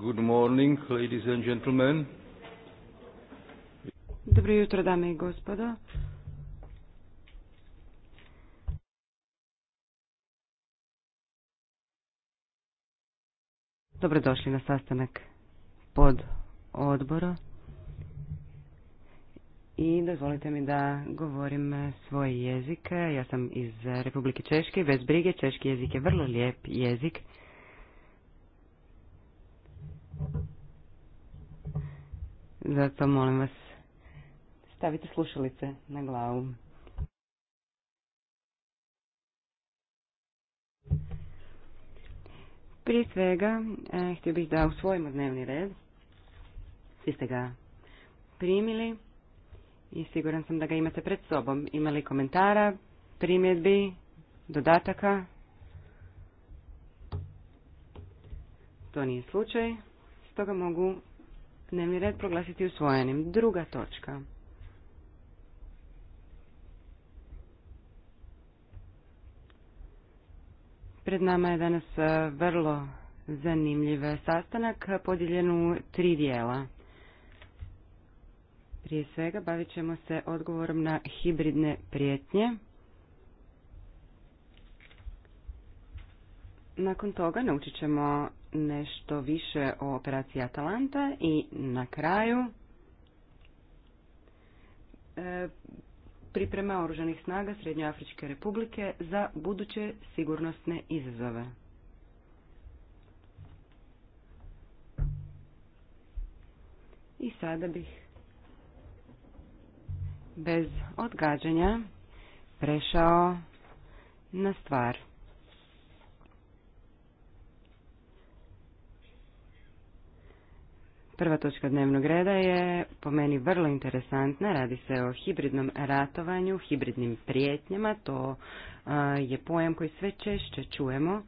Good morning, ladies and gentlemen. Dobro jutro, dame i gospodo. Dobrodošli na sastanak pod odbora. I dozvolite mi da govorim svoj jezike. Ja sam iz Republike Češke, bez brige. Češki jezik je vrlo lijep jezik Zato molim vas, stavite slušalice na glavu. Prije svega, e, htio bih da usvojimo dnevni red. Svi ste ga primili i siguran sam da ga imate pred sobom. Imali komentara, primjedbi, dodataka? To nije slučaj, stoga mogu dnevni red proglasiti usvojenim. Druga točka. Pred nama je danas e, vrlo zanimljiv sastanak podijeljen u tri dijela. Prije svega bavit ćemo se odgovorom na hibridne prijetnje. Nakon toga naučit ćemo nešto više o operaciji Atalanta i na kraju e, priprema oružanih snaga Srednjoafričke republike za buduće sigurnosne izazove. I sada bih bez odgađanja prešao na stvar. Prva točka dnevnog reda je po meni vrlo interesantna, radi se o hibridnom ratovanju, hibridnim prijetnjama, to je pojam koji sve češće čujemo.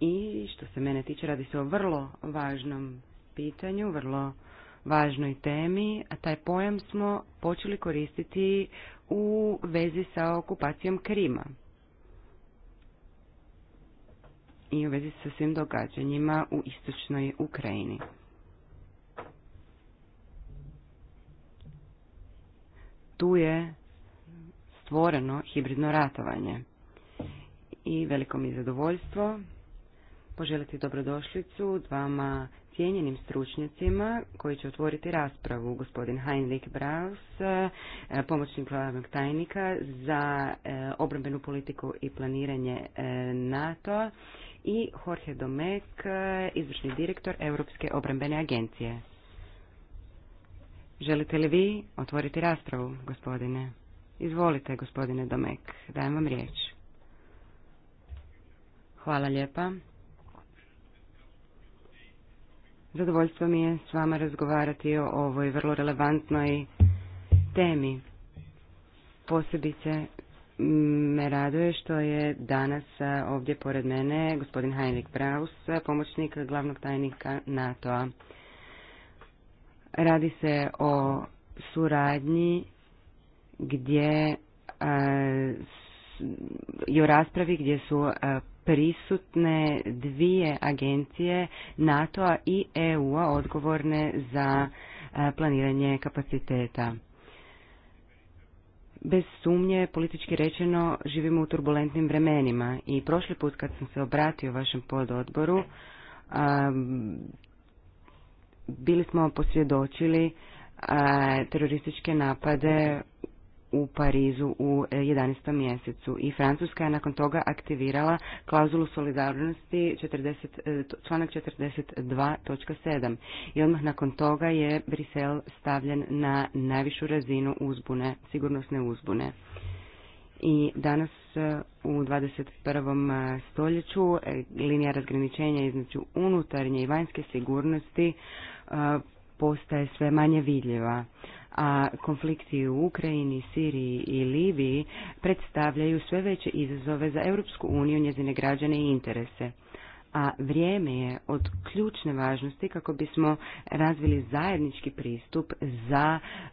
I što se mene tiče, radi se o vrlo važnom pitanju, vrlo važnoj temi, a taj pojam smo počeli koristiti u vezi sa okupacijom Krima. i u vezi sa svim događanjima u istočnoj Ukrajini. Tu je stvoreno hibridno ratovanje i veliko mi zadovoljstvo poželiti dobrodošlicu dvama cijenjenim stručnjacima koji će otvoriti raspravu. Gospodin Heinrich Braus, e, pomoćnik glavnog tajnika za e, obrambenu politiku i planiranje e, NATO i Jorge Domek, izvršni direktor Europske obrambene agencije. Želite li vi otvoriti raspravu, gospodine? Izvolite, gospodine Domek, dajem vam riječ. Hvala lijepa. Zadovoljstvo mi je s vama razgovarati o ovoj vrlo relevantnoj temi. Posebice me raduje što je danas ovdje pored mene gospodin Heinrich Braus, pomoćnik glavnog tajnika NATO-a. Radi se o suradnji gdje i o raspravi gdje su prisutne dvije agencije NATO-a i EU-a odgovorne za planiranje kapaciteta. Bez sumnje, politički rečeno, živimo u turbulentnim vremenima i prošli put kad sam se obratio vašem pododboru, bili smo posvjedočili terorističke napade u Parizu u 11. E, mjesecu i Francuska je nakon toga aktivirala klauzulu solidarnosti 40, e, članak 42.7 i odmah nakon toga je Brisel stavljen na najvišu razinu uzbune, sigurnosne uzbune. I danas e, u 21. stoljeću linija razgraničenja između unutarnje i vanjske sigurnosti postaje sve manje vidljiva a konflikti u Ukrajini, Siriji i Libiji predstavljaju sve veće izazove za Europsku uniju, njezine građane i interese. A vrijeme je od ključne važnosti kako bismo razvili zajednički pristup za e,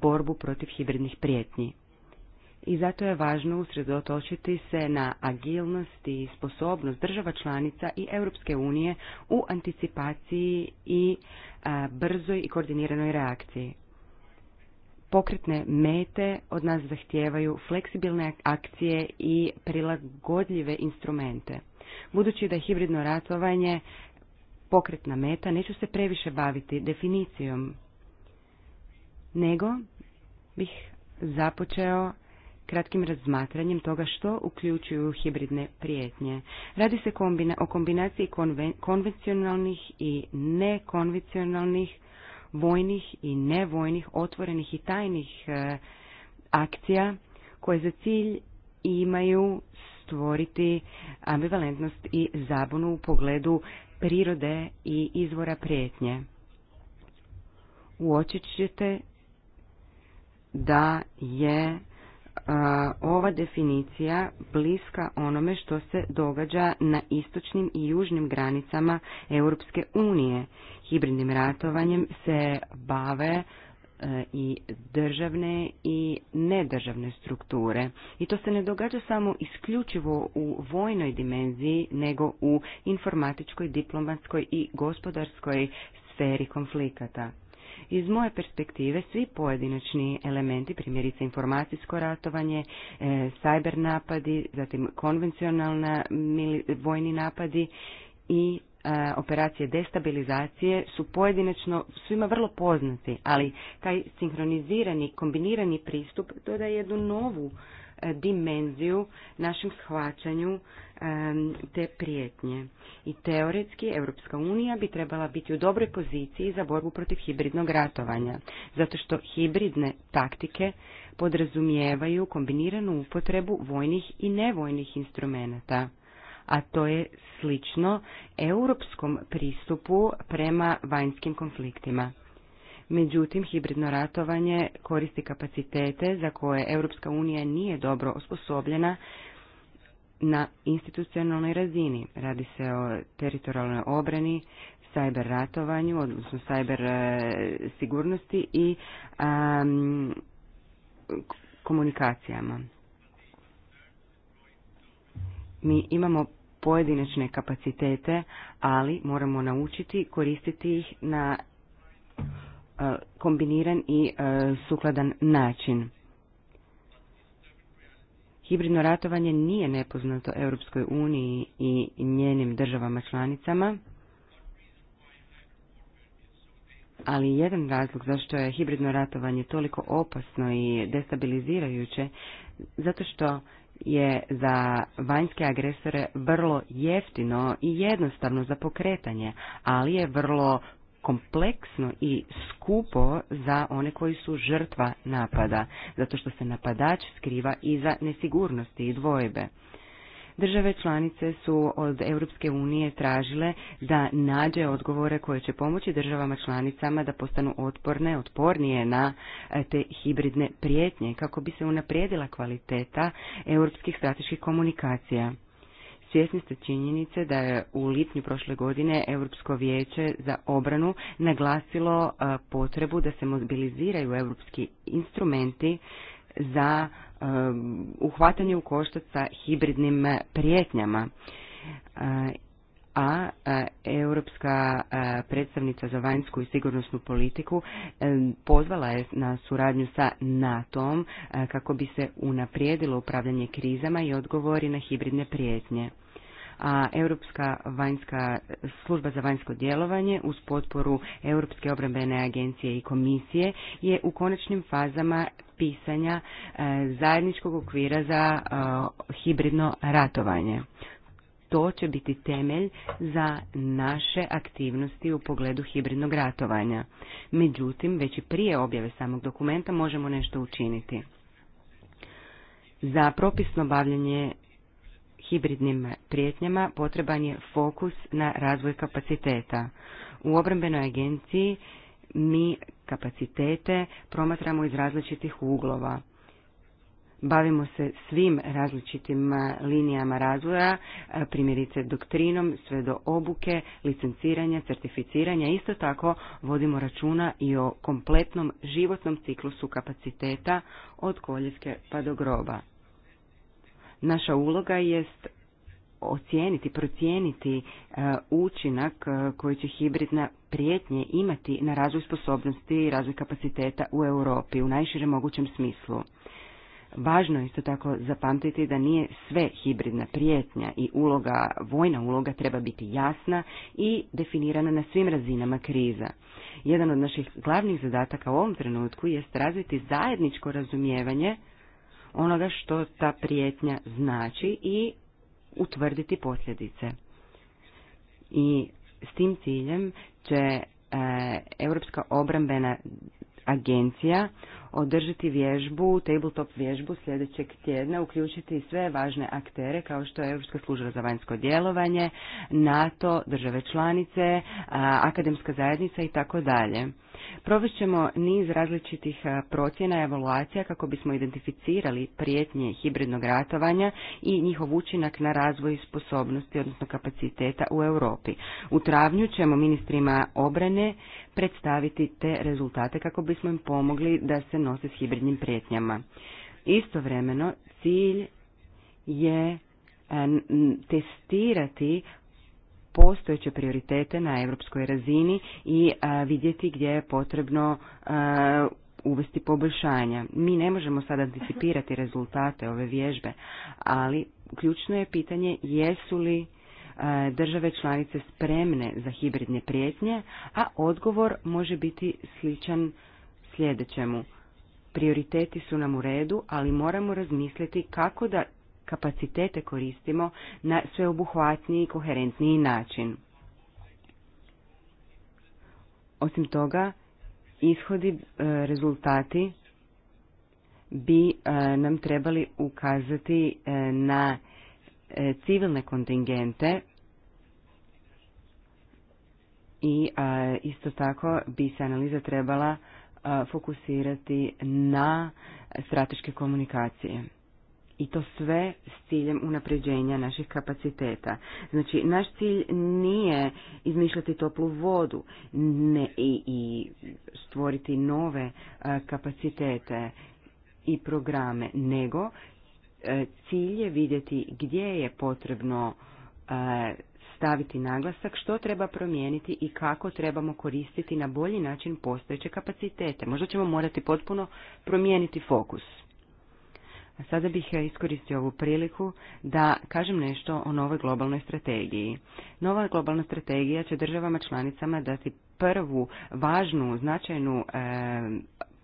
borbu protiv hibridnih prijetnji. I zato je važno usredotočiti se na agilnost i sposobnost država članica i Europske unije u anticipaciji i e, brzoj i koordiniranoj reakciji pokretne mete od nas zahtijevaju fleksibilne akcije i prilagodljive instrumente. Budući da je hibridno ratovanje pokretna meta, neću se previše baviti definicijom, nego bih započeo kratkim razmatranjem toga što uključuju hibridne prijetnje. Radi se o kombinaciji konvencionalnih i nekonvencionalnih vojnih i nevojnih, otvorenih i tajnih e, akcija koje za cilj imaju stvoriti ambivalentnost i zabunu u pogledu prirode i izvora prijetnje. Uočit ćete da je e, ova definicija bliska onome što se događa na istočnim i južnim granicama Europske unije hibridnim ratovanjem se bave e, i državne i nedržavne strukture. I to se ne događa samo isključivo u vojnoj dimenziji, nego u informatičkoj, diplomatskoj i gospodarskoj sferi konflikata. Iz moje perspektive svi pojedinačni elementi, primjerice informacijsko ratovanje, sajber cyber napadi, zatim konvencionalna vojni napadi i E, operacije destabilizacije su pojedinačno svima vrlo poznati, ali taj sinhronizirani, kombinirani pristup dodaje jednu novu e, dimenziju našem shvaćanju e, te prijetnje. I teoretski Europska unija bi trebala biti u dobroj poziciji za borbu protiv hibridnog ratovanja, zato što hibridne taktike podrazumijevaju kombiniranu upotrebu vojnih i nevojnih instrumenata a to je slično europskom pristupu prema vanjskim konfliktima. Međutim, hibridno ratovanje koristi kapacitete za koje Europska unija nije dobro osposobljena na institucionalnoj razini. Radi se o teritorijalnoj obrani, cyber ratovanju, odnosno cyber e, sigurnosti i komunikacijama. Mi imamo pojedinačne kapacitete, ali moramo naučiti koristiti ih na e, kombiniran i e, sukladan način. Hibridno ratovanje nije nepoznato Europskoj uniji i njenim državama članicama, ali jedan razlog zašto je hibridno ratovanje toliko opasno i destabilizirajuće, zato što je za vanjske agresore vrlo jeftino i jednostavno za pokretanje, ali je vrlo kompleksno i skupo za one koji su žrtva napada, zato što se napadač skriva iza nesigurnosti i dvojbe. Države članice su od Europske unije tražile da nađe odgovore koje će pomoći državama članicama da postanu otporne, otpornije na e, te hibridne prijetnje kako bi se unaprijedila kvaliteta europskih strateških komunikacija. Svjesni ste činjenice da je u lipnju prošle godine Europsko vijeće za obranu naglasilo e, potrebu da se mobiliziraju europski instrumenti za Um, uhvatanje u koštac sa hibridnim prijetnjama. Uh, a uh, europska uh, predstavnica za vanjsku i sigurnosnu politiku um, pozvala je na suradnju sa NATO-om kako bi se unaprijedilo upravljanje krizama i odgovori na hibridne prijetnje a Europska vanjska služba za vanjsko djelovanje uz potporu Europske obrambene agencije i komisije je u konačnim fazama pisanja e, zajedničkog okvira za e, hibridno ratovanje. To će biti temelj za naše aktivnosti u pogledu hibridnog ratovanja. Međutim, već i prije objave samog dokumenta možemo nešto učiniti. Za propisno bavljanje hibridnim prijetnjama potreban je fokus na razvoj kapaciteta. U obrambenoj agenciji mi kapacitete promatramo iz različitih uglova. Bavimo se svim različitim linijama razvoja, primjerice doktrinom, sve do obuke, licenciranja, certificiranja. Isto tako vodimo računa i o kompletnom životnom ciklusu kapaciteta od koljeske pa do groba. Naša uloga jest ocijeniti, procijeniti e, učinak e, koji će hibridna prijetnje imati na razvoj sposobnosti i razvoj kapaciteta u Europi u najširem mogućem smislu. Važno je isto tako zapamtiti da nije sve hibridna prijetnja i uloga, vojna uloga treba biti jasna i definirana na svim razinama kriza. Jedan od naših glavnih zadataka u ovom trenutku jest razviti zajedničko razumijevanje onoga što ta prijetnja znači i utvrditi posljedice. I s tim ciljem će e, Europska obrambena agencija održati vježbu, tabletop vježbu sljedećeg tjedna, uključiti sve važne aktere kao što je Europska služba za vanjsko djelovanje, NATO, države članice, akademska zajednica i tako dalje. Provest ćemo niz različitih procjena i evaluacija kako bismo identificirali prijetnje hibridnog ratovanja i njihov učinak na razvoj sposobnosti, odnosno kapaciteta u Europi. U travnju ćemo ministrima obrane predstaviti te rezultate kako bismo im pomogli da se nose s hibridnim prijetnjama. Istovremeno, cilj je testirati postojeće prioritete na europskoj razini i e, vidjeti gdje je potrebno e, uvesti poboljšanja. Mi ne možemo sad anticipirati rezultate ove vježbe, ali ključno je pitanje jesu li e, države članice spremne za hibridne prijetnje, a odgovor može biti sličan sljedećemu. Prioriteti su nam u redu, ali moramo razmisliti kako da kapacitete koristimo na sveobuhvatniji i koherentniji način. Osim toga, ishodi, e, rezultati bi e, nam trebali ukazati e, na civilne kontingente i isto tako bi se analiza trebala fokusirati na strateške komunikacije i to sve s ciljem unapređenja naših kapaciteta. Znači, naš cilj nije izmišljati toplu vodu ne, i, stvoriti nove e, kapacitete i programe, nego a, e, cilj je vidjeti gdje je potrebno e, staviti naglasak što treba promijeniti i kako trebamo koristiti na bolji način postojeće kapacitete. Možda ćemo morati potpuno promijeniti fokus. Sada bih e, iskoristio ovu priliku da kažem nešto o novoj globalnoj strategiji. Nova globalna strategija će državama članicama dati prvu važnu, značajnu e,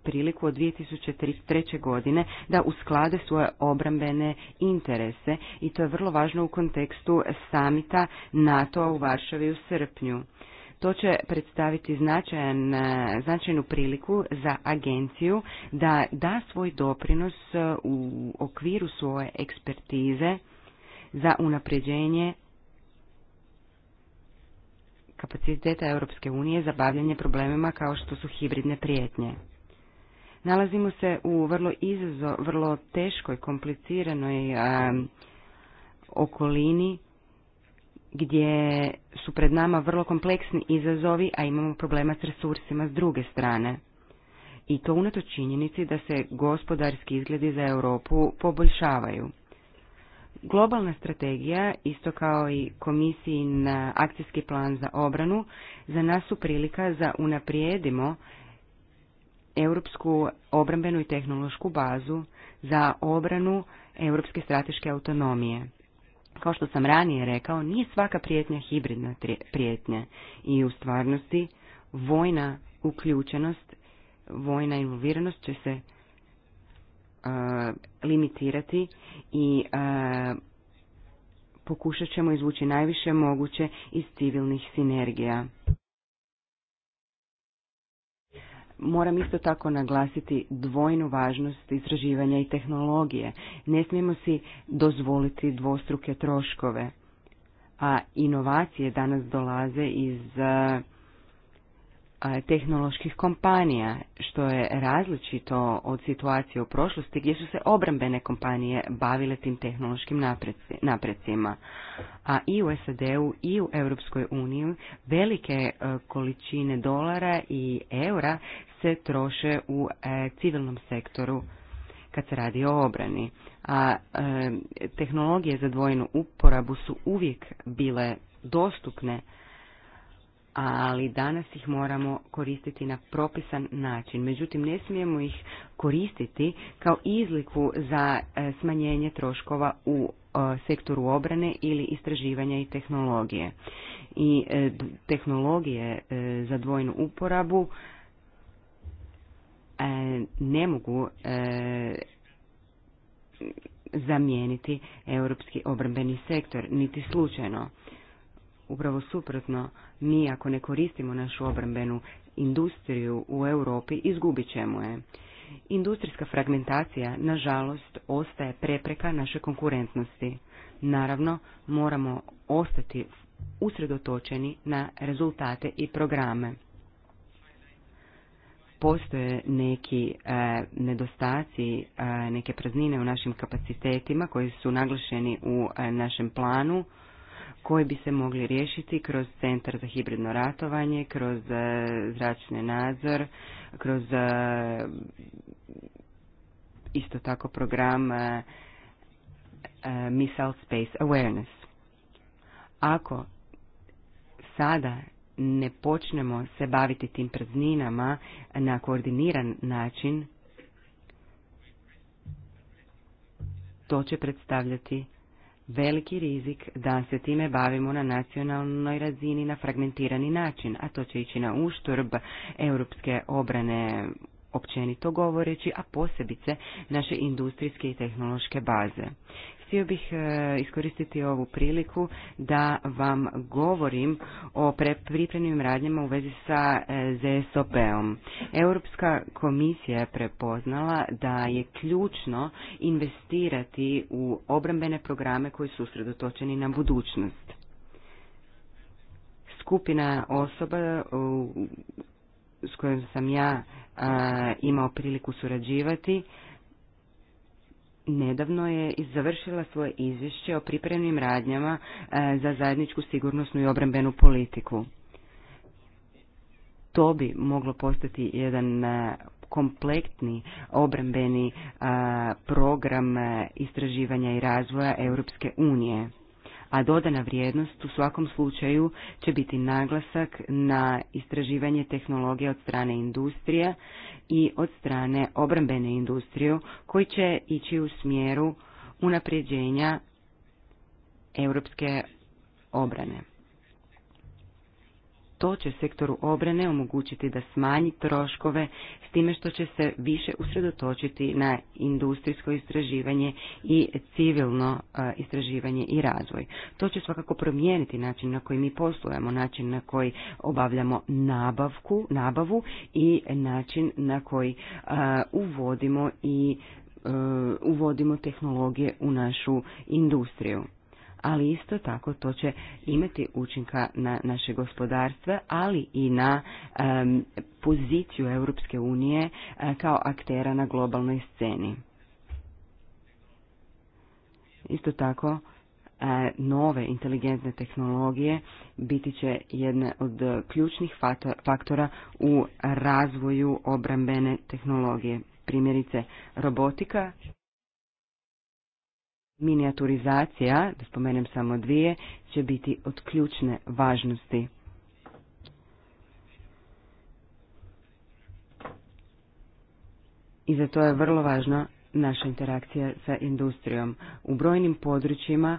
priliku od 2003. godine da usklade svoje obrambene interese i to je vrlo važno u kontekstu samita NATO-a u Varšavi u srpnju. To će predstaviti značajan, e, značajnu priliku za agenciju da da svoj doprinos e, u okviru svoje ekspertize za unapređenje kapaciteta Europske unije za bavljanje problemima kao što su hibridne prijetnje. Nalazimo se u vrlo izazov, vrlo teškoj, kompliciranoj e, okolini gdje su pred nama vrlo kompleksni izazovi, a imamo problema s resursima s druge strane. I to unato činjenici da se gospodarski izgledi za Europu poboljšavaju. Globalna strategija, isto kao i komisiji na akcijski plan za obranu, za nas su prilika za unaprijedimo europsku obrambenu i tehnološku bazu za obranu europske strateške autonomije. Kao što sam ranije rekao, nije svaka prijetnja hibridna prijetnja i u stvarnosti vojna uključenost, vojna involviranost će se limitirati i pokušat ćemo izvući najviše moguće iz civilnih sinergija. Moram isto tako naglasiti dvojnu važnost istraživanja i tehnologije. Ne smijemo si dozvoliti dvostruke troškove, a inovacije danas dolaze iz eh, tehnoloških kompanija, što je različito od situacije u prošlosti gdje su se obrambene kompanije bavile tim tehnološkim naprecima. A i u SAD-u i u Europskoj uniji velike e, količine dolara i eura se troše u e, civilnom sektoru kad se radi o obrani. A e, tehnologije za dvojnu uporabu su uvijek bile dostupne ali danas ih moramo koristiti na propisan način. Međutim, ne smijemo ih koristiti kao izliku za e, smanjenje troškova u e, sektoru obrane ili istraživanja i tehnologije. I e, tehnologije za dvojnu uporabu ne mogu zamijeniti europski obrambeni sektor, niti slučajno. Upravo suprotno, mi ako ne koristimo našu obrambenu industriju u Europi, izgubit ćemo je. Industrijska fragmentacija, nažalost, ostaje prepreka naše konkurentnosti. Naravno, moramo ostati usredotočeni na rezultate i programe. Postoje neki e, nedostaci, e, neke praznine u našim kapacitetima koji su naglašeni u e, našem planu koji bi se mogli riješiti kroz centar za hibridno ratovanje, kroz e, zračni nadzor, kroz e, isto tako program e, Missile Space Awareness. Ako sada ne počnemo se baviti tim prazninama na koordiniran način, to će predstavljati veliki rizik da se time bavimo na nacionalnoj razini na fragmentirani način, a to će ići na uštrb europske obrane općenito govoreći, a posebice naše industrijske i tehnološke baze. Htio bih e, iskoristiti ovu priliku da vam govorim o pripremnim radnjama u vezi sa e, ZSOP-om. Europska komisija je prepoznala da je ključno investirati u obrambene programe koji su usredotočeni na budućnost. Skupina osoba s kojom sam ja imao priliku surađivati nedavno je završila svoje izvješće o pripremnim radnjama e, za zajedničku sigurnosnu i obrambenu politiku. To bi moglo postati jedan e, kompletni obrambeni e, program istraživanja i razvoja Europske unije a dodana vrijednost u svakom slučaju će biti naglasak na istraživanje tehnologije od strane industrija i od strane obrambene industrije koji će ići u smjeru unapređenja europske obrane. To će sektoru obrane omogućiti da smanji troškove s time što će se više usredotočiti na industrijsko istraživanje i civilno istraživanje i razvoj. To će svakako promijeniti način na koji mi poslujemo, način na koji obavljamo nabavku, nabavu i način na koji uvodimo i e, uvodimo tehnologije u našu industriju ali isto tako to će imati učinka na naše gospodarstva, ali i na poziciju Europske unije eh, kao aktera na globalnoj sceni. Isto tako, eh, nove inteligentne tehnologije biti će jedna od ključnih faktora u razvoju obrambene tehnologije. Primjerice robotika Minijaturizacija, da spomenem samo dvije, će biti od ključne važnosti. I za to je vrlo važna naša interakcija sa industrijom. U brojnim područjima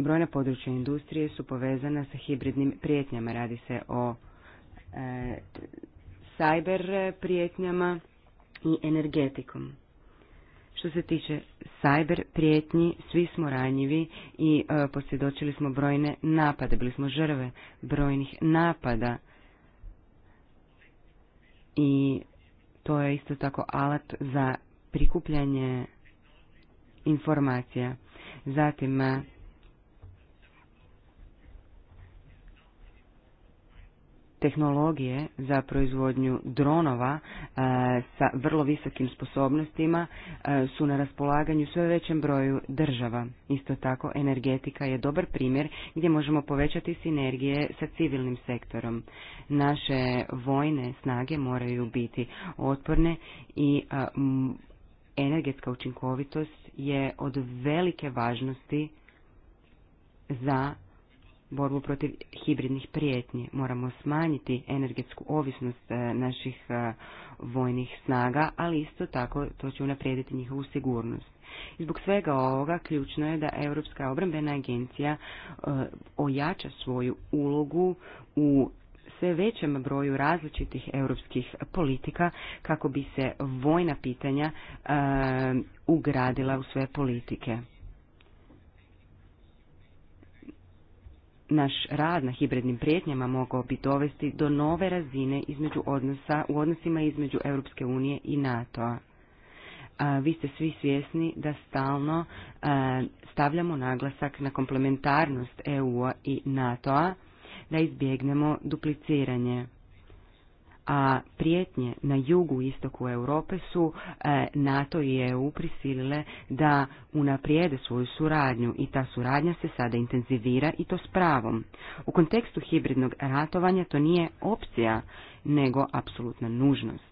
Brojna područja industrije su povezana sa hibridnim prijetnjama. Radi se o e, cyber prijetnjama i energetikom. Što se tiče cyber prijetnji, svi smo ranjivi i e, posvjedočili smo brojne napade, bili smo žrve brojnih napada. I to je isto tako alat za prikupljanje informacija. Zatim tehnologije za proizvodnju dronova e, sa vrlo visokim sposobnostima e, su na raspolaganju sve većem broju država. Isto tako, energetika je dobar primjer gdje možemo povećati sinergije sa civilnim sektorom. Naše vojne snage moraju biti otporne i e, energetska učinkovitost je od velike važnosti za borbu protiv hibridnih prijetnji. Moramo smanjiti energetsku ovisnost e, naših e, vojnih snaga, ali isto tako to će unaprijediti njihovu sigurnost. I zbog svega ovoga ključno je da Europska obrambena agencija e, ojača svoju ulogu u sve većem broju različitih europskih politika kako bi se vojna pitanja ugradila u sve politike. naš rad na hibridnim prijetnjama mogao bi dovesti do nove razine između odnosa u odnosima između Europske unije i NATO-a. Vi ste svi svjesni da stalno stavljamo naglasak na komplementarnost EU-a i NATO-a da izbjegnemo dupliciranje a prijetnje na jugu i istoku Europe su e, NATO i EU prisilile da unaprijede svoju suradnju i ta suradnja se sada intenzivira i to s pravom. U kontekstu hibridnog ratovanja to nije opcija, nego apsolutna nužnost.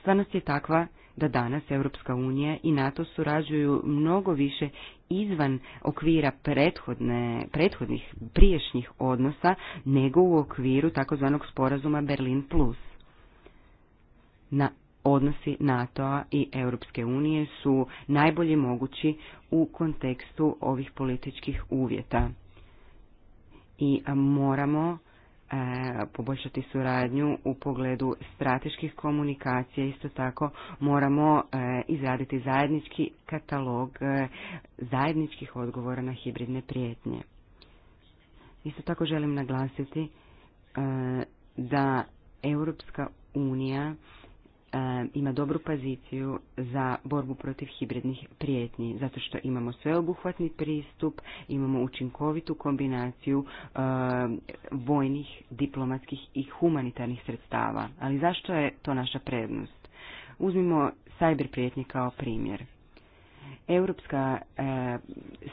Stvarnost je takva da danas Europska unija i NATO surađuju mnogo više izvan okvira prethodne, prethodnih priješnjih odnosa nego u okviru takozvanog sporazuma Berlin Plus. Na odnosi NATO-a i Europske unije su najbolje mogući u kontekstu ovih političkih uvjeta. I moramo E, poboljšati suradnju u pogledu strateških komunikacija. Isto tako moramo e, izraditi zajednički katalog e, zajedničkih odgovora na hibridne prijetnje. Isto tako želim naglasiti da Europska unija E, ima dobru poziciju za borbu protiv hibridnih prijetnji, zato što imamo sveobuhvatni pristup, imamo učinkovitu kombinaciju e, vojnih, diplomatskih i humanitarnih sredstava. Ali zašto je to naša prednost? Uzmimo cyber prijetnje kao primjer. Europska e,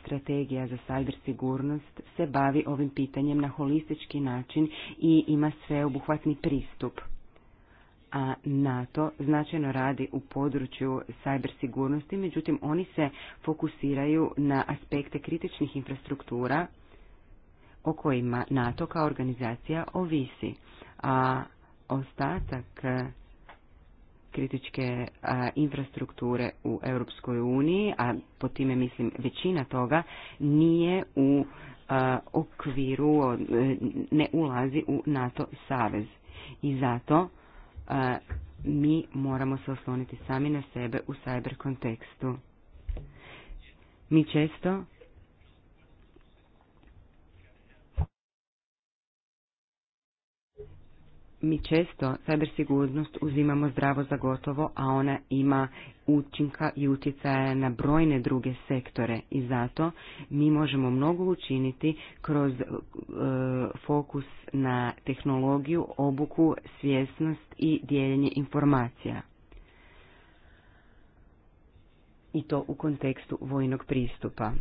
strategija za cyber sigurnost se bavi ovim pitanjem na holistički način i ima sveobuhvatni pristup a NATO značajno radi u području sajbersigurnosti međutim oni se fokusiraju na aspekte kritičnih infrastruktura o kojima NATO kao organizacija ovisi, a ostatak e, kritičke e, infrastrukture u Europskoj uniji, a po time mislim većina toga nije u e, okviru, ne ulazi u NATO savez. I zato mi moramo se osloniti sami na sebe u cyber kontekstu. Mi često mi često cybersigurnost uzimamo zdravo za gotovo, a ona ima učinka i utjecaja na brojne druge sektore i zato mi možemo mnogo učiniti kroz e, fokus na tehnologiju, obuku, svjesnost i dijeljenje informacija. I to u kontekstu vojnog pristupa.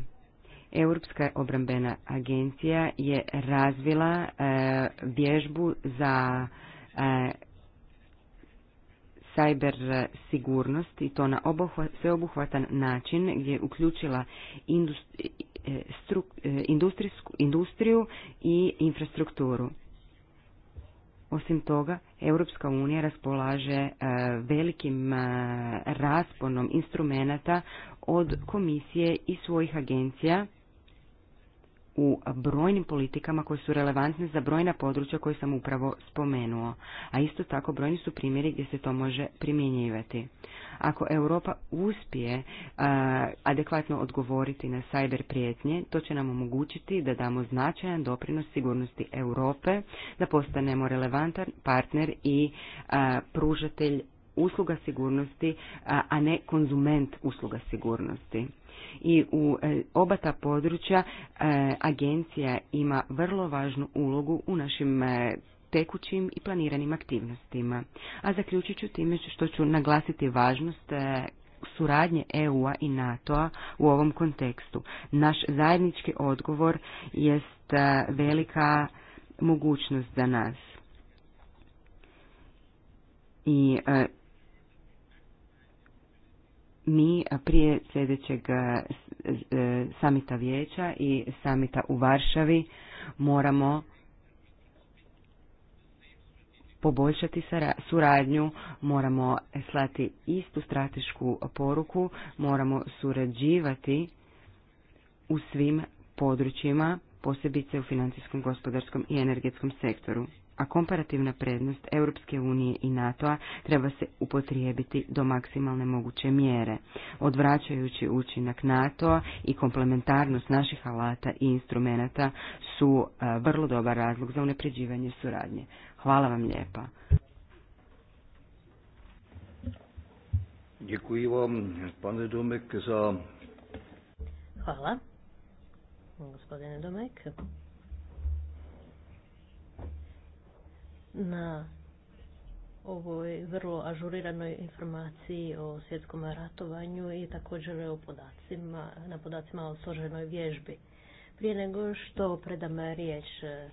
Europska obrambena agencija je razvila e, vježbu za E, cyber sigurnost i to na sveobuhvatan način gdje je uključila e, e, industriju i infrastrukturu. Osim toga, Europska unija raspolaže velikim rasponom instrumenata od komisije i svojih agencija u brojnim politikama koje su relevantne za brojna područja koje sam upravo spomenuo, a isto tako brojni su primjeri gdje se to može primjenjivati. Ako Europa uspije adekvatno odgovoriti na cyber prijetnje, to će nam omogućiti da damo značajan doprinos sigurnosti Europe, da postanemo relevantan partner i pružatelj usluga sigurnosti, a ne konzument usluga sigurnosti. I u e, oba ta područja e, agencija ima vrlo važnu ulogu u našim e, tekućim i planiranim aktivnostima. A zaključit ću time što ću naglasiti važnost suradnje EU-a i NATO-a u ovom kontekstu. Naš zajednički odgovor jest velika mogućnost za nas. I mi prije sljedećeg e, e, samita vijeća i samita u Varšavi moramo poboljšati suradnju, moramo slati istu stratešku poruku, moramo surađivati u svim područjima, posebice u financijskom, gospodarskom i energetskom sektoru a komparativna prednost Europske unije i NATO-a treba se upotrijebiti do maksimalne moguće mjere, odvraćajući učinak NATO-a i komplementarnost naših alata i instrumenata su e, vrlo dobar razlog za unapređivanje suradnje. Hvala vam lijepa. Hvala. Gospodine Domek, na ovoj vrlo ažuriranoj informaciji o svjetskom ratovanju i također o podacima, na podacima o složenoj vježbi. Prije nego što predam riječ e,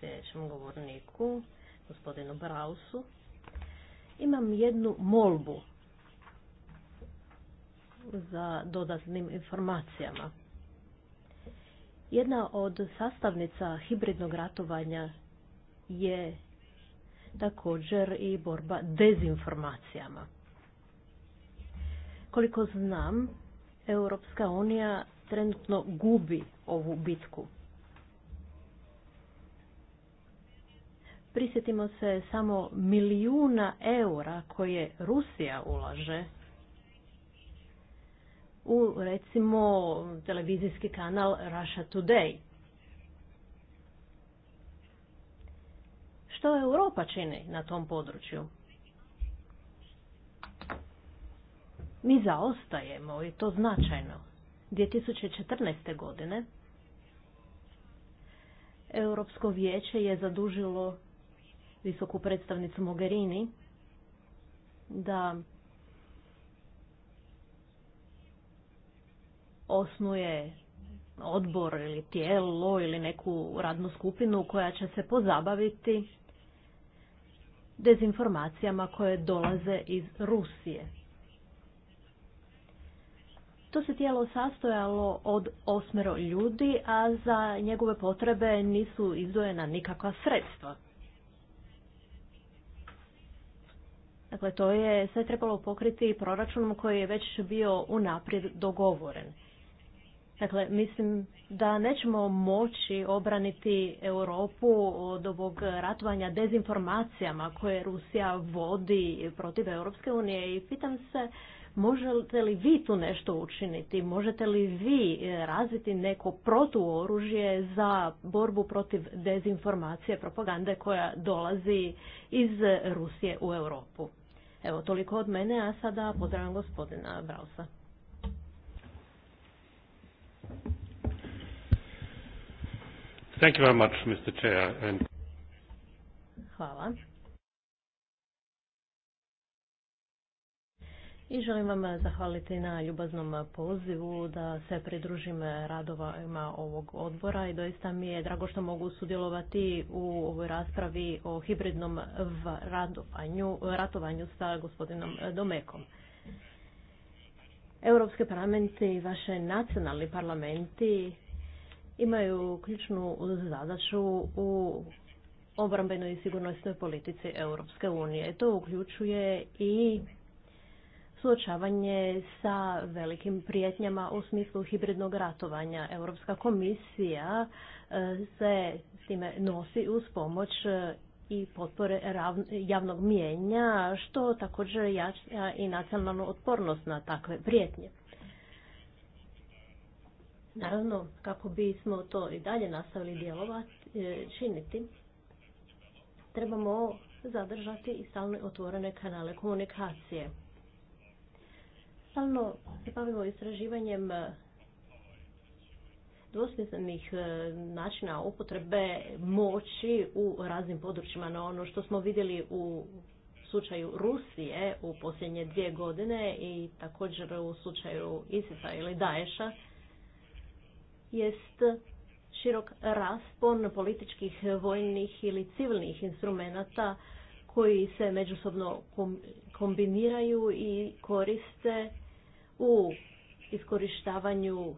sljedećem govorniku, gospodinu Brausu, imam jednu molbu za dodatnim informacijama. Jedna od sastavnica hibridnog ratovanja je također i borba dezinformacijama. Koliko znam, Europska unija trenutno gubi ovu bitku. Prisjetimo se samo milijuna eura koje Rusija ulaže u recimo televizijski kanal Russia Today. što Europa čini na tom području. Mi zaostajemo i to značajno. 2014. godine Europsko vijeće je zadužilo visoku predstavnicu Mogherini da osnuje odbor ili tijelo ili neku radnu skupinu koja će se pozabaviti dezinformacijama koje dolaze iz Rusije. To se tijelo sastojalo od osmero ljudi, a za njegove potrebe nisu izdvojena nikakva sredstva. Dakle, to je sve trebalo pokriti proračunom koji je već bio unaprijed dogovoren. Dakle, mislim da nećemo moći obraniti Europu od ovog ratovanja dezinformacijama koje Rusija vodi protiv Europske unije i pitam se možete li vi tu nešto učiniti? Možete li vi razviti neko protuoružje za borbu protiv dezinformacije, propagande koja dolazi iz Rusije u Europu? Evo, toliko od mene, a sada pozdravljam gospodina Brausa. Thank I želim vam zahvaliti na ljubaznom pozivu da se pridružim radovima ovog odbora i doista mi je drago što mogu sudjelovati u ovoj raspravi o hibridnom ratovanju sa gospodinom Domekom. Europski parlamenti i vaše nacionalni parlamenti imaju ključnu zadaću u obrambenoj i sigurnosnoj politici Europske unije. To uključuje i suočavanje sa velikim prijetnjama u smislu hibridnog ratovanja. Europska komisija eh, se s time nosi uz pomoć eh, i potpore javnog mijenja, što također jača i nacionalnu otpornost na takve prijetnje. Naravno, kako bismo to i dalje nastavili djelovati, e, činiti, trebamo zadržati i stalno otvorene kanale komunikacije. Stalno se bavimo istraživanjem ih e, načina upotrebe moći u raznim područjima. No ono što smo vidjeli u slučaju Rusije u posljednje dvije godine i također u slučaju Isisa ili Daesha jest širok raspon političkih, vojnih ili civilnih instrumenata koji se međusobno kombiniraju i koriste u iskorištavanju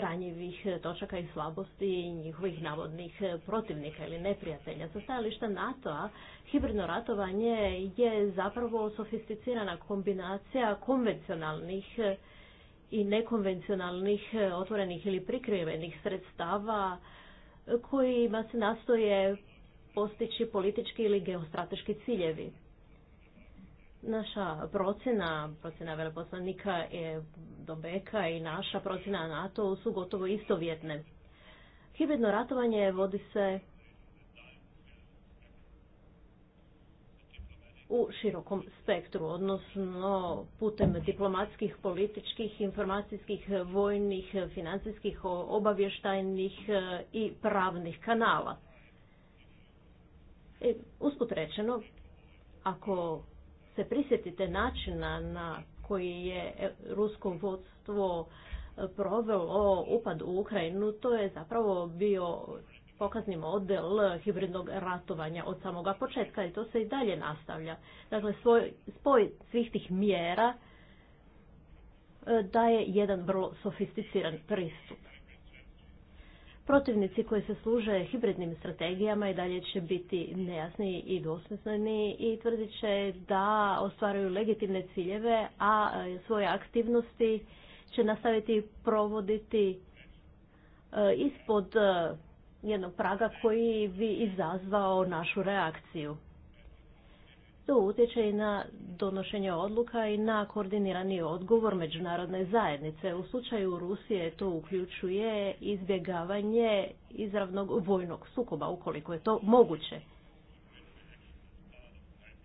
ranjivih točaka i slabosti njihovih navodnih protivnika ili neprijatelja. Sa stajališta NATO-a hibridno ratovanje je zapravo sofisticirana kombinacija konvencionalnih i nekonvencionalnih otvorenih ili prikrivenih sredstava kojima se nastoje postići politički ili geostrateški ciljevi. Naša procjena, procjena veleposlanika je Dobeka i naša procjena NATO su gotovo istovjetne. Hibridno ratovanje vodi se u širokom spektru, odnosno putem diplomatskih, političkih, informacijskih, vojnih, financijskih, obavještajnih e, i pravnih kanala. E, usput rečeno, ako se prisjetite načina na koji je rusko vodstvo e, provelo upad u Ukrajinu, to je zapravo bio pokazni model hibridnog ratovanja od samoga početka i to se i dalje nastavlja. Dakle, svoj, spoj svih tih mjera e, daje jedan vrlo sofisticiran pristup. Protivnici koji se služe hibridnim strategijama i dalje će biti nejasni i dosmisleni i tvrdit će da ostvaruju legitimne ciljeve, a e, svoje aktivnosti će nastaviti provoditi e, ispod e, jednog praga koji bi izazvao našu reakciju. To utječe i na donošenje odluka i na koordinirani odgovor međunarodne zajednice. U slučaju Rusije to uključuje izbjegavanje izravnog vojnog sukoba, ukoliko je to moguće.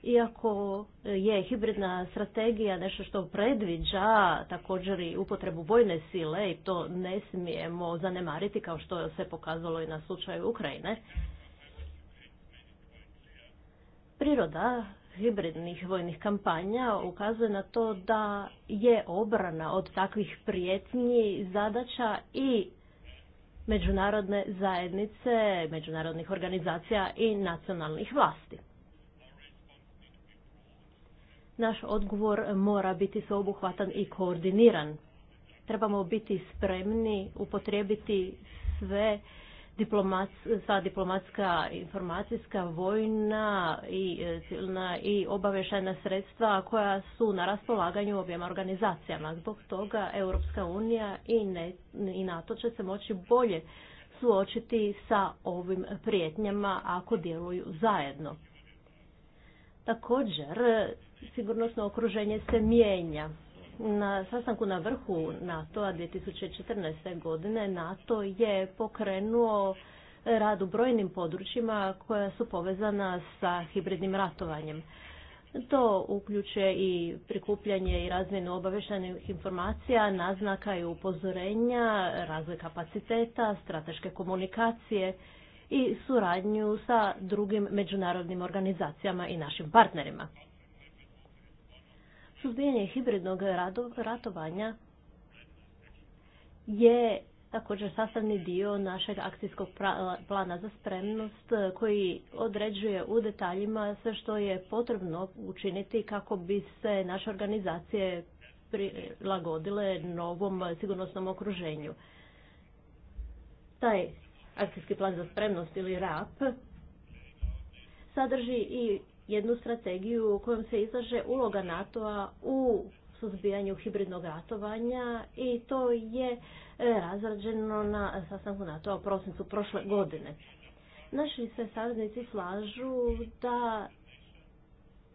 Iako je hibridna strategija nešto što predviđa također i upotrebu vojne sile i to ne smijemo zanemariti kao što je se pokazalo i na slučaju Ukrajine, priroda hibridnih vojnih kampanja ukazuje na to da je obrana od takvih prijetnji zadaća i međunarodne zajednice, međunarodnih organizacija i nacionalnih vlasti. Naš odgovor mora biti sveobuhvatan i koordiniran. Trebamo biti spremni upotrijebiti sve sva diplomatska, informacijska, vojna i e, civilna i obavještajna sredstva koja su na raspolaganju objema organizacijama. Zbog toga Europska unija i NATO će se moći bolje suočiti sa ovim prijetnjama ako djeluju zajedno. Također, sigurnosno okruženje se mijenja. Na sastanku na vrhu NATO-a 2014. godine NATO je pokrenuo rad u brojnim područjima koja su povezana sa hibridnim ratovanjem. To uključuje i prikupljanje i razmjenu obavještajnih informacija, naznaka i upozorenja, razvoj kapaciteta, strateške komunikacije i suradnju sa drugim međunarodnim organizacijama i našim partnerima suzbijanje hibridnog ratovanja je također sastavni dio našeg akcijskog plana za spremnost koji određuje u detaljima sve što je potrebno učiniti kako bi se naše organizacije prilagodile novom sigurnosnom okruženju. Taj akcijski plan za spremnost ili RAP sadrži i jednu strategiju u kojom se izlaže uloga NATO-a u suzbijanju hibridnog ratovanja i to je e, razrađeno na sastanku NATO-a u prosincu prošle godine. Naši se saveznici slažu da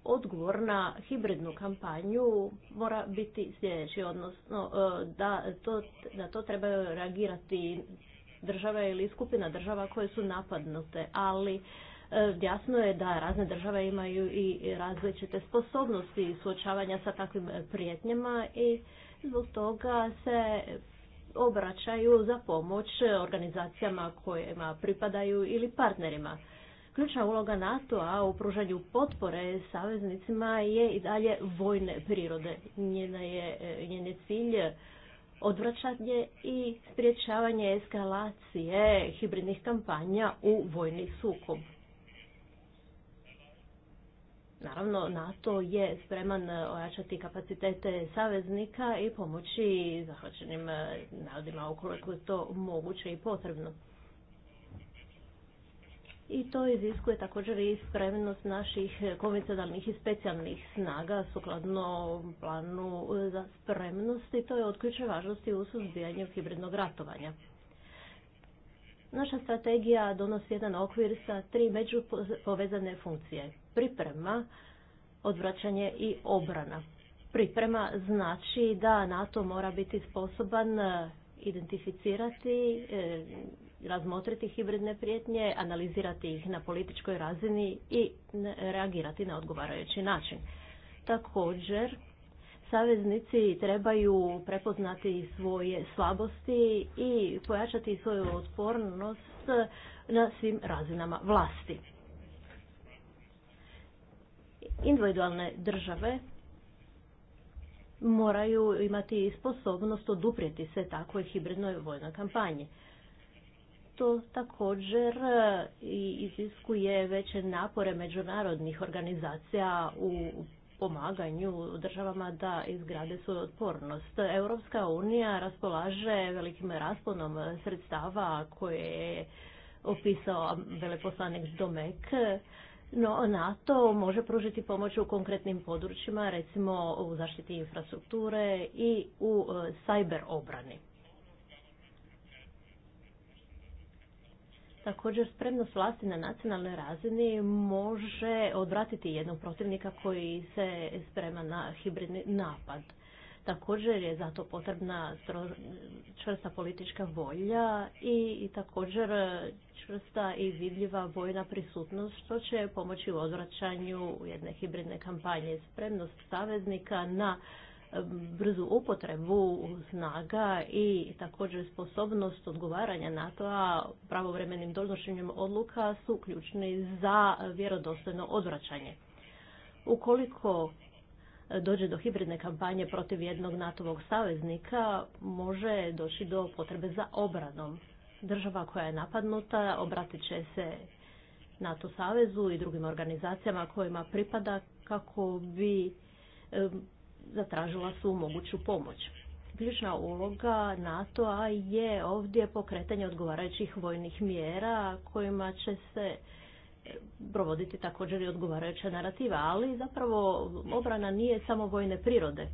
odgovor na hibridnu kampanju mora biti sljedeći, odnosno e, da to, na to trebaju reagirati država ili skupina država koje su napadnute, ali E, jasno je da razne države imaju i različite sposobnosti suočavanja sa takvim prijetnjama i zbog toga se obraćaju za pomoć organizacijama kojima pripadaju ili partnerima. Ključna uloga NATO-a u pružanju potpore saveznicima je i dalje vojne prirode. Njena je, e, cilj odvraćanje i sprječavanje eskalacije hibridnih kampanja u vojni sukob. Naravno, NATO je spreman e, ojačati kapacitete saveznika i pomoći zahvaćenim e, narodima ukoliko je to moguće i potrebno. I to iziskuje također i spremnost naših konvencionalnih i specijalnih snaga sukladno planu e, za spremnost i to je od važnosti u suzbijanju hibridnog ratovanja. Naša strategija donosi jedan okvir sa tri međupovezane funkcije. Priprema, odvraćanje i obrana. Priprema znači da NATO mora biti sposoban e, identificirati, e, razmotriti hibridne prijetnje, analizirati ih na političkoj razini i reagirati na odgovarajući način. Također, saveznici trebaju prepoznati svoje slabosti i pojačati svoju otpornost na svim razinama vlasti. Individualne države moraju imati sposobnost oduprijeti se takvoj hibridnoj vojnoj kampanji. To također e, iziskuje veće napore međunarodnih organizacija u pomaganju državama da izgrade svoju otpornost. Europska unija raspolaže velikim rasponom sredstava koje je opisao veleposlanik Domek, no NATO može pružiti pomoć u konkretnim područjima, recimo u zaštiti infrastrukture i u e, cyber obrani. Također spremnost vlasti na nacionalnoj razini može odvratiti jednog protivnika koji se sprema na hibridni napad. Također je zato potrebna čvrsta politička volja i također čvrsta i vidljiva vojna prisutnost što će pomoći u odvraćanju jedne hibridne kampanje. Spremnost saveznika na brzu upotrebu snaga i također sposobnost odgovaranja NATO-a pravovremenim donošenjem odluka su ključni za vjerodostojno odvraćanje. Ukoliko dođe do hibridne kampanje protiv jednog NATO-vog saveznika, može doći do potrebe za obranom. Država koja je napadnuta obratit će se NATO savezu i drugim organizacijama kojima pripada kako bi zatražila su moguću pomoć. Ključna uloga NATO-a je ovdje pokretanje odgovarajućih vojnih mjera kojima će se e, provoditi također i odgovarajuća narativa, ali zapravo obrana nije samo vojne prirode.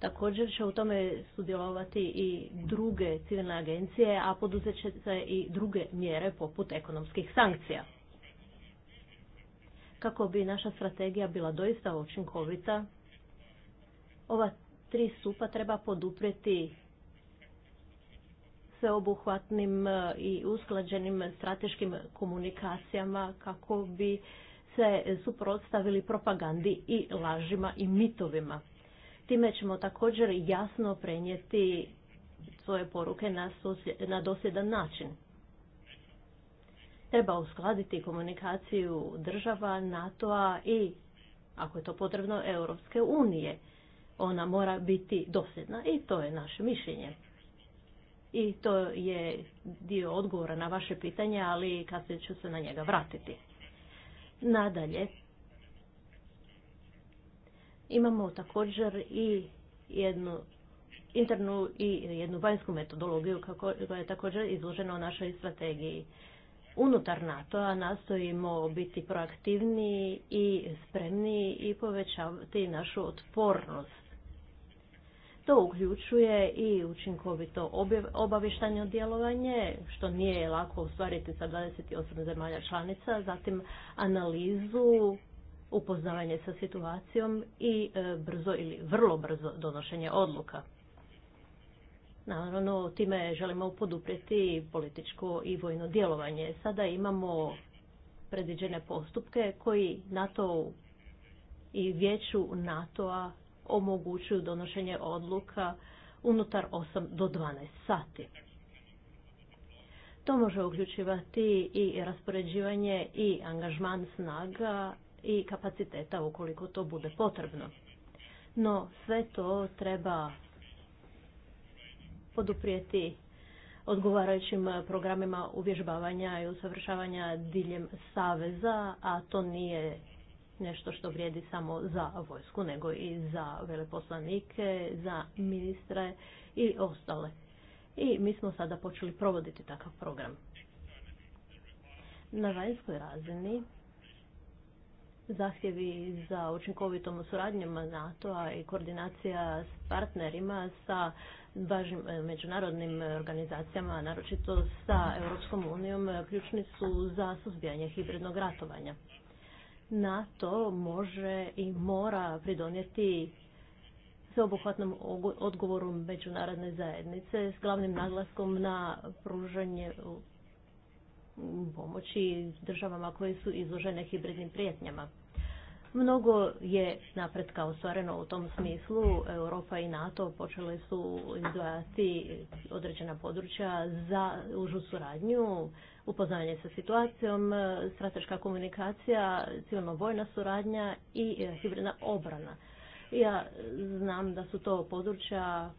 Također će u tome sudjelovati i druge civilne agencije, a poduzet će se i druge mjere poput ekonomskih sankcija. Kako bi naša strategija bila doista učinkovita, ova tri supa treba poduprijeti sveobuhvatnim e, i usklađenim strateškim komunikacijama kako bi se suprotstavili propagandi i lažima i mitovima. Time ćemo također jasno prenijeti svoje poruke na dosjedan način. Treba uskladiti komunikaciju država, NATO-a i, ako je to potrebno, Europske unije ona mora biti dosljedna i to je naše mišljenje. I to je dio odgovora na vaše pitanje, ali kasnije ću se na njega vratiti. Nadalje, imamo također i jednu internu i jednu vanjsku metodologiju koja je također izložena u našoj strategiji. Unutar NATO-a nastojimo biti proaktivniji i spremniji i povećavati našu otpornost. To uključuje i učinkovito obavještajno djelovanje, što nije lako ostvariti sa 28 zemalja članica, zatim analizu, upoznavanje sa situacijom i e, brzo ili vrlo brzo donošenje odluka. Naravno, time želimo poduprijeti političko i vojno djelovanje. Sada imamo predviđene postupke koji NATO i vijeću NATO-a omogućuju donošenje odluka unutar 8 do 12 sati. To može uključivati i raspoređivanje i angažman snaga i kapaciteta ukoliko to bude potrebno. No sve to treba poduprijeti odgovarajućim programima uvježbavanja i usavršavanja diljem saveza, a to nije nešto što vrijedi samo za vojsku, nego i za veleposlanike, za ministre i ostale. I mi smo sada počeli provoditi takav program. Na vanjskoj razini zahtjevi za učinkovitom suradnjom NATO-a i koordinacija s partnerima sa važnim međunarodnim organizacijama, naročito sa Europskom unijom, ključni su za suzbijanje hibridnog ratovanja. NATO može i mora pridonijeti sveobuhvatnom odgovoru međunarodne zajednice s glavnim naglaskom na pružanje pomoći državama koje su izložene hibridnim prijetnjama. Mnogo je napretka ostvareno u tom smislu. Europa i NATO počele su izdvajati određena područja za užu suradnju, upoznavanje sa situacijom, strateška komunikacija, civilno-vojna suradnja i hibridna obrana. Ja znam da su to područja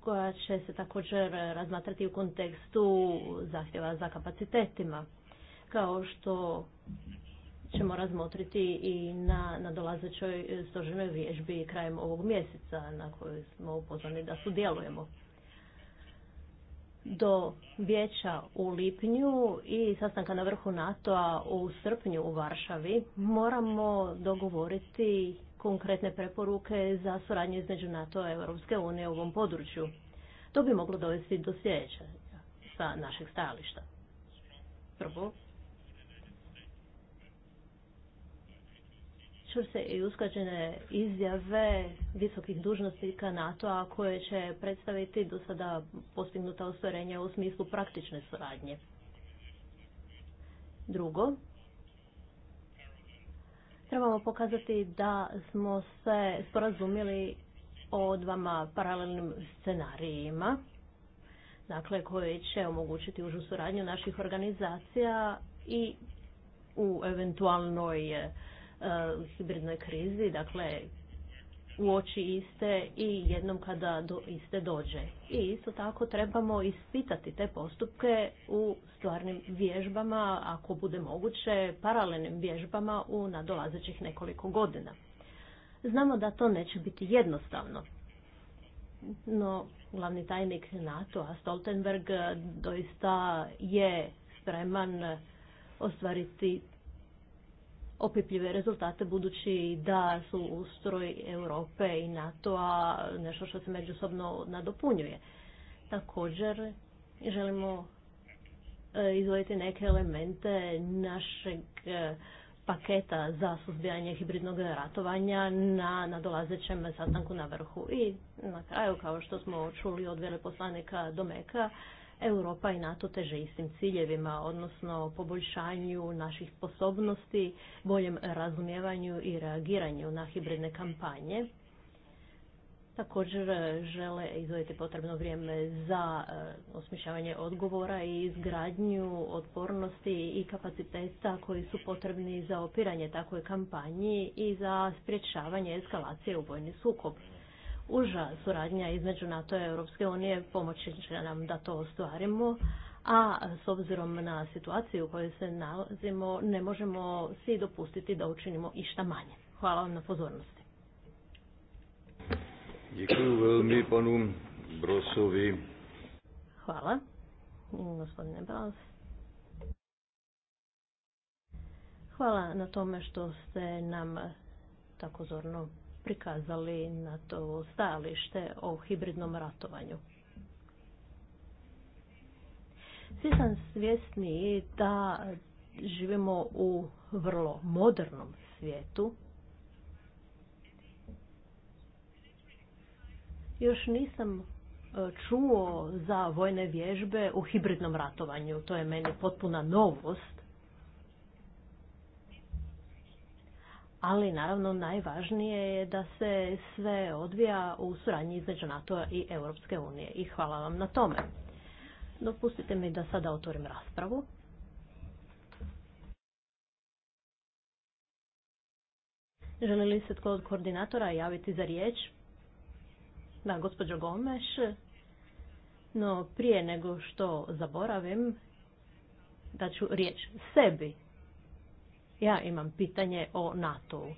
koja će se također razmatrati u kontekstu zahtjeva za kapacitetima. Kao što ćemo razmotriti i na nadolazećoj stožernoj vježbi krajem ovog mjeseca na kojoj smo upoznani da sudjelujemo do vijeća u lipnju i sastanka na vrhu NATO-a u srpnju u Varšavi moramo dogovoriti konkretne preporuke za suradnje između NATO i Europske unije u ovom području. To bi moglo dovesti do sljedeća sa našeg stajališta. Prvo, čvrste i uskađene izjave visokih dužnosnika NATO-a koje će predstaviti do sada postignuta ostvarenja u smislu praktične suradnje. Drugo, trebamo pokazati da smo se sporazumili o dvama paralelnim scenarijima, dakle koji će omogućiti užu suradnju naših organizacija i u eventualnoj E, hibridnoj krizi, dakle u oči iste i jednom kada do iste dođe. I isto tako trebamo ispitati te postupke u stvarnim vježbama, ako bude moguće, paralelnim vježbama u nadolazećih nekoliko godina. Znamo da to neće biti jednostavno. No, glavni tajnik NATO-a Stoltenberg doista je spreman ostvariti opipljive rezultate budući da su ustroj Europe i NATO-a nešto što se međusobno nadopunjuje. Također želimo e, izvojiti neke elemente našeg e, paketa za suzbijanje hibridnog ratovanja na nadolazećem sastanku na vrhu. I na kraju, kao što smo čuli od veleposlanika Domeka, Europa i NATO teže istim ciljevima, odnosno poboljšanju naših sposobnosti, boljem razumijevanju i reagiranju na hibridne kampanje. Također žele izvojiti potrebno vrijeme za e, osmišljavanje odgovora i izgradnju otpornosti i kapaciteta koji su potrebni za opiranje takvoj kampanji i za sprječavanje eskalacije u vojni sukob uža suradnja između NATO i Europske unije pomoći će nam da to ostvarimo, a s obzirom na situaciju u kojoj se nalazimo ne možemo svi dopustiti da učinimo išta manje. Hvala vam na pozornosti. Hvala, gospodine Hvala na tome što ste nam tako zorno prikazali na to stajalište o hibridnom ratovanju. Svi sam svjesni da živimo u vrlo modernom svijetu. Još nisam e, čuo za vojne vježbe u hibridnom ratovanju. To je meni potpuna novost ali naravno najvažnije je da se sve odvija u suradnji između NATO-a i Europske unije i hvala vam na tome. Dopustite mi da sada otvorim raspravu. Želi li se tko od koordinatora javiti za riječ? Da, gospođo Gomeš. No, prije nego što zaboravim, da ću riječ sebi ja imam pitanje o NATO-u.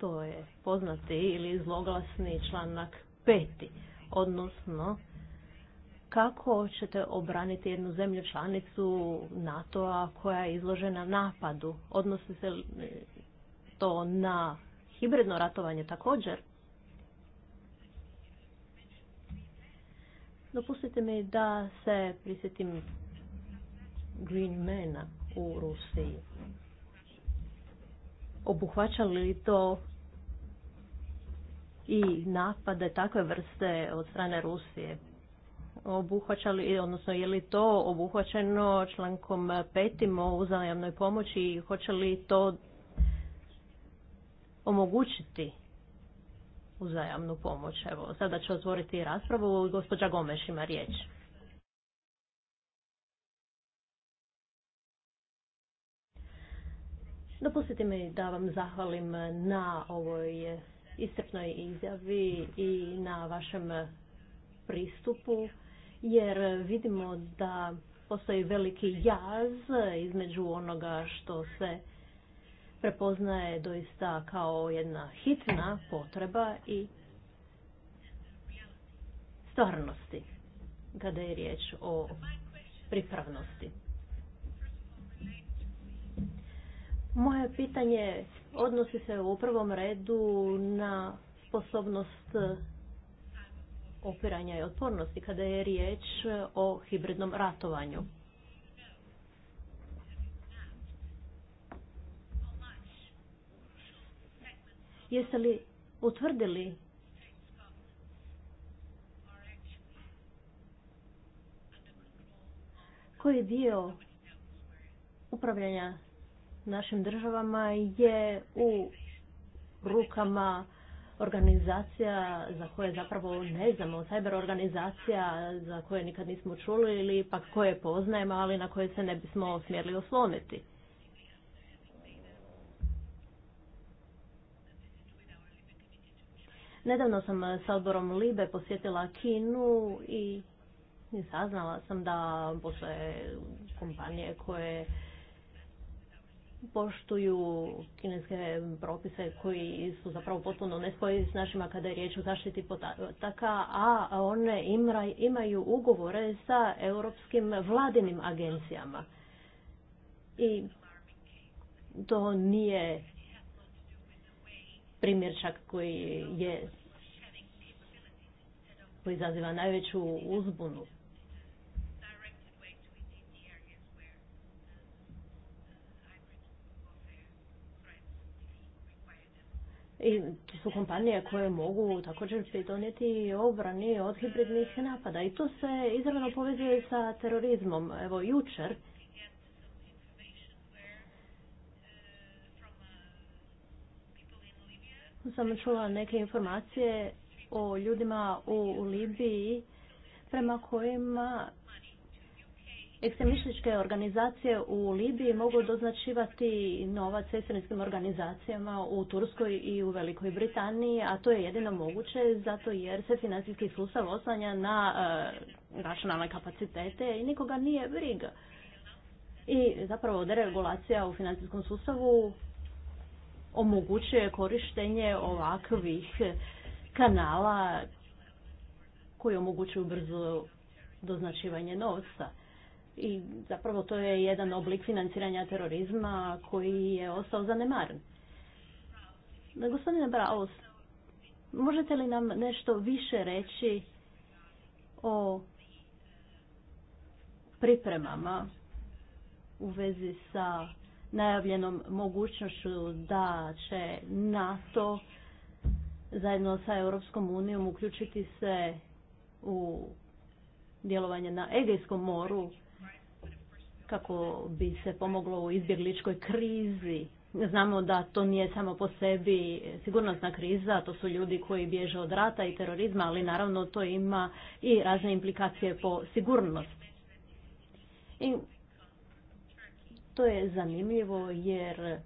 To je poznati ili zloglasni članak peti, odnosno kako ćete obraniti jednu zemlju članicu NATO-a koja je izložena napadu? Odnosi se to na hibridno ratovanje također? Dopustite mi da se prisjetim Green Mana u Rusiji. Obuhvaća li to i napade takve vrste od strane Rusije? Obuhvaća li, odnosno je li to obuhvaćeno člankom petim o uzajamnoj pomoći i hoće li to omogućiti uzajamnu pomoć? Evo, sada ću otvoriti raspravu. Gospođa Gomeš ima riječ. Dopustite mi da vam zahvalim na ovoj istrpnoj izjavi i na vašem pristupu, jer vidimo da postoji veliki jaz između onoga što se prepoznaje doista kao jedna hitna potreba i stvarnosti kada je riječ o pripravnosti. Moje pitanje odnosi se u prvom redu na sposobnost e, opiranja i otpornosti kada je riječ o hibridnom ratovanju. Jeste li utvrdili koji dio upravljanja našim državama je u rukama organizacija za koje zapravo ne znamo, cyber organizacija za koje nikad nismo čuli ili pa koje poznajemo, ali na koje se ne bismo smjeli osloniti. Nedavno sam sa odborom Libe posjetila Kinu i saznala sam da postoje kompanije koje poštuju kineske propise koji su zapravo potpuno nespojivi s našima kada je riječ o zaštiti podataka, a one imaju ugovore sa europskim vladinim agencijama. I to nije čak koji je koji izaziva najveću uzbunu. I su kompanije koje mogu također pridonijeti obrani od hibridnih napada. I to se izravno povezuje sa terorizmom. Evo, jučer sam čula neke informacije o ljudima u Libiji prema kojima ekstremističke organizacije u Libiji mogu doznačivati novac ekstremističkim organizacijama u Turskoj i u Velikoj Britaniji, a to je jedino moguće zato jer se financijski sustav oslanja na e, računalne kapacitete i nikoga nije briga. I zapravo deregulacija u financijskom sustavu omogućuje korištenje ovakvih kanala koji omogućuju brzo doznačivanje novca. I zapravo to je jedan oblik financiranja terorizma koji je ostao zanemaren. E, gospodine Braus, možete li nam nešto više reći o pripremama u vezi sa najavljenom mogućnošću da će NATO zajedno sa Europskom unijom uključiti se u djelovanje na Egejskom moru kako bi se pomoglo u izbjegličkoj krizi. Znamo da to nije samo po sebi sigurnosna kriza, to su ljudi koji bježe od rata i terorizma, ali naravno to ima i razne implikacije po sigurnost. I to je zanimljivo jer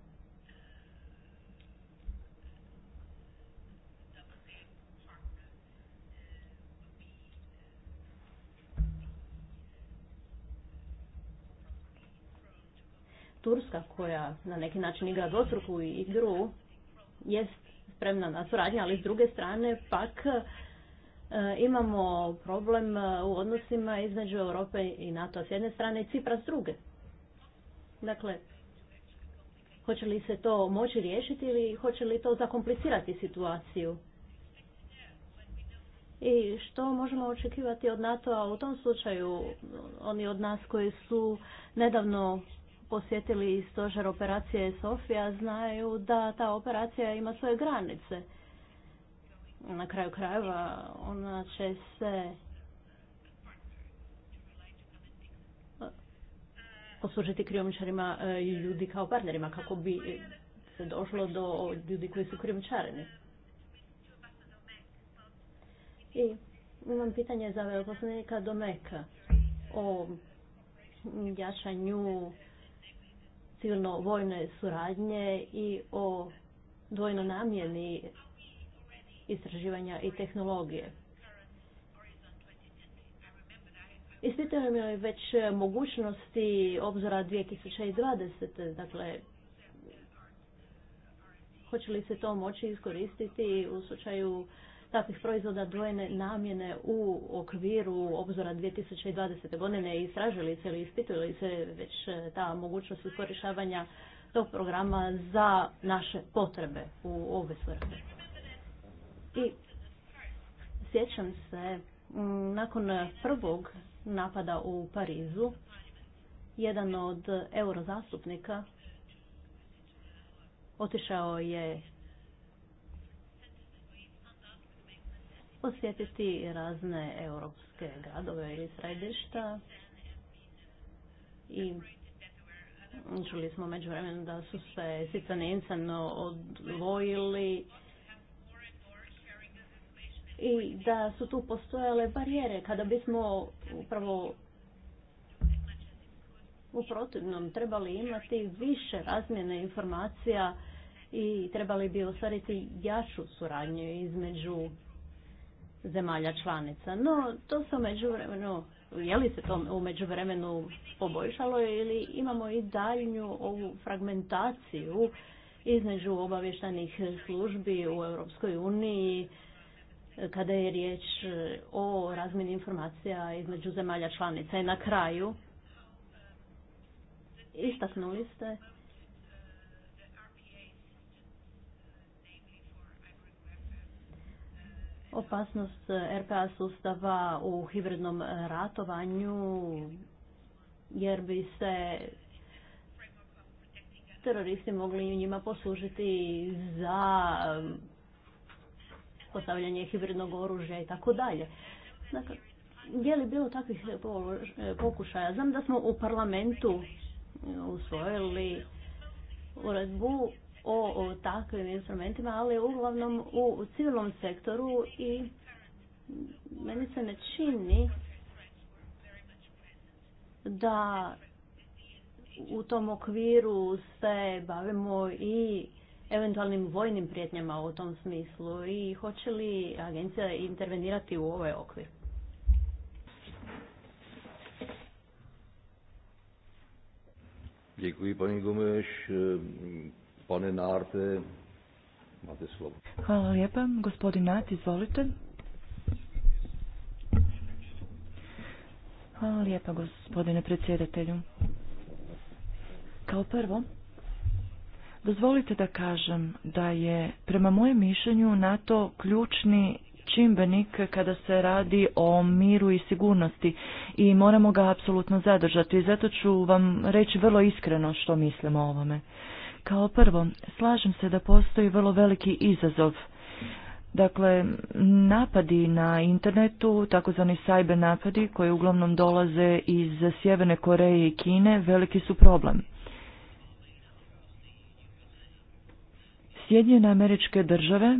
Turska koja na neki način igra dvostruku igru jest spremna na suradnju, ali s druge strane pak e, imamo problem e, u odnosima između Europe i NATO s jedne strane i Cipra s druge. Dakle, hoće li se to moći riješiti ili hoće li to zakomplicirati situaciju? I što možemo očekivati od NATO-a u tom slučaju? Oni od nas koji su nedavno posjetili stožer operacije Sofija znaju da ta operacija ima svoje granice. Na kraju krajeva ona će se poslužiti eh, i eh, ljudi kao partnerima kako bi se došlo do ljudi koji su krijomičareni. I imam pitanje za veoposlenika Domeka o jačanju civilno-vojne suradnje i o dvojno namjeni istraživanja i tehnologije. Ispitujem joj već mogućnosti obzora 2020. Dakle, hoće li se to moći iskoristiti u slučaju takvih proizvoda dvojene namjene u okviru obzora 2020. godine i istražili se ili ispituje se već e, ta mogućnost iskorištavanja tog programa za naše potrebe u ove svrhe. I sjećam se, nakon prvog napada u Parizu, jedan od eurozastupnika otišao je posjetiti razne europske gradove ili središta i čuli smo među vremenu da su se sicanenca odvojili i da su tu postojale barijere. Kada bismo upravo u protivnom trebali imati više razmjene informacija i trebali bi ostvariti jaču suradnju između zemalja članica. No, to se u vremenu, je li se to u međuvremenu poboljšalo ili imamo i daljnju ovu fragmentaciju između obavještajnih službi u Europskoj uniji kada je riječ e, o razmjeni informacija između zemalja članica. I na kraju istaknuli ste opasnost RPA sustava u hibridnom ratovanju jer bi se teroristi mogli njima poslužiti za um, postavljanje hibridnog oružja i tako dalje. Dakle, je li bilo takvih pokušaja? Znam da smo u parlamentu usvojili uredbu o takvim instrumentima, ali uglavnom u civilnom sektoru i meni se ne čini da u tom okviru se bavimo i eventualnim vojnim prijetnjama u tom smislu i hoće li agencija intervenirati u ovaj okvir? Děkuji, paní imate Hvala lijepa. Gospodin izvolite. Hvala lijepa, gospodine predsjedatelju. Kao prvo, dozvolite da kažem da je, prema mojem mišljenju, NATO ključni čimbenik kada se radi o miru i sigurnosti i moramo ga apsolutno zadržati. Zato ću vam reći vrlo iskreno što mislim o ovome. Kao prvo, slažem se da postoji vrlo veliki izazov. Dakle, napadi na internetu, takozvani cyber napadi, koji uglavnom dolaze iz Sjeverne Koreje i Kine, veliki su problem. Sjedinjene američke države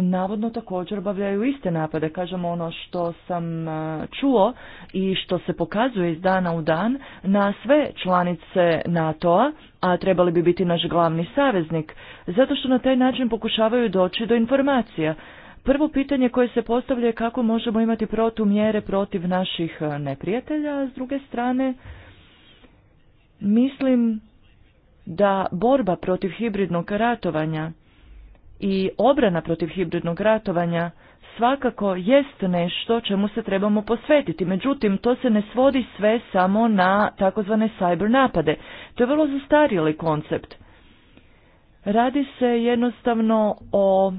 navodno također obavljaju iste napade. Kažemo ono što sam e, čuo i što se pokazuje iz dana u dan na sve članice NATO-a, a trebali bi biti naš glavni saveznik, zato što na taj način pokušavaju doći do informacija. Prvo pitanje koje se postavlja je kako možemo imati protumjere protiv naših e, neprijatelja, a s druge strane mislim da borba protiv hibridnog ratovanja i obrana protiv hibridnog ratovanja svakako jest nešto čemu se trebamo posvetiti. Međutim, to se ne svodi sve samo na takozvane cyber napade. To je vrlo zastarjeli koncept. Radi se jednostavno o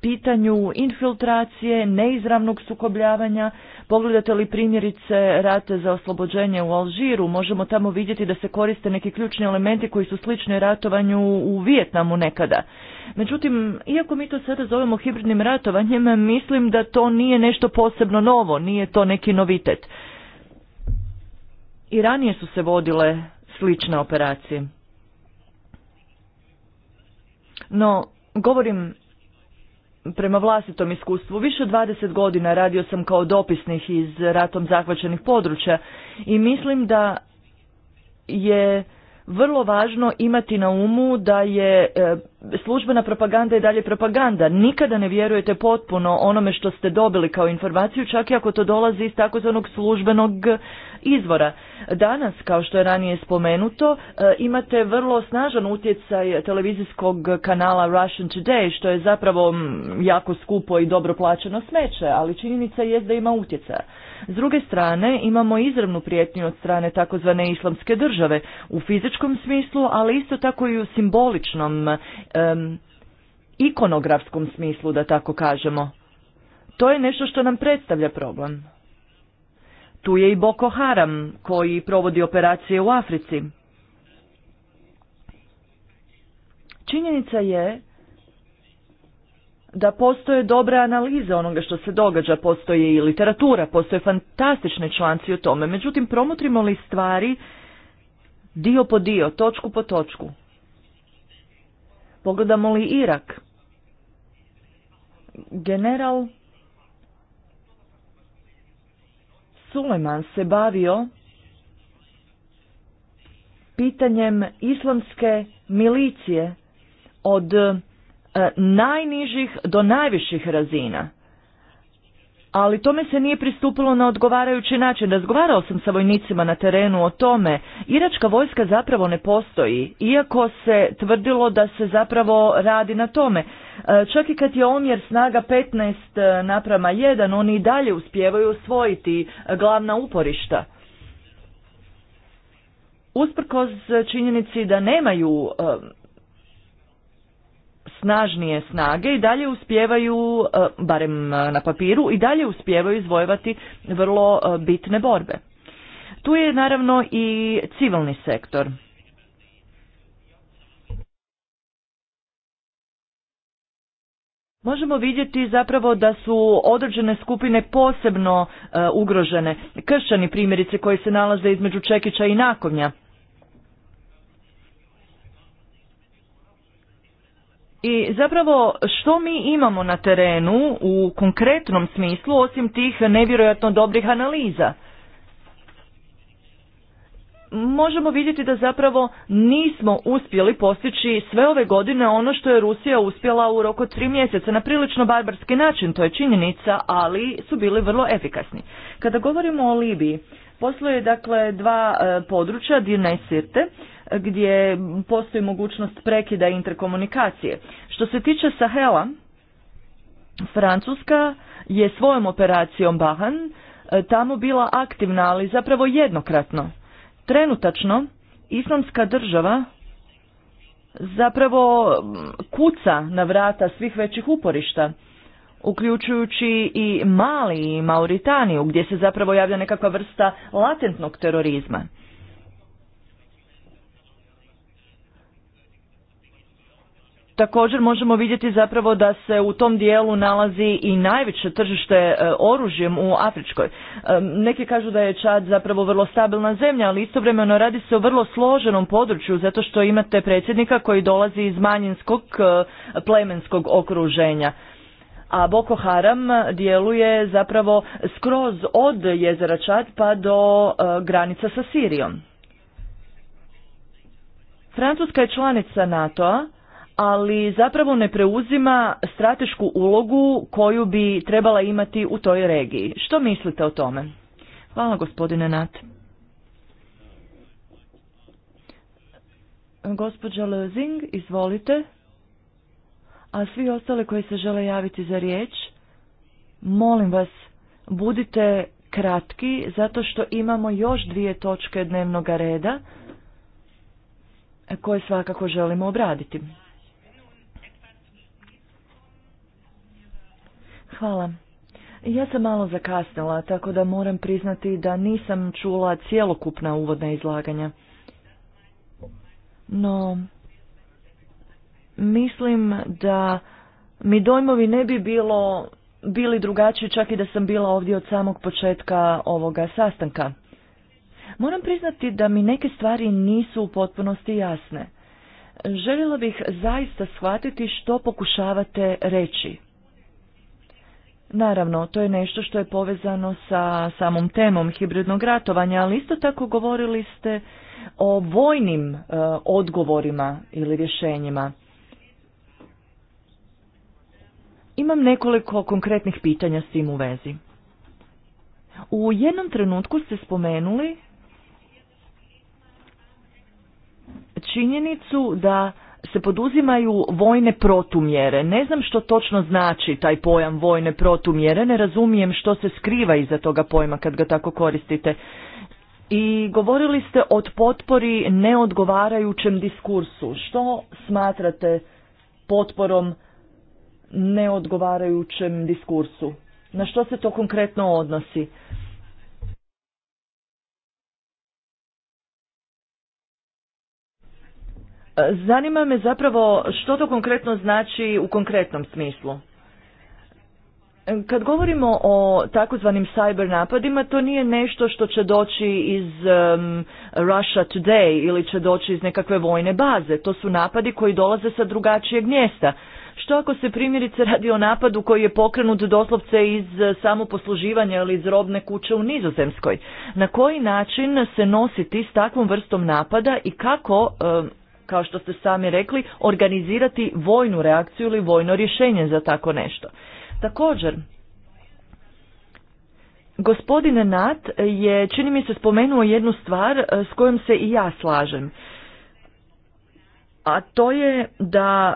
pitanju infiltracije, neizravnog sukobljavanja, Pogledate li primjerice rate za oslobođenje u Alžiru, možemo tamo vidjeti da se koriste neki ključni elementi koji su slični ratovanju u Vijetnamu nekada. Međutim, iako mi to sada zovemo hibridnim ratovanjem, mislim da to nije nešto posebno novo, nije to neki novitet. I ranije su se vodile slične operacije. No, govorim prema vlastitom iskustvu. Više od 20 godina radio sam kao dopisnih iz ratom zahvaćenih područja i mislim da je vrlo važno imati na umu da je e, službena propaganda i dalje propaganda. Nikada ne vjerujete potpuno onome što ste dobili kao informaciju, čak i ako to dolazi iz takozvanog službenog izvora. Danas, kao što je ranije spomenuto, e, imate vrlo snažan utjecaj televizijskog kanala Russian Today, što je zapravo jako skupo i dobro plaćeno smeće, ali činjenica je da ima utjecaja. S druge strane imamo izravnu prijetnju od strane takozvane islamske države u fizičkom smislu, ali isto tako i u simboličnom ikonografskom smislu, da tako kažemo. To je nešto što nam predstavlja problem. Tu je i Boko Haram koji provodi operacije u Africi. Činjenica je da postoje dobre analize onoga što se događa, postoji i literatura, postoje fantastični članci o tome. Međutim, promotrimo li stvari dio po dio, točku po točku. Pogledamo li Irak? General Suleman se bavio pitanjem islamske milicije od E, najnižih do najviših razina. Ali tome se nije pristupilo na odgovarajući način. Razgovarao sam sa vojnicima na terenu o tome. Iračka vojska zapravo ne postoji, iako se tvrdilo da se zapravo radi na tome. E, čak i kad je omjer snaga 15 e, naprama 1, oni i dalje uspjevaju osvojiti glavna uporišta. Usprkos činjenici da nemaju snažnije snage i dalje uspijevaju, e, barem e, na papiru, i dalje uspijevaju izvojevati vrlo e, bitne borbe. Tu je naravno i civilni sektor. Možemo vidjeti zapravo da su određene skupine posebno ugrožene. Kršćani primjerice koji se nalaze između Čekića i Nakovnja I zapravo što mi imamo na terenu u konkretnom smislu osim tih nevjerojatno dobrih analiza? možemo vidjeti da zapravo nismo uspjeli postići sve ove godine ono što je Rusija uspjela u roku tri mjeseca na prilično barbarski način, to je činjenica, ali su bili vrlo efikasni. Kada govorimo o Libiji, posluje dakle dva e, područja, Dirna i Sirte, gdje postoji mogućnost prekida interkomunikacije. Što se tiče Sahela, Francuska je svojom operacijom Bahan e, tamo bila aktivna, ali zapravo jednokratno. Trenutačno, islamska država zapravo kuca na vrata svih većih uporišta, uključujući i Mali i Mauritaniju, gdje se zapravo javlja nekakva vrsta latentnog terorizma. također možemo vidjeti zapravo da se u tom dijelu nalazi i najveće tržište e, oružjem u Afričkoj. E, neki kažu da je Čad zapravo vrlo stabilna zemlja, ali istovremeno radi se o vrlo složenom području zato što imate predsjednika koji dolazi iz manjinskog e, plemenskog okruženja a Boko Haram djeluje zapravo skroz od jezera Čad pa do granica sa Sirijom. Francuska je članica NATO-a ali zapravo ne preuzima stratešku ulogu koju bi trebala imati u toj regiji. Što mislite o tome? Hvala gospodine Nat. Gospođa Lozing, izvolite. A svi ostale koji se žele javiti za riječ, molim vas, budite kratki, zato što imamo još dvije točke dnevnog reda e, koje svakako želimo obraditi. Hvala. Ja sam malo zakasnila, tako da moram priznati da nisam čula cijelokupna uvodna izlaganja. No, mislim da mi dojmovi ne bi bilo bili drugačiji čak i da sam bila ovdje od samog početka ovoga sastanka. Moram priznati da mi neke stvari nisu u potpunosti jasne. Željela bih zaista shvatiti što pokušavate reći. Naravno, to je nešto što je povezano sa samom temom hibridnog ratovanja, ali isto tako govorili ste o vojnim e, odgovorima ili rješenjima. Imam nekoliko konkretnih pitanja s tim u vezi. U jednom trenutku ste spomenuli činjenicu da se poduzimaju vojne protumjere. Ne znam što točno znači taj pojam vojne protumjere, ne razumijem što se skriva iza toga pojma kad ga tako koristite. I govorili ste o potpori neodgovarajućem diskursu. Što smatrate potporom neodgovarajućem diskursu? Na što se to konkretno odnosi? Zanima me zapravo što to konkretno znači u konkretnom smislu. Kad govorimo o takozvanim cyber napadima, to nije nešto što će doći iz Russia Today ili će doći iz nekakve vojne baze. To su napadi koji dolaze sa drugačijeg mjesta. Što ako se primjerice radi o napadu koji je pokrenut doslovce iz samoposluživanja ili iz robne kuće u Nizozemskoj? Na koji način se nositi s takvom vrstom napada i kako kao što ste sami rekli, organizirati vojnu reakciju ili vojno rješenje za tako nešto. Također, gospodine Nat je, čini mi se, spomenuo jednu stvar e, s kojom se i ja slažem. A to je da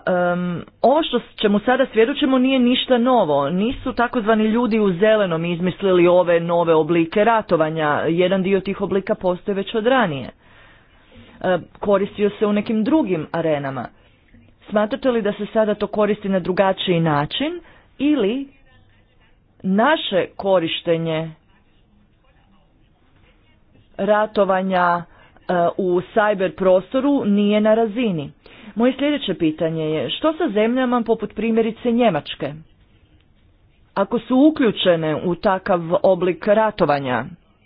ovo što ćemo sada svjedočimo nije ništa novo. Nisu takozvani ljudi u zelenom izmislili ove nove oblike ratovanja. Jedan dio tih oblika postoje već od ranije. E, koristio se u nekim drugim arenama. Smatrate li da se sada to koristi na drugačiji način ili naše korištenje ratovanja e, u cyber prostoru nije na razini. Moje sljedeće pitanje je što sa zemljama poput primjerice Njemačke? Ako su uključene u takav oblik ratovanja,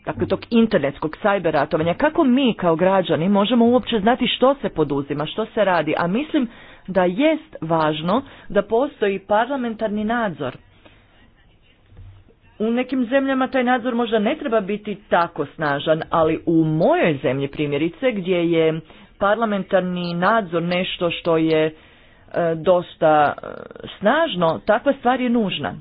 dakle tog internetskog cyber ratovanja, kako mi kao građani možemo uopće znati što se poduzima, što se radi, a mislim da jest važno da postoji parlamentarni nadzor. U nekim zemljama taj nadzor možda ne treba biti tako snažan, ali u mojoj zemlji primjerice gdje je parlamentarni nadzor nešto što je e, dosta e, snažno, takva stvar je nužna.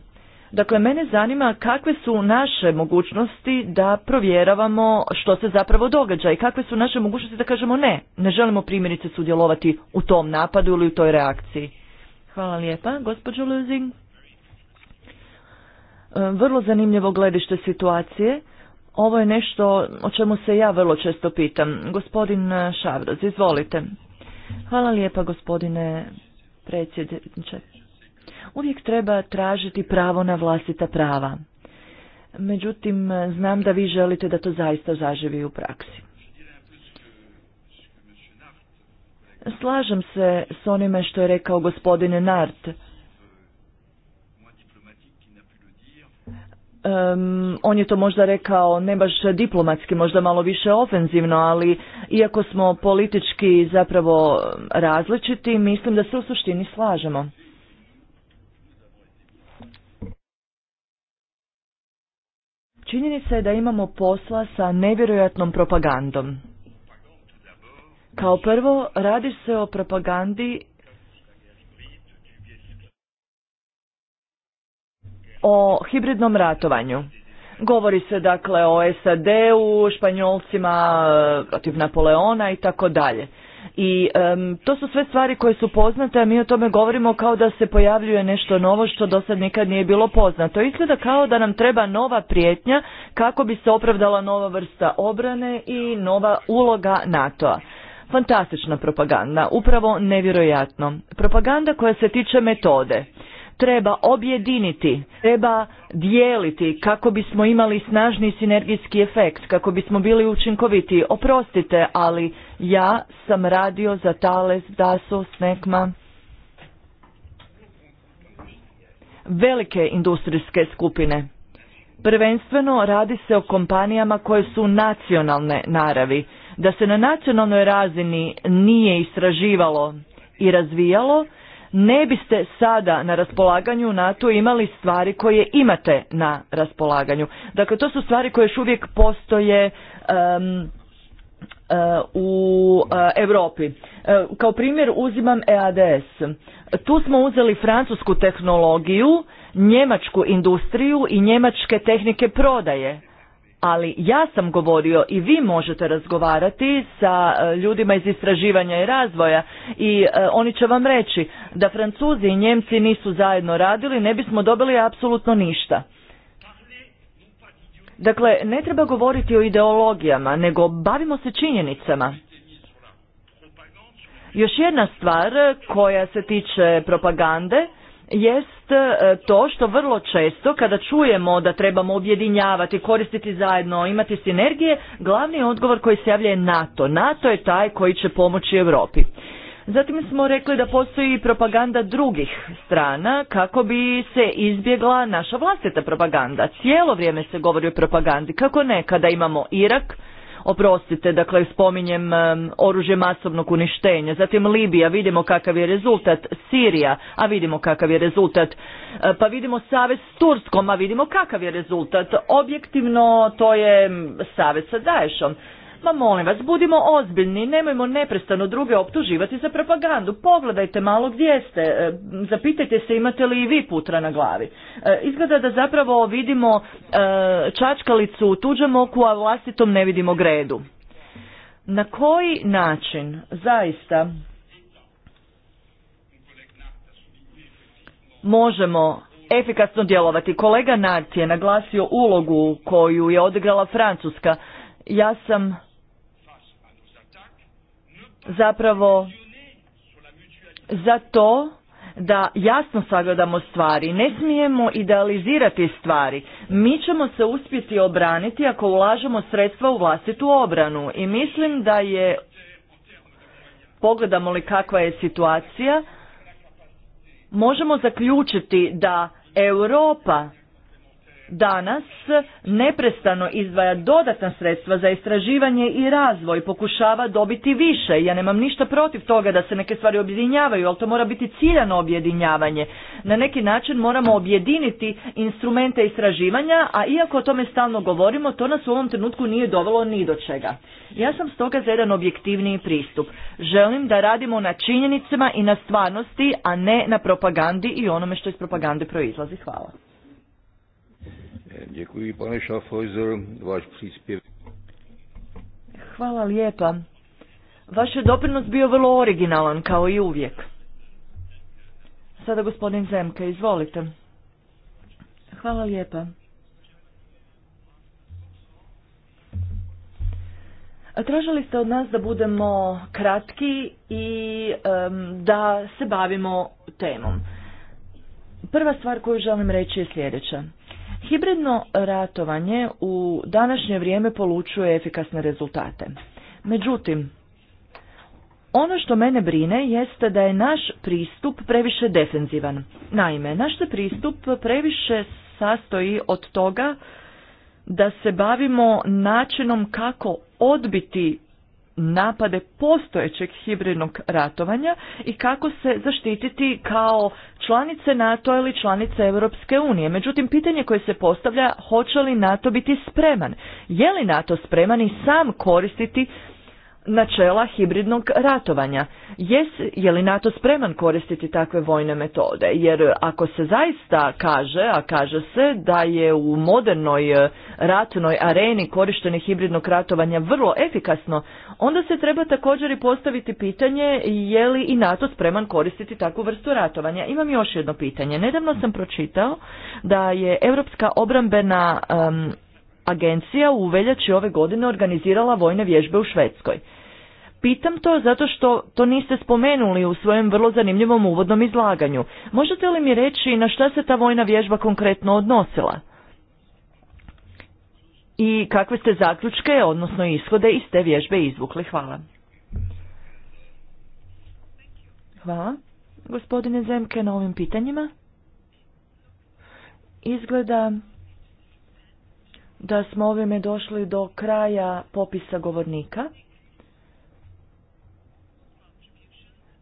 Dakle, mene zanima kakve su naše mogućnosti da provjeravamo što se zapravo događa i kakve su naše mogućnosti da kažemo ne, ne želimo primjerice sudjelovati u tom napadu ili u toj reakciji. Hvala lijepa, gospođo Luzing. E, vrlo zanimljivo gledište situacije. Ovo je nešto o čemu se ja vrlo često pitam. Gospodin Šavroz, izvolite. Hvala lijepa, gospodine predsjedniče uvijek treba tražiti pravo na vlastita prava. Međutim, znam da vi želite da to zaista zaživi u praksi. Slažem se s onime što je rekao gospodin Nart. on je to možda rekao ne baš diplomatski, možda malo više ofenzivno, ali iako smo politički zapravo različiti, mislim da se u suštini slažemo. Činjenica je da imamo posla sa nevjerojatnom propagandom. Kao prvo, radi se o propagandi o hibridnom ratovanju. Govori se dakle o SAD-u, Španjolcima protiv Napoleona i tako dalje. I to su sve stvari koje su poznate, a mi o tome govorimo kao da se pojavljuje nešto novo što do sad nikad nije bilo poznato. Izgleda kao da nam treba nova prijetnja kako bi se opravdala nova vrsta obrane i nova uloga NATO-a. Fantastična propaganda, upravo nevjerojatno. Propaganda koja se tiče metode treba objediniti, treba dijeliti kako bismo imali snažni sinergijski efekt, kako bismo bili učinkoviti. Oprostite, ali ja sam radio za Tales, DASO, SNEKMA velike industrijske skupine. Prvenstveno radi se o kompanijama koje su nacionalne naravi. Da se na nacionalnoj razini nije istraživalo i razvijalo, ne biste sada na raspolaganju u NATO imali stvari koje imate na raspolaganju. Dakle, to su stvari koje još uvijek postoje eh, u eh, Europi. Eh, kao primjer uzimam EADS. Tu smo uzeli francusku tehnologiju, njemačku industriju i njemačke tehnike prodaje ali ja sam govorio i vi možete razgovarati sa e, ljudima iz istraživanja i razvoja i e, oni će vam reći da Francuzi i Njemci nisu zajedno radili, ne bismo dobili apsolutno ništa. Dakle, ne treba govoriti o ideologijama, nego bavimo se činjenicama. Još jedna stvar koja se tiče propagande, jest e, to što vrlo često kada čujemo da trebamo objedinjavati, koristiti zajedno, imati sinergije, glavni odgovor koji se javlja je NATO. NATO je taj koji će pomoći Europi. Zatim smo rekli da postoji propaganda drugih strana kako bi se izbjegla naša vlastita propaganda. Cijelo vrijeme se govori o propagandi, kako ne, kada imamo Irak, oprostite, dakle spominjem oružje masovnog uništenja. Zatim Libija, vidimo kakav je rezultat. Sirija, a vidimo kakav je rezultat. E, pa vidimo savez s Turskom, a vidimo kakav je rezultat. Objektivno to je savez sa Daeshom. Ma molim vas, budimo ozbiljni, nemojmo neprestano druge optuživati za propagandu. Pogledajte malo gdje ste, e, zapitajte se imate li i vi putra na glavi. E, izgleda da zapravo vidimo e, čačkalicu u tuđem oku, a vlastitom ne vidimo gredu. Na koji način zaista možemo efikasno djelovati. Kolega Nart je naglasio ulogu koju je odigrala Francuska. Ja sam zapravo za to da jasno sagledamo stvari. Ne smijemo idealizirati stvari. Mi ćemo se uspjeti obraniti ako ulažemo sredstva u vlastitu obranu i mislim da je pogledamo li kakva je situacija možemo zaključiti da Europa danas neprestano izdvaja dodatna sredstva za istraživanje i razvoj, pokušava dobiti više. Ja nemam ništa protiv toga da se neke stvari objedinjavaju, ali to mora biti ciljano objedinjavanje. Na neki način moramo objediniti instrumente istraživanja, a iako o tome stalno govorimo, to nas u ovom trenutku nije dovelo ni do čega. Ja sam stoga za jedan objektivniji pristup. Želim da radimo na činjenicama i na stvarnosti, a ne na propagandi i onome što iz propagande proizlazi. Hvala. Hvala lijepa. Vaš je doprinos bio vrlo originalan, kao i uvijek. Sada gospodin Zemke, izvolite. Hvala lijepa. Tražili ste od nas da budemo kratki i da se bavimo temom. Prva stvar koju želim reći je sljedeća. Hibridno ratovanje u današnje vrijeme polučuje efikasne rezultate. Međutim, ono što mene brine jeste da je naš pristup previše defenzivan. Naime, naš se pristup previše sastoji od toga da se bavimo načinom kako odbiti napade postojećeg hibridnog ratovanja i kako se zaštititi kao članice NATO ili članice Europske unije. Međutim, pitanje koje se postavlja, hoće li NATO biti spreman? Je li NATO spreman i sam koristiti načela hibridnog ratovanja. Jes, je li NATO spreman koristiti takve vojne metode? Jer ako se zaista kaže, a kaže se da je u modernoj e, ratnoj areni korištenje hibridnog ratovanja vrlo efikasno, onda se treba također i postaviti pitanje je li i NATO spreman koristiti takvu vrstu ratovanja. Imam još jedno pitanje. Nedavno sam pročitao da je Europska obrambena agencija u veljači ove godine organizirala vojne vježbe u Švedskoj. Pitam to zato što to niste spomenuli u svojem vrlo zanimljivom uvodnom izlaganju. Možete li mi reći na šta se ta vojna vježba konkretno odnosila? I kakve ste zaključke, odnosno ishode iz te vježbe izvukli? Hvala. Hvala. Gospodine Zemke, na ovim pitanjima. Izgleda da smo ovime došli do kraja popisa govornika.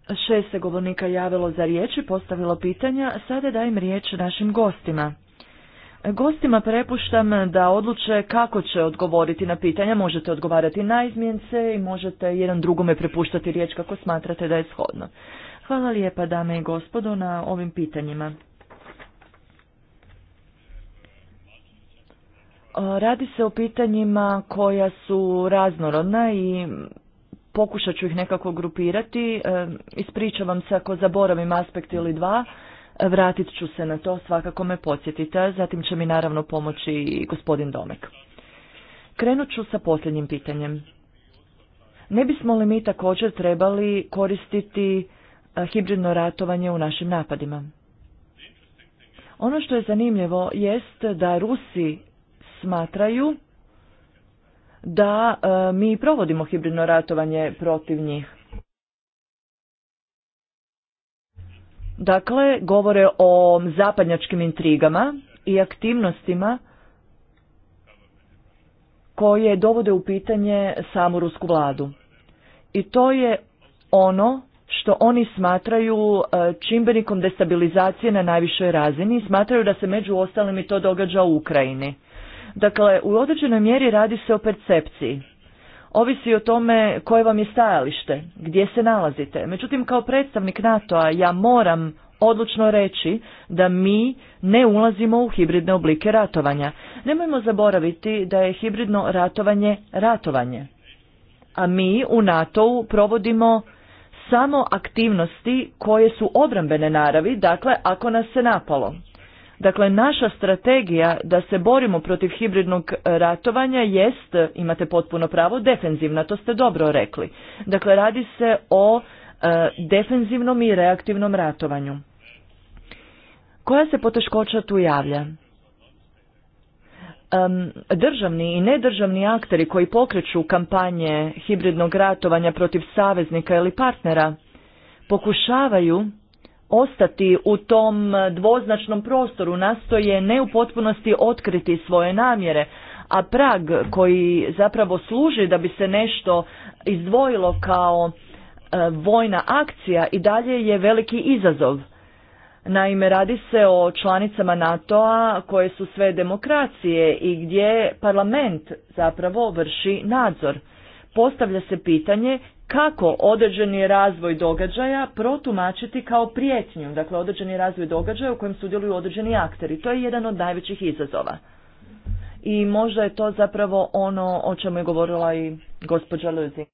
Šest se govornika javilo za riječ i postavilo pitanja, sada dajem riječ našim gostima. Gostima prepuštam da odluče kako će odgovoriti na pitanja, možete odgovarati na izmjence i možete jedan drugome prepuštati riječ kako smatrate da je shodno. Hvala lijepa dame i gospodo na ovim pitanjima. Radi se o pitanjima koja su raznorodna i pokušat ću ih nekako grupirati. E, ispričavam se ako zaboravim aspekt ili dva. E, vratit ću se na to, svakako me podsjetite. Zatim će mi naravno pomoći i gospodin Domek. Krenut ću sa posljednjim pitanjem. Ne bismo li mi također trebali koristiti e, hibridno ratovanje u našim napadima? Ono što je zanimljivo jest da Rusi smatraju da e, mi provodimo hibridno ratovanje protiv njih. Dakle, govore o zapadnjačkim intrigama i aktivnostima koje dovode u pitanje samu rusku vladu. I to je ono što oni smatraju e, čimbenikom destabilizacije na najvišoj razini i smatraju da se među ostalim i to događa u Ukrajini. Dakle, u određenoj mjeri radi se o percepciji. Ovisi o tome koje vam je stajalište, gdje se nalazite. Međutim, kao predstavnik NATO-a ja moram odlučno reći da mi ne ulazimo u hibridne oblike ratovanja. Nemojmo zaboraviti da je hibridno ratovanje ratovanje. A mi u NATO-u provodimo samo aktivnosti koje su obrambene naravi, dakle ako nas se napalo. Dakle, naša strategija da se borimo protiv hibridnog ratovanja jest, imate potpuno pravo, defenzivna, to ste dobro rekli. Dakle, radi se o e, defenzivnom i reaktivnom ratovanju. Koja se poteškoća tu javlja? državni i nedržavni akteri koji pokreću kampanje hibridnog ratovanja protiv saveznika ili partnera pokušavaju ostati u tom dvoznačnom prostoru, nastoje ne u potpunosti otkriti svoje namjere, a prag koji zapravo služi da bi se nešto izdvojilo kao e, vojna akcija i dalje je veliki izazov. Naime, radi se o članicama NATO-a koje su sve demokracije i gdje parlament zapravo vrši nadzor. Postavlja se pitanje kako određeni razvoj događaja protumačiti kao prijetnju, dakle određeni razvoj događaja u kojem sudjeluju određeni akteri. To je jedan od najvećih izazova. I možda je to zapravo ono o čemu je govorila i gospođa Luzi.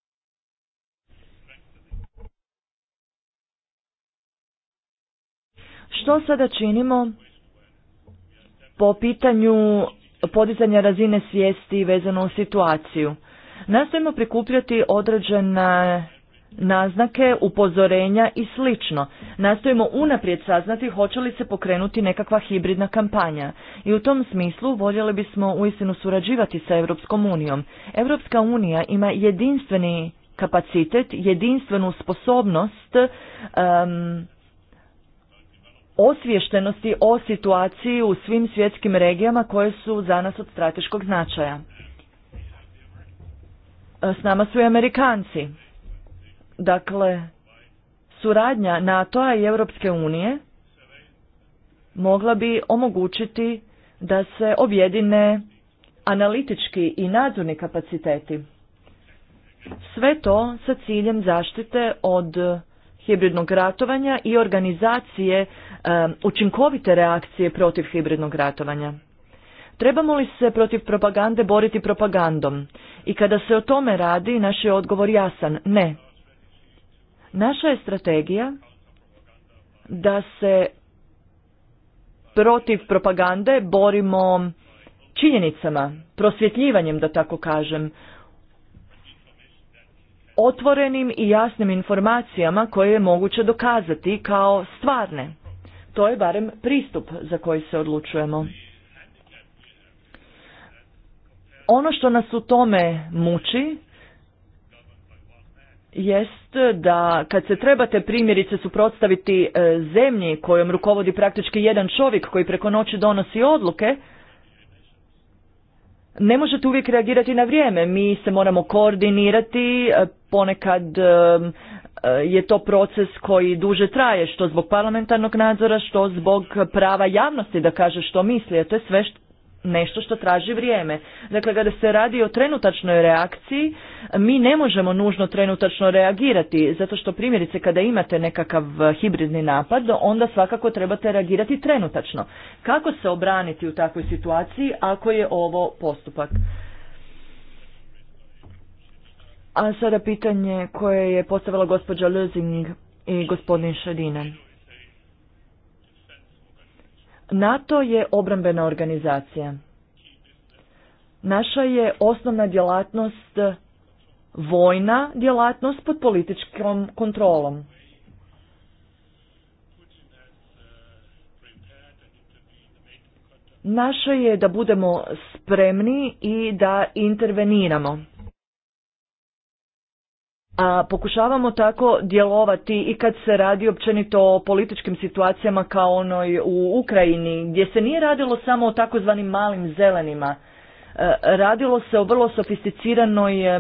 Što sada činimo po pitanju podizanja razine svijesti vezano u situaciju? Nastojimo prikupljati određene naznake, upozorenja i slično. Nastojimo unaprijed saznati hoće li se pokrenuti nekakva hibridna kampanja. I u tom smislu voljeli bismo uistinu surađivati sa Europskom unijom. Europska unija ima jedinstveni kapacitet, jedinstvenu sposobnost um, osviještenosti o situaciji u svim svjetskim regijama koje su za nas od strateškog značaja. S nama su i Amerikanci. Dakle, suradnja NATO-a i Europske unije mogla bi omogućiti da se objedine analitički i nadzorni kapaciteti. Sve to sa ciljem zaštite od hibridnog ratovanja i organizacije um, učinkovite reakcije protiv hibridnog ratovanja. Trebamo li se protiv propagande boriti propagandom? I kada se o tome radi, naš je odgovor jasan, ne. Naša je strategija da se protiv propagande borimo činjenicama, prosvjetljivanjem, da tako kažem, otvorenim i jasnim informacijama koje je moguće dokazati kao stvarne. To je barem pristup za koji se odlučujemo. Ono što nas u tome muči jest da kad se trebate primjerice suprotstaviti e, zemlji kojom rukovodi praktički jedan čovjek koji preko noći donosi odluke, ne možete uvijek reagirati na vrijeme. Mi se moramo koordinirati, e, ponekad e, je to proces koji duže traje, što zbog parlamentarnog nadzora, što zbog prava javnosti da kaže što misli, a to je sve nešto što traži vrijeme. Dakle, kada se radi o trenutačnoj reakciji, mi ne možemo nužno trenutačno reagirati, zato što primjerice kada imate nekakav hibridni napad, onda svakako trebate reagirati trenutačno. Kako se obraniti u takvoj situaciji ako je ovo postupak? A sada pitanje koje je postavila gospođa Lözing i gospodin Šadina. NATO je obrambena organizacija. Naša je osnovna djelatnost vojna djelatnost pod političkom kontrolom. Naša je da budemo spremni i da interveniramo. A pokušavamo tako djelovati i kad se radi općenito o političkim situacijama kao onoj u Ukrajini, gdje se nije radilo samo o takozvanim malim zelenima. E, radilo se o vrlo sofisticiranoj e,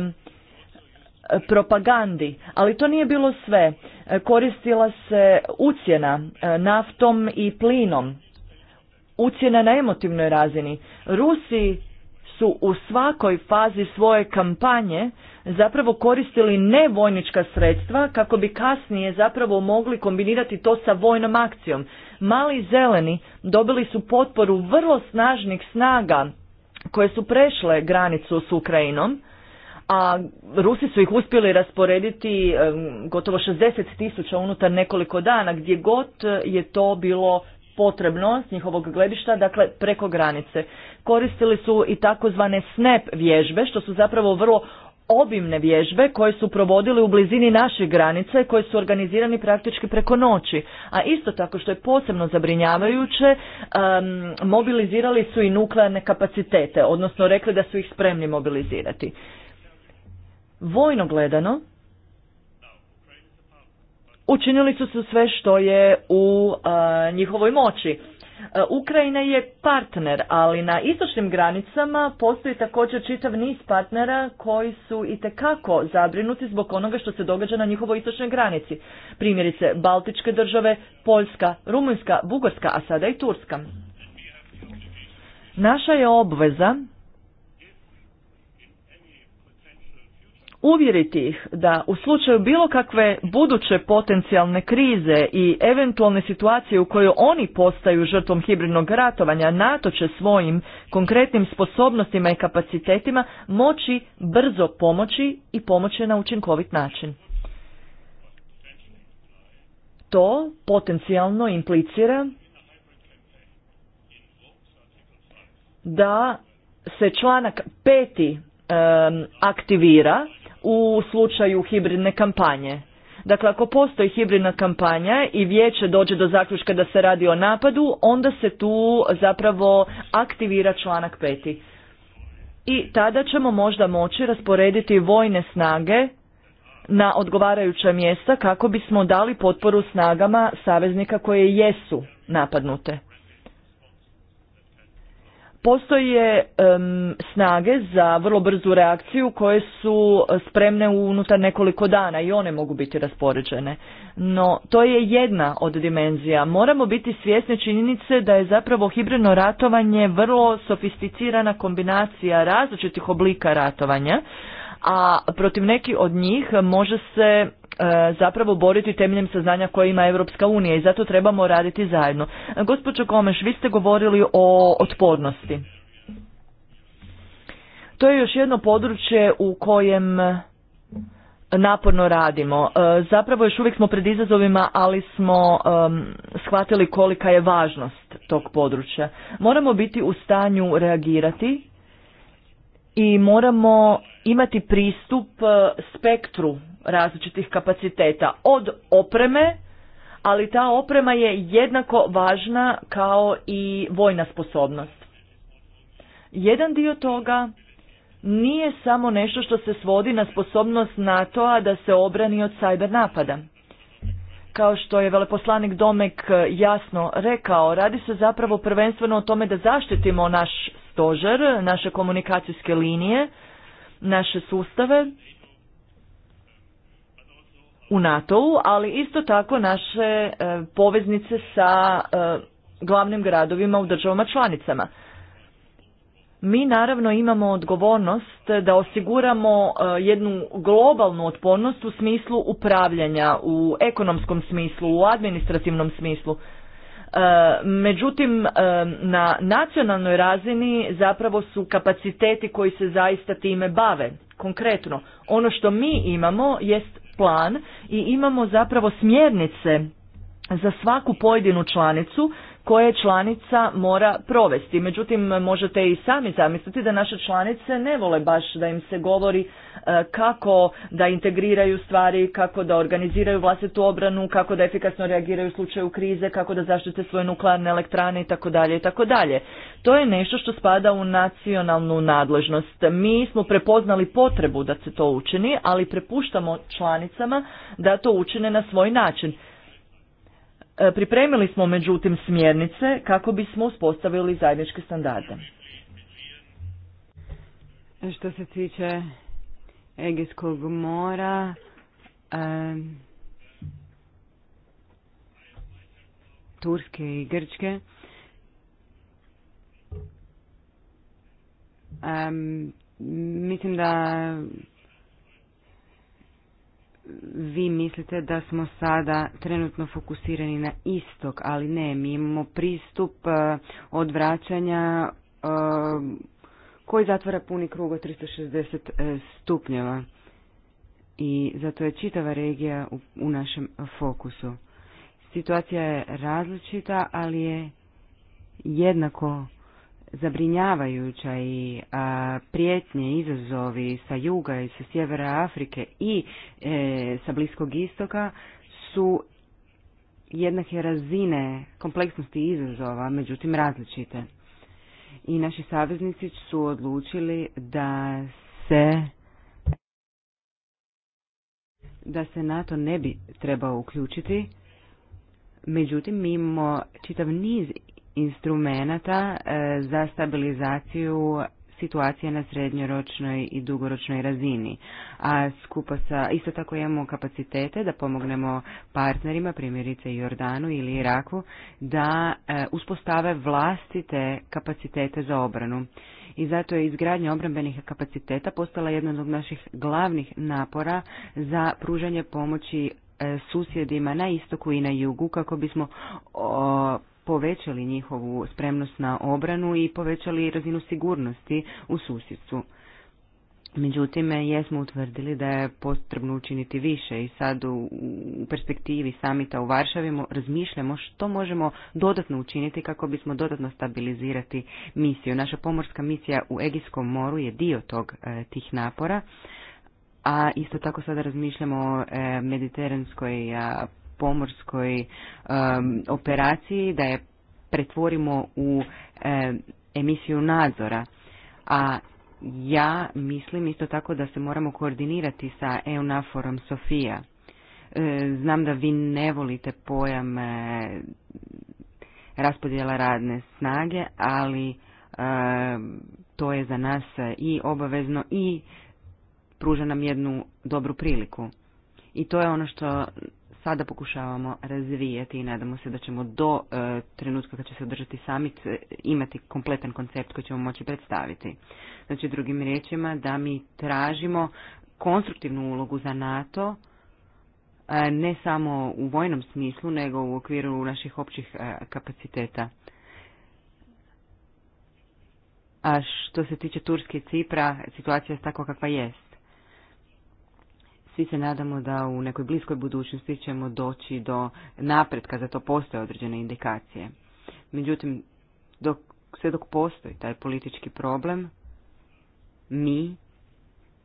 propagandi, ali to nije bilo sve. E, koristila se ucjena naftom i plinom, ucjena na emotivnoj razini. Rusi su u svakoj fazi svoje kampanje zapravo koristili nevojnička sredstva kako bi kasnije zapravo mogli kombinirati to sa vojnom akcijom. Mali zeleni dobili su potporu vrlo snažnih snaga koje su prešle granicu s Ukrajinom, a Rusi su ih uspjeli rasporediti gotovo 60 tisuća unutar nekoliko dana, gdje god je to bilo potrebno s njihovog gledišta, dakle preko granice. Koristili su i takozvane SNAP vježbe, što su zapravo vrlo obimne vježbe koje su provodili u blizini naših granice koje su organizirani praktički preko noći. A isto tako što je posebno zabrinjavajuće, mobilizirali su i nuklearne kapacitete, odnosno rekli da su ih spremni mobilizirati. Vojno gledano, učinili su se sve što je u e, njihovoj moći. E, Ukrajina je partner, ali na istočnim granicama postoji također čitav niz partnera koji su i tekako zabrinuti zbog onoga što se događa na njihovoj istočnoj granici. Primjerice Baltičke države, Poljska, Rumunjska, Bugarska, a sada i Turska. Naša je obveza uvjeriti ih da u slučaju bilo kakve buduće potencijalne krize i eventualne situacije u kojoj oni postaju žrtvom hibridnog ratovanja, NATO će svojim konkretnim sposobnostima i kapacitetima moći brzo pomoći i pomoći na učinkovit način. To potencijalno implicira da se članak peti aktivira u slučaju hibridne kampanje. Dakle, ako postoji hibridna kampanja i vijeće dođe do zaključka da se radi o napadu, onda se tu zapravo aktivira članak peti. I tada ćemo možda moći rasporediti vojne snage na odgovarajuća mjesta kako bismo dali potporu snagama saveznika koje jesu napadnute. Postoje snage za vrlo brzu reakciju koje su spremne unutar nekoliko dana i one mogu biti raspoređene. No, to je jedna od dimenzija. Moramo biti svjesni činjenice da je zapravo hibridno ratovanje vrlo sofisticirana kombinacija različitih oblika ratovanja a protiv neki od njih može se e, zapravo boriti temeljem saznanja koje ima Europska unija i zato trebamo raditi zajedno. E, gospođo Komeš, vi ste govorili o otpornosti. To je još jedno područje u kojem naporno radimo. E, zapravo još uvijek smo pred izazovima, ali smo shvatili kolika je važnost tog područja. Moramo biti u stanju reagirati i moramo imati pristup e, spektru različitih kapaciteta od opreme, ali ta oprema je jednako važna kao i vojna sposobnost. Jedan dio toga nije samo nešto što se svodi na sposobnost NATO-a da se obrani od cyber napada. Kao što je veleposlanik Domek e, jasno rekao, radi se zapravo prvenstveno o tome da zaštitimo naš stožer, naše komunikacijske linije, naše sustave u NATO-u, ali isto tako naše e, poveznice sa e, glavnim gradovima u državama članicama. Mi naravno imamo odgovornost da osiguramo e, jednu globalnu otpornost u smislu upravljanja, u ekonomskom smislu, u administrativnom smislu. Međutim, e, na nacionalnoj razini zapravo su kapaciteti koji se zaista time bave. Konkretno, ono što mi imamo jest plan i imamo zapravo smjernice za svaku pojedinu članicu koje članica mora provesti. Međutim, možete i sami zamisliti da naše članice ne vole baš da im se govori e, kako da integriraju stvari, kako da organiziraju vlastitu obranu, kako da efikasno reagiraju u slučaju krize, kako da zaštite svoje nuklearne elektrane itd. itd. To je nešto što spada u nacionalnu nadležnost. Mi smo prepoznali potrebu da se to učini, ali prepuštamo članicama da to učine na svoj način. E, pripremili smo međutim smjernice kako bismo uspostavili zajedničke standarde. Što se tiče Egejskog mora, Turske i Grčke, mislim da vi mislite da smo sada trenutno fokusirani na istok, ali ne, mi imamo pristup e, odvraćanja e, koji zatvara puni krug od 360 e, stupnjeva i zato je čitava regija u našem fokusu. Situacija je različita, ali je jednako zabrinjavajuća i a, prijetnje izazovi sa juga i sa sjevera Afrike i e, sa Bliskog istoka su jednake razine kompleksnosti izazova, međutim različite. I naši saveznici su odlučili da se da se NATO ne bi trebao uključiti, međutim mi imamo čitav niz instrumenata e, za stabilizaciju situacije na srednjoročnoj i dugoročnoj razini. A skupa sa, isto tako imamo kapacitete da pomognemo partnerima, primjerice Jordanu ili Iraku, da e, uspostave vlastite kapacitete za obranu. I zato je izgradnja obrambenih kapaciteta postala jedna od naših glavnih napora za pružanje pomoći e, susjedima na istoku i na jugu kako bismo povećali njihovu spremnost na obranu i povećali razinu sigurnosti u susjedstvu. Međutim, jesmo utvrdili da je potrebno učiniti više i sad u, perspektivi samita u Varšavi razmišljamo što možemo dodatno učiniti kako bismo dodatno stabilizirati misiju. Naša pomorska misija u Egijskom moru je dio tog e, tih napora, a isto tako sada razmišljamo o e, mediteranskoj pomorskoj operaciji, da je pretvorimo u emisiju nadzora. A ja mislim isto tako da se moramo koordinirati sa EUNAFORom Sofia. E, znam da vi ne volite pojam e, raspodjela radne snage, ali e, to je za nas i obavezno i pruža nam jednu dobru priliku. I to je ono što sada pokušavamo razvijati i nadamo se da ćemo do e, trenutka kad će se održati summit e, imati kompletan koncept koji ćemo moći predstaviti. Znači drugim riječima da mi tražimo konstruktivnu ulogu za NATO e, ne samo u vojnom smislu nego u okviru naših općih kapaciteta. A što se tiče Turske i Cipra, situacija je takva kakva jest svi se nadamo da u nekoj bliskoj budućnosti ćemo doći do napretka, za to postoje određene indikacije. Međutim, dok, sve dok postoji taj politički problem, mi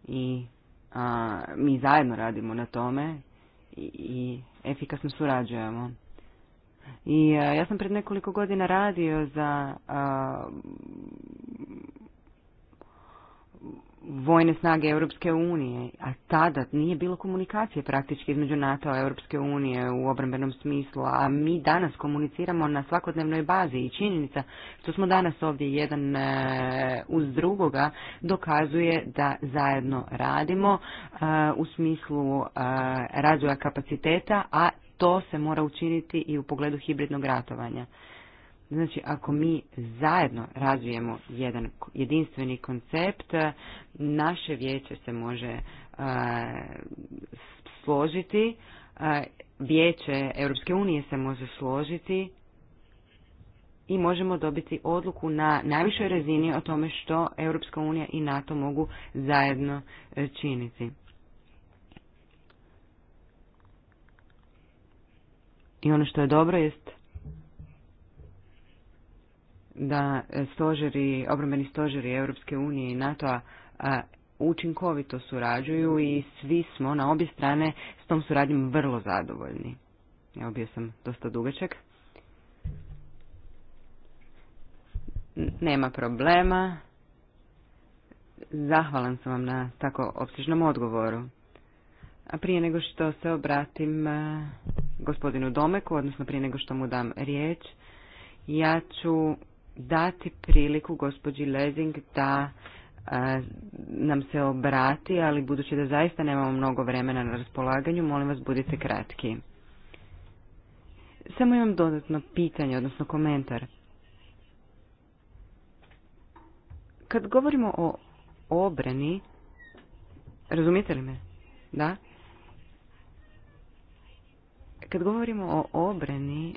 i a, mi zajedno radimo na tome i, i efikasno surađujemo. I ja sam pred nekoliko godina radio za vojne snage Europske unije, a tada nije bilo komunikacije praktički između NATO i Europske unije u obrambenom smislu, a mi danas komuniciramo na svakodnevnoj bazi i činjenica što smo danas ovdje jedan e, uz drugoga dokazuje da zajedno radimo e, u smislu e, razvoja kapaciteta, a to se mora učiniti i u pogledu hibridnog ratovanja. Znači, ako mi zajedno razvijemo jedan jedinstveni koncept, naše vijeće se može e, složiti, e, vijeće Europske unije se može složiti i možemo dobiti odluku na najvišoj razini o tome što Europska unija i NATO mogu zajedno e, činiti. I ono što je dobro jest da e, stožeri, obrambeni stožeri Europske unije i NATO-a učinkovito surađuju i svi smo na obje strane s tom suradnjom vrlo zadovoljni. Evo bio sam dosta dugačak. Nema problema. Zahvalan sam vam na tako opsežnom odgovoru. A prije nego što se obratim e, gospodinu Domeku, odnosno prije nego što mu dam riječ, ja ću dati priliku gospođi Lezing da nam se obrati, ali budući da zaista nemamo mnogo vremena na raspolaganju, molim vas budite kratki. Samo imam dodatno pitanje, odnosno komentar. Kad govorimo o obrani, razumijete li me? Da? Kad govorimo o obrani,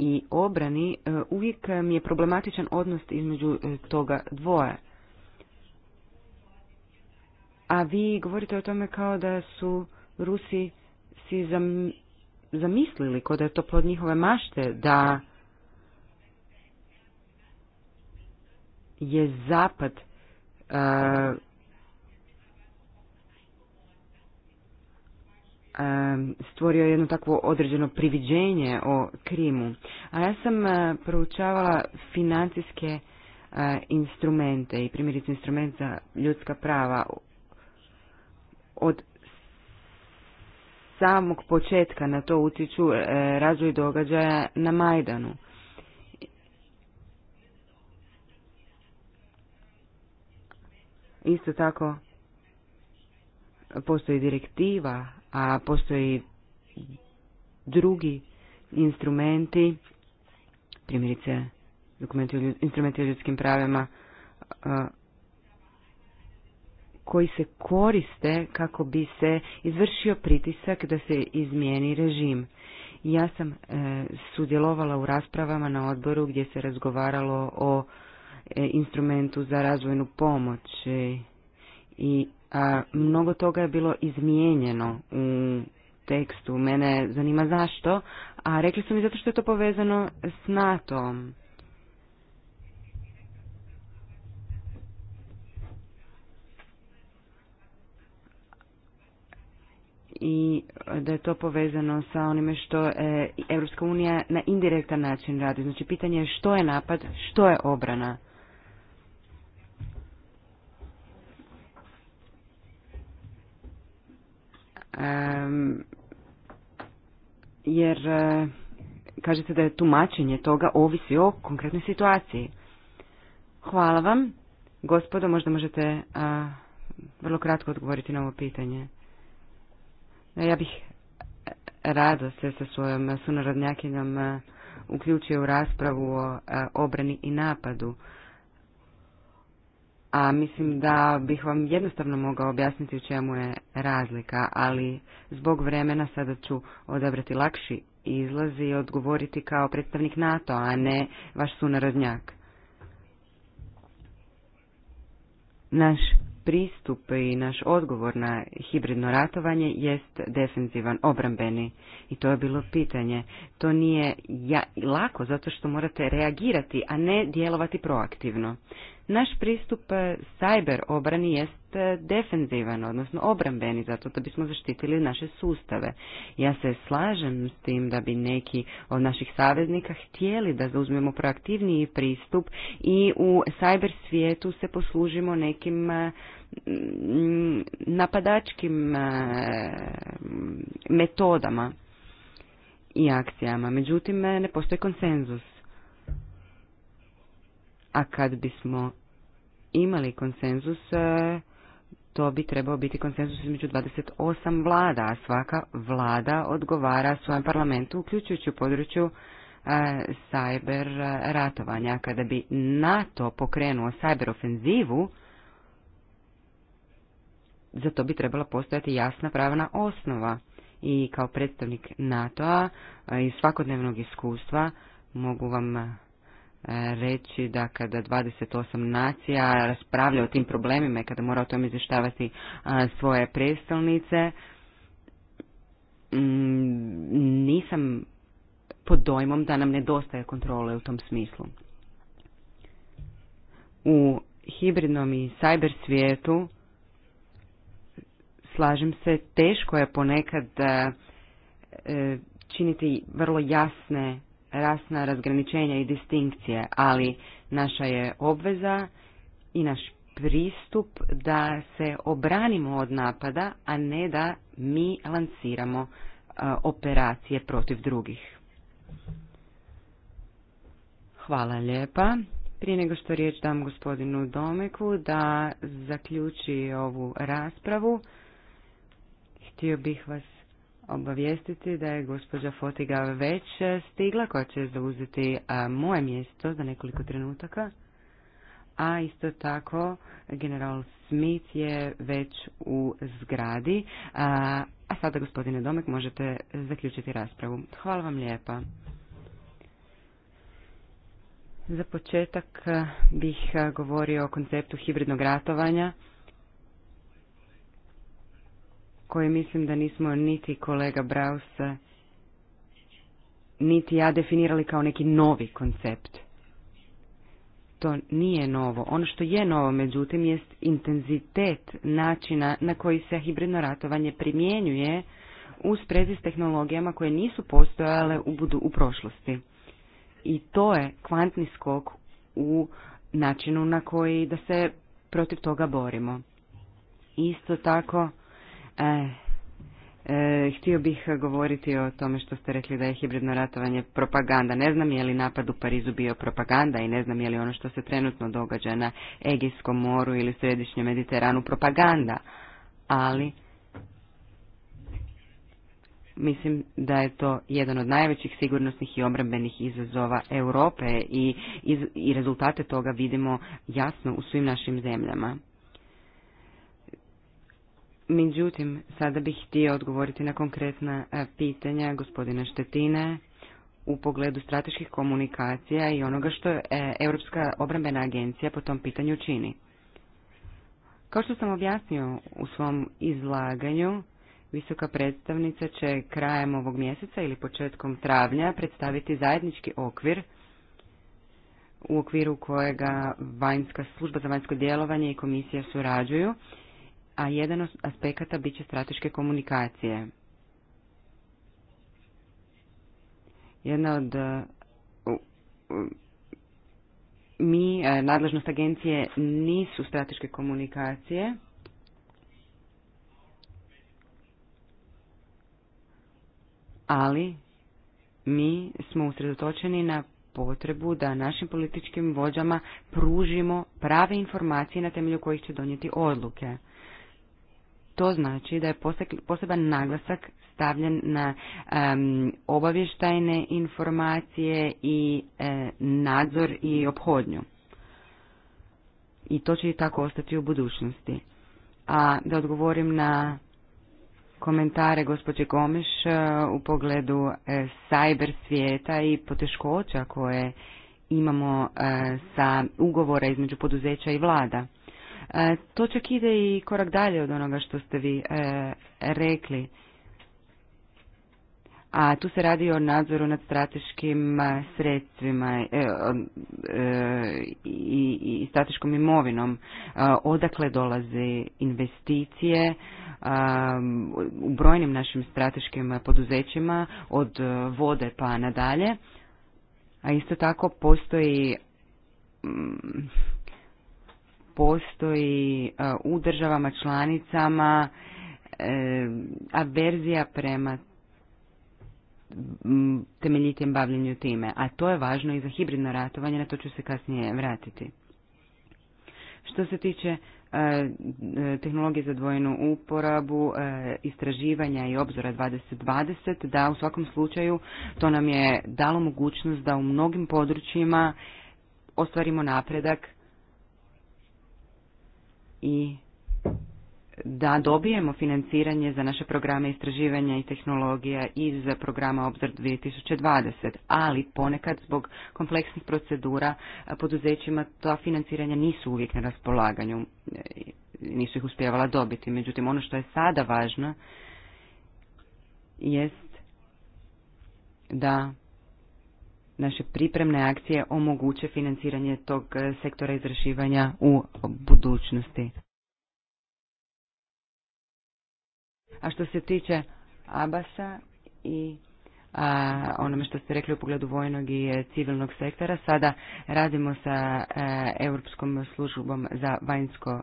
i obrani, e, uvijek e, mi je problematičan odnos između e, toga dvoje. A vi govorite o tome kao da su Rusi si zamislili, kod je to plod njihove mašte, da je zapad stvorio jedno takvo određeno priviđenje o Krimu. A ja sam e, proučavala financijske e, instrumente i primjerice instrument za ljudska prava od samog početka na to utječu e, razvoj događaja na Majdanu. Isto tako postoji direktiva a postoji drugi instrumenti, primjerice dokumenti, instrumenti o ljudskim pravima, koji se koriste kako bi se izvršio pritisak da se izmijeni režim. Ja sam e, sudjelovala u raspravama na odboru gdje se razgovaralo o e, instrumentu za razvojnu pomoć e, i Mnogo toga je bilo izmijenjeno u tekstu. Mene zanima zašto, a rekli su mi zato što je to povezano s nato i da je to povezano sa onime što Europska unija na indirektan način radi. Znači pitanje je što je napad, što je obrana. jer e, kažete da je tumačenje toga ovisi o konkretnoj situaciji. Hvala vam. Gospodo, možda možete vrlo kratko odgovoriti na ovo pitanje. E, ja bih e, rado se sa svojom sunarodnjakinjom uključio u raspravu o obrani i napadu a mislim da bih vam jednostavno mogao objasniti u čemu je razlika, ali zbog vremena sada ću odabrati lakši izlaz i odgovoriti kao predstavnik NATO, a ne vaš sunarodnjak. Naš pristup i naš odgovor na hibridno ratovanje jest defensivan, obrambeni. I to je bilo pitanje. To nije ja, lako, zato što morate reagirati, a ne djelovati proaktivno. Naš pristup e, cyber obrani jest e, defenzivan, odnosno obrambeni, zato da bismo zaštitili naše sustave. Ja se slažem s tim da bi neki od naših saveznika htjeli da zauzmemo proaktivniji pristup i u cyber svijetu se poslužimo nekim e, napadačkim metodama i akcijama. Međutim, ne postoji konsenzus. A kad bismo imali konsenzus, e, to bi trebao biti konsenzus između 28 vlada, a svaka vlada odgovara svojem parlamentu, uključujući u području sajber e, ratovanja. Kada bi NATO pokrenuo sajber ofenzivu, za to bi trebala postojati jasna pravna osnova. I kao predstavnik NATO-a e, iz svakodnevnog iskustva mogu vam E, reći da kada 28 nacija raspravlja o tim problemima i kada mora o tom izvještavati e, svoje predstavnice, mm, nisam pod dojmom da nam nedostaje kontrole u tom smislu. U hibridnom i cyber svijetu slažem se, teško je ponekad e, činiti vrlo jasne rasna razgraničenja i distinkcije, ali naša je obveza i naš pristup da se obranimo od napada, a ne da mi lanciramo e, operacije protiv drugih. Hvala lijepa. Prije nego što riječ dam gospodinu Domeku da zaključi ovu raspravu, htio bih vas obavijestiti da je gospođa Fotiga već stigla, koja će zauzeti moje mjesto za nekoliko trenutaka. A isto tako, general Smith je već u zgradi. A, sada, gospodine Domek, možete zaključiti raspravu. Hvala vam lijepa. Za početak bih govorio o konceptu hibridnog ratovanja koje mislim da nismo niti kolega Brausa, niti ja definirali kao neki novi koncept. To nije novo. Ono što je novo, međutim, jest intenzitet načina na koji se hibridno ratovanje primjenjuje u sprezi s tehnologijama koje nisu postojale u, budu, u prošlosti. I to je kvantni skok u načinu na koji da se protiv toga borimo. Isto tako E, e, htio bih govoriti o tome što ste rekli da je hibridno ratovanje propaganda. Ne znam je li napad u Parizu bio propaganda i ne znam je li ono što se trenutno događa na Egijskom moru ili središnjem Mediteranu propaganda. Ali mislim da je to jedan od najvećih sigurnosnih i obrambenih izazova Europe i, i rezultate toga vidimo jasno u svim našim zemljama. Međutim, sada bih htio odgovoriti na konkretna e, pitanja gospodina Štetine u pogledu strateških komunikacija i onoga što je Europska obrambena agencija po tom pitanju čini. Kao što sam objasnio u svom izlaganju, visoka predstavnica će krajem ovog mjeseca ili početkom travnja predstaviti zajednički okvir u okviru kojega vanjska služba za vanjsko djelovanje i komisija surađuju a jedan od aspekata bit će strateške komunikacije. Jedna od... E, mi, e, nadležnost agencije, nisu strateške komunikacije. Ali mi smo usredotočeni na potrebu da našim političkim vođama pružimo prave informacije na temelju kojih će donijeti odluke. To znači da je poseban naglasak stavljen na obavještajne informacije i e, nadzor i obhodnju. I to će i tako ostati u budućnosti. A da odgovorim na komentare gospođe Gomeš e, u pogledu e, cyber svijeta i poteškoća koje imamo sa ugovora između poduzeća i vlada. E, to čak ide i korak dalje od onoga što ste vi e, rekli. A tu se radi o nadzoru nad strateškim e, sredstvima i strateškom imovinom. Odakle dolaze investicije u brojnim našim strateškim poduzećima od vode pa nadalje. A isto tako postoji postoji e, u državama članicama e, averzija prema temeljitijem bavljenju time, a to je važno i za hibridno ratovanje, na to ću se kasnije vratiti. Što se tiče e, tehnologije za dvojenu uporabu, istraživanja i obzora 2020, da u svakom slučaju to nam je dalo mogućnost da u mnogim područjima ostvarimo napredak i da dobijemo financiranje za naše programe istraživanja i tehnologija iz programa Obzor 2020, ali ponekad zbog kompleksnih procedura poduzećima ta financiranja nisu uvijek na raspolaganju, e, nisu ih uspijevala dobiti. Međutim, ono što je sada važno jest da naše pripremne akcije omoguće financiranje tog e, sektora izrašivanja u budućnosti. A što se tiče Abasa i a, onome što ste rekli u pogledu vojnog i e, civilnog sektora, sada radimo sa e, Europskom službom za vanjsko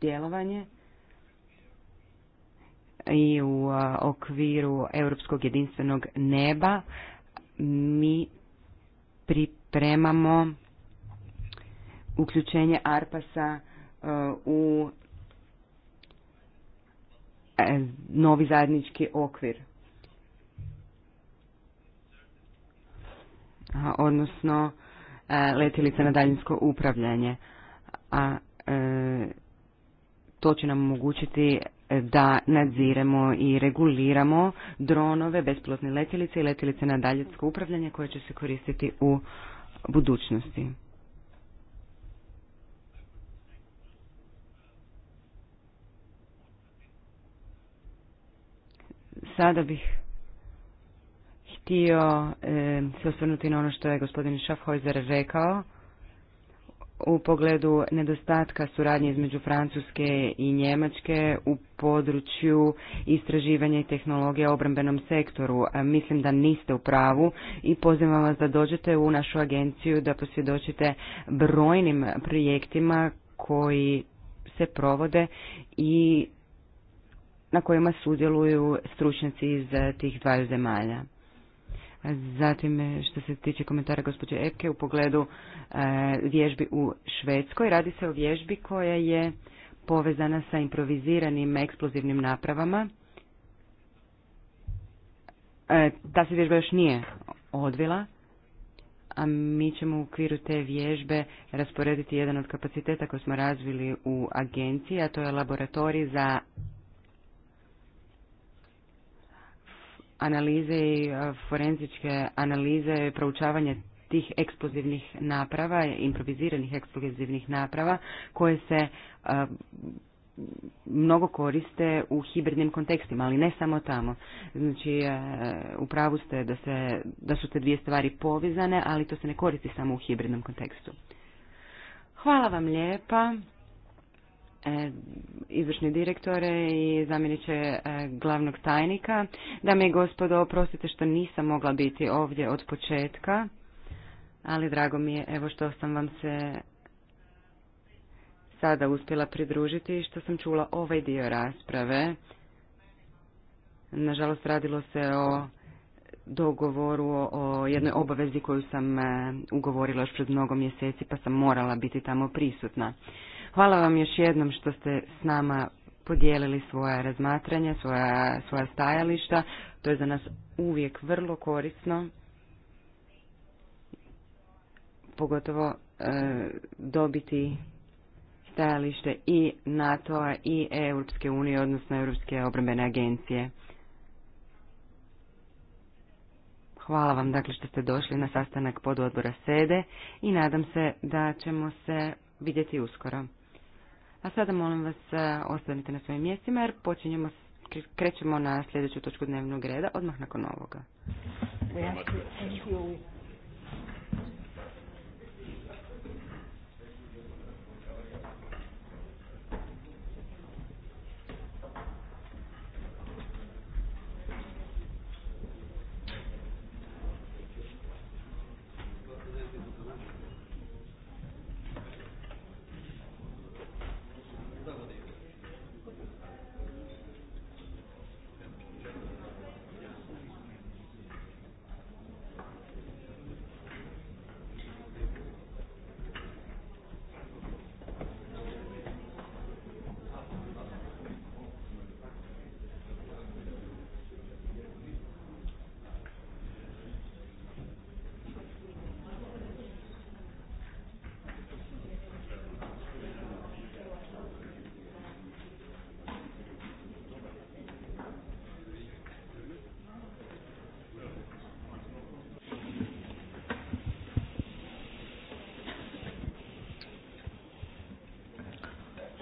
djelovanje i u okviru Europskog jedinstvenog neba mi pripremamo uključenje Arpasa uh, u e, novi zajednički okvir. Odnosno e, letilice na daljinsko upravljanje. A e, to će nam omogućiti da nadziremo i reguliramo dronove, bespilotne letjelice i letjelice na daljinsko upravljanje koje će se koristiti u budućnosti. Sada bih htio eh, se osvrnuti na ono što je gospodin Schaffhäuser rekao u pogledu nedostatka suradnje između Francuske i Njemačke u području istraživanja i tehnologije u obrambenom sektoru. Mislim da niste u pravu i pozivam vas da dođete u našu agenciju da posvjedočite brojnim projektima koji se provode i na kojima sudjeluju stručnjaci iz tih dvaju zemalja. Zatim e, što se tiče komentara gospođe Epke u pogledu e, vježbi u Švedskoj, radi se o vježbi koja je povezana sa improviziranim eksplozivnim napravama. E, ta se vježba još nije odvila, a mi ćemo u okviru te vježbe rasporediti jedan od kapaciteta koji smo razvili u agenciji, a to je laboratorij za analize i e, forenzičke analize, proučavanje tih eksplozivnih naprava, improviziranih eksplozivnih naprava koje se e, mnogo koriste u hibridnim kontekstima, ali ne samo tamo. Znači, e, u pravu ste da, se, da su te dvije stvari povezane, ali to se ne koristi samo u hibridnom kontekstu. Hvala vam lijepa. E, izvršni direktore i zamjeniče e, glavnog tajnika. Dame i gospodo, oprostite što nisam mogla biti ovdje od početka, ali drago mi je evo što sam vam se sada uspjela pridružiti i što sam čula ovaj dio rasprave. Nažalost, radilo se o dogovoru o jednoj obavezi koju sam e, ugovorila još pred mnogo mjeseci, pa sam morala biti tamo prisutna. Hvala vam još jednom što ste s nama podijelili svoja razmatranja, svoja, svoja stajališta. To je za nas uvijek vrlo korisno, pogotovo e, dobiti stajalište i NATO-a i Europske unije, odnosno Europske obrambene agencije. Hvala vam dakle što ste došli na sastanak pod odbora SEDE i nadam se da ćemo se vidjeti uskoro. A sada molim vas e, ostanite na svojim mjestima jer počinjemo, krećemo na sljedeću točku dnevnog reda odmah nakon ovoga.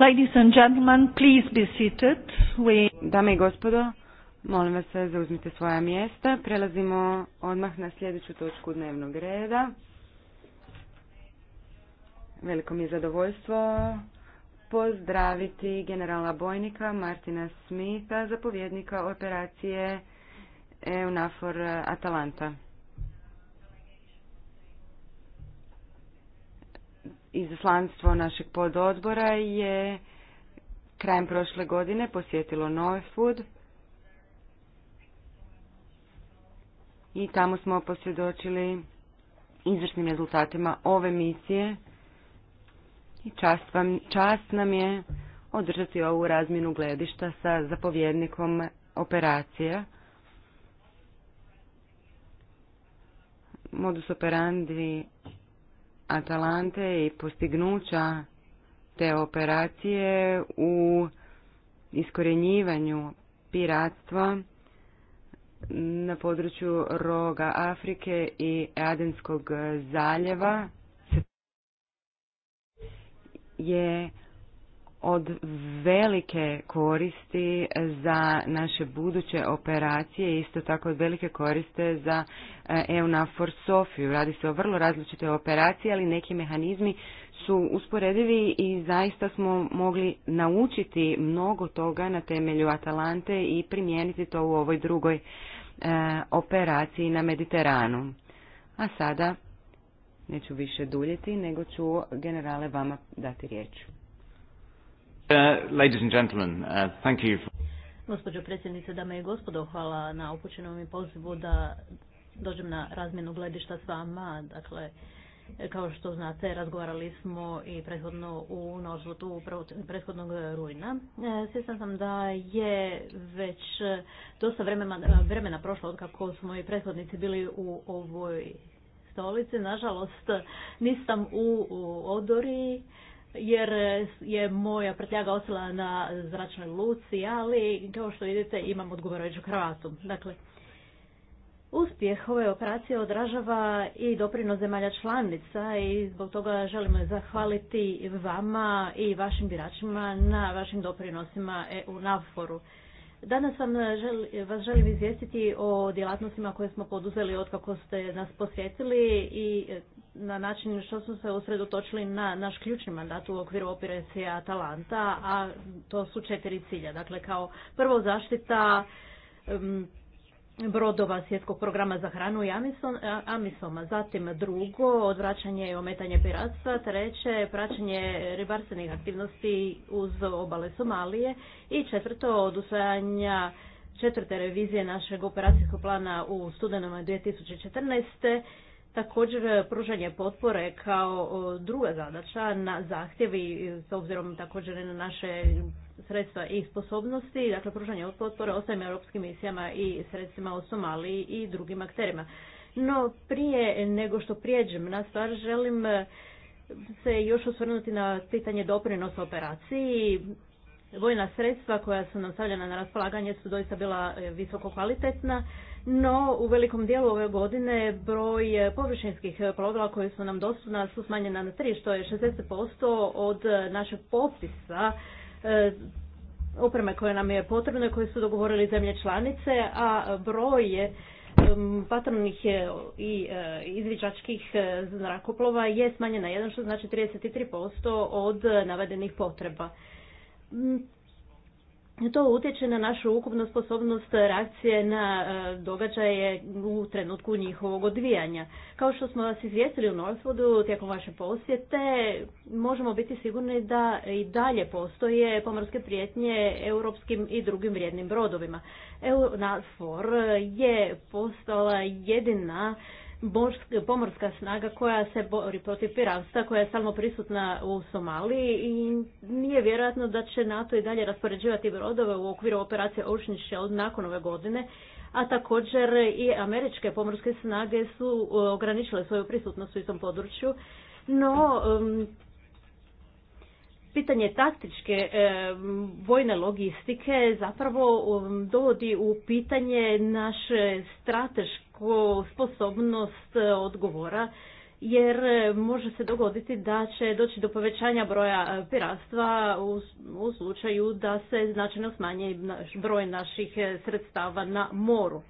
Ladies and gentlemen, please be seated. Dame i gospodo, molim vas sve zauzmite svoja mjesta. Prelazimo odmah na sljedeću točku dnevnog reda. Veliko mi je zadovoljstvo pozdraviti generala bojnika Martina Smitha, zapovjednika operacije EUNAFOR Atalanta. Izaslanstvo našeg pododbora je krajem prošle godine posjetilo Northwood i tamo smo posvjedočili izvrsnim rezultatima ove misije i čast, vam, čast nam je održati ovu razminu gledišta sa zapovjednikom operacija. Modus operandi Atalante i postignuća te operacije u iskorjenjivanju piratstva na području roga Afrike i Adenskog zaljeva je od velike koristi za naše buduće operacije, isto tako od velike koriste za eh, EUNAFOR Sofiju. Radi se o vrlo različite operacije, ali neki mehanizmi su usporedivi i zaista smo mogli naučiti mnogo toga na temelju Atalante i primijeniti to u ovoj drugoj eh, operaciji na Mediteranu. A sada neću više duljeti, nego ću generale vama dati riječ. Uh, ladies and gentlemen, uh, Gospođo predsjednice, dame i gospodo, hvala na upućenom i pozivu da dođem na razmjenu gledišta s vama. Dakle, kao što znate, razgovarali smo i prethodno u Nožlotu prethodnog rujna. Uh, Svjesna sam da je već dosta vremena, vremena prošlo od kako smo i prethodnici bili u ovoj stolici. Nažalost, nisam u Odori jer je moja prtljaga ostala na zračnoj luci, ali kao što vidite imam odgovarajuću kravatu. Dakle, uspjeh ove operacije odražava i doprinos zemalja članica i zbog toga želimo zahvaliti vama i vašim biračima na vašim doprinosima e u NAFORU. Danas vam vas želim izvijestiti o djelatnostima koje smo poduzeli kako ste nas posjetili i e, na način što smo se usredotočili na naš ključni mandat u okviru operacije Atalanta, a to su četiri cilja. Dakle, kao prvo zaštita brodova svjetskog programa za hranu i amisoma, zatim drugo, odvraćanje i ometanje piratstva, treće, praćenje ribarstvenih aktivnosti uz obale Somalije i četvrto, od usvajanja četvrte revizije našeg operacijskog plana u studenome 2014. Također pružanje potpore kao druga zadaća na zahtjevi s obzirom također na naše sredstva i sposobnosti, dakle pružanje potpore ostalim europskim misijama i sredstvima u Somaliji i drugim akterima. No prije nego što prijeđem na stvar želim eh, se još osvrnuti na pitanje doprinosa operaciji. Vojna sredstva koja su nam stavljena na raspolaganje su doista bila eh, visoko kvalitetna, no u velikom dijelu ove godine broj eh, površinskih plovila koje su nam dostupna su smanjena na 3, što je 60% od našeg popisa E, opreme koje nam je i koje su dogovorili zemlje članice, a broj je i e, izviđačkih e, zrakoplova je smanjen na što znači 33% od navedenih potreba to utječe na našu ukupnu sposobnost reakcije na e, događaje u trenutku njihovog odvijanja. Kao što smo vas izvijestili u Northwoodu tijekom vaše posjete, možemo biti sigurni da i dalje postoje pomorske prijetnje europskim i drugim vrijednim brodovima. EUNASFOR je postala jedina pomorska snaga koja se bori protiv piratstva, koja je samo prisutna u Somaliji i nije vjerojatno da će NATO i dalje raspoređivati brodove u okviru operacije Ocean od nakon ove godine, a također i američke pomorske snage su e, ograničile svoju prisutnost u tom području, no pitanje taktičke e, vojne logistike zapravo dovodi u pitanje naše strateške u sposobnost e, odgovora jer e, može se dogoditi da će doći do povećanja broja e, piratstva u, slučaju da se značajno smanji broj naših sredstava na moru.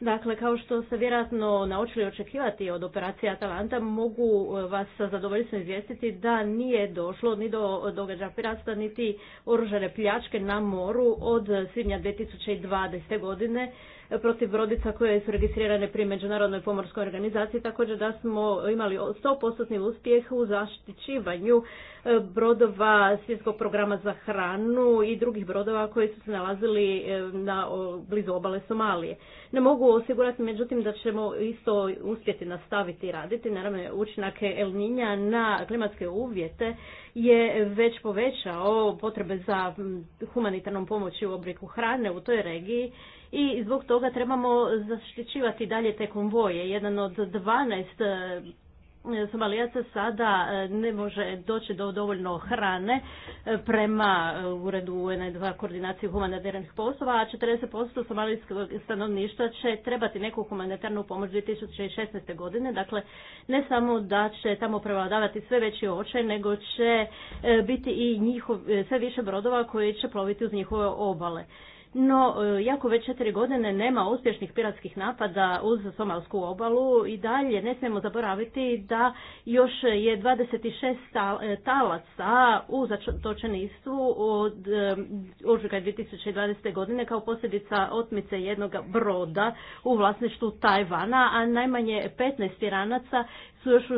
Dakle, kao što ste vjerojatno naučili očekivati od operacije Atalanta, mogu vas sa zadovoljstvom izvijestiti da nije došlo ni do događaja piratstva, niti oružane pljačke na moru od svibnja 2020. godine, protiv brodica koje su registrirane pri Međunarodnoj pomorskoj organizaciji, također da smo imali 100% uspjeh u zaštićivanju e, brodova svjetskog programa za hranu i drugih brodova koji su se nalazili e, na, blizu obale Somalije. Ne mogu osigurati, međutim, da ćemo isto uspjeti nastaviti raditi. Naravno, učinak El Ninja na klimatske uvjete je već povećao potrebe za humanitarnom pomoći u obliku hrane u toj regiji i zbog toga trebamo zaštićivati dalje te konvoje. Jedan od 12 eh, Somalijaca sada eh, ne može doći do dovoljno hrane eh, prema uredu UN2 koordinaciju humanitarnih poslova, a 40% somalijskog stanovništva će trebati neku humanitarnu pomoć 2016. godine. Dakle, ne samo da će tamo prevladavati sve veći očaj, nego će biti i njihov, sve više brodova koji će ploviti uz njihove obale. No, e, jako već četiri godine nema uspješnih piratskih napada uz Somalsku obalu i dalje ne smijemo zaboraviti da još je 26 e, talaca u zatočenistvu od e, ožujka 2020. godine kao posljedica otmice jednog broda u vlasništvu Tajvana, a najmanje 15 piranaca su još u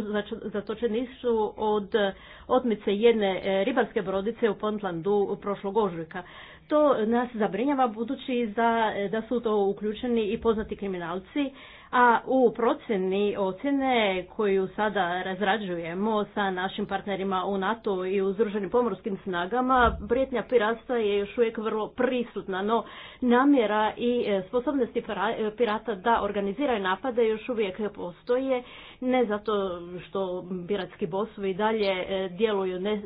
zatočenistvu od otmice jedne ribarske brodice u Pontlandu prošlog ožujka to nas zabrinjava budući da, e, da su to uključeni i poznati kriminalci, a u procjeni ocjene koju sada razrađujemo sa našim partnerima u NATO i u Združenim pomorskim snagama, prijetnja piratstva je još uvijek vrlo prisutna, no namjera i e, sposobnosti e, pirata da organiziraju napade još uvijek postoje, ne zato što piratski bosovi dalje djeluju ne,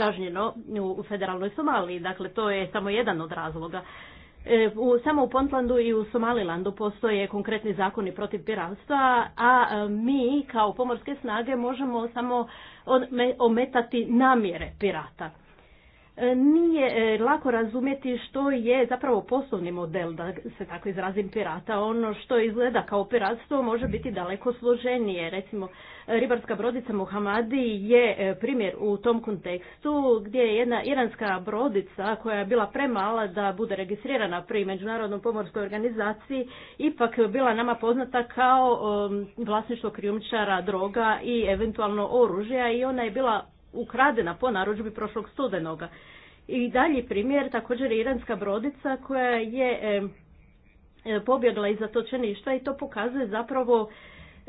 kažnjeno u federalnoj Somaliji. Dakle, to je samo jedan od razloga. E, u, samo u Pontlandu i u Somalilandu postoje konkretni zakoni protiv piratstva, a mi kao pomorske snage možemo samo ometati namjere pirata nije e, lako razumjeti što je zapravo poslovni model, da se tako izrazim, pirata. Ono što izgleda kao piratstvo može biti daleko složenije. Recimo, ribarska brodica Muhamadi je e, primjer u tom kontekstu gdje je jedna iranska brodica koja je bila premala da bude registrirana pri Međunarodnom pomorskoj organizaciji ipak bila nama poznata kao e, vlasništvo krijumčara droga i eventualno oružja i ona je bila ukradena po narudžbi prošlog studenoga. I dalji primjer također je iranska brodica koja je e, pobjegla iz zatočeništva i to pokazuje zapravo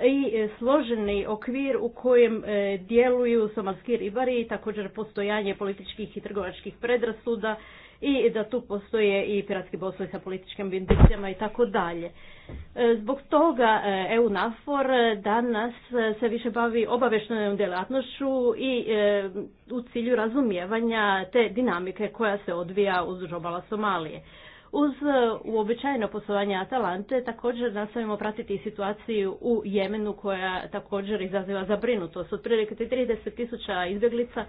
i e, složeni okvir u kojem e, djeluju somalski ribari i također postojanje političkih i trgovačkih predrasuda i da tu postoje i piratski poslovi sa političkim vindicijama i tako dalje. E, zbog toga e, EU NAFOR danas se više bavi obaveštenom djelatnošću i e, u cilju razumijevanja te dinamike koja se odvija uz obala Somalije. Uz uobičajeno poslovanje Atalante također nastavimo pratiti situaciju u Jemenu koja također izaziva zabrinutost. Otprilike 30 tisuća izbjeglica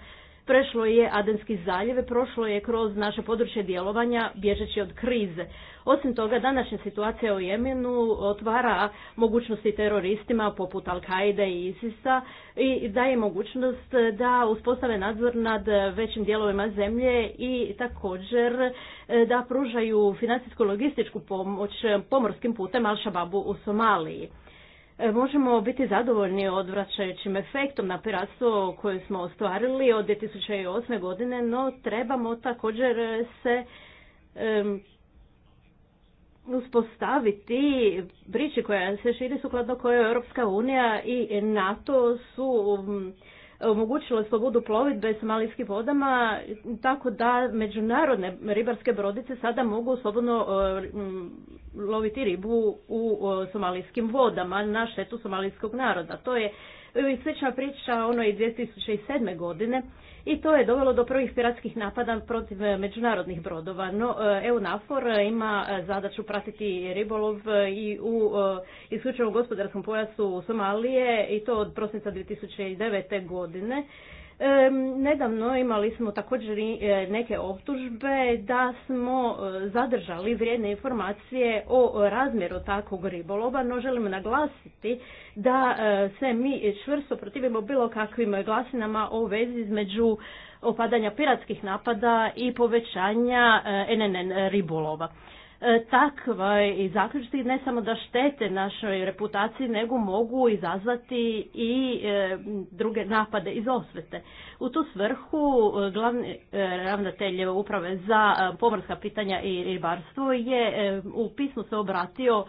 prešlo je Adenski zaljev, prošlo je kroz naše područje djelovanja bježeći od krize. Osim toga, današnja situacija u Jemenu otvara mogućnosti teroristima poput al qaida i ISIS-a i daje mogućnost da uspostave nadzor nad većim dijelovima zemlje i također e, da pružaju financijsko-logističku pomoć pomorskim putem Al-Shababu u Somaliji. E, možemo biti zadovoljni odvraćajućim efektom na piratstvo koje smo ostvarili od 2008. godine, no trebamo također se uspostaviti priči koja se širi sukladno koje Europska unija i NATO su omogućilo slobodu plovidbe s malijskim vodama, tako da međunarodne ribarske brodice sada mogu slobodno e, mm, loviti ribu u somalijskim vodama na štetu somalijskog naroda. To je e, slična priča onoj 2007. godine i to je dovelo do prvih piratskih napada protiv eh, međunarodnih brodova. No, eh, EUNAFOR eh, ima zadaću pratiti ribolov i u isključivom gospodarskom pojasu Somalije i to od prosinca 2009. godine Nedavno imali smo također e, neke optužbe da smo e, zadržali vrijedne informacije o razmjeru takvog ribolova, no želimo naglasiti da e, se mi čvrsto protivimo bilo kakvim glasinama o vezi između opadanja piratskih napada i povećanja NNN ribolova. E, takva i zaključiti ne samo da štete našoj reputaciji, nego mogu izazvati i e, druge napade iz osvete. U tu svrhu e, glavni ravnatelj uprave za pomorska pitanja i ribarstvo je u pismu se obratio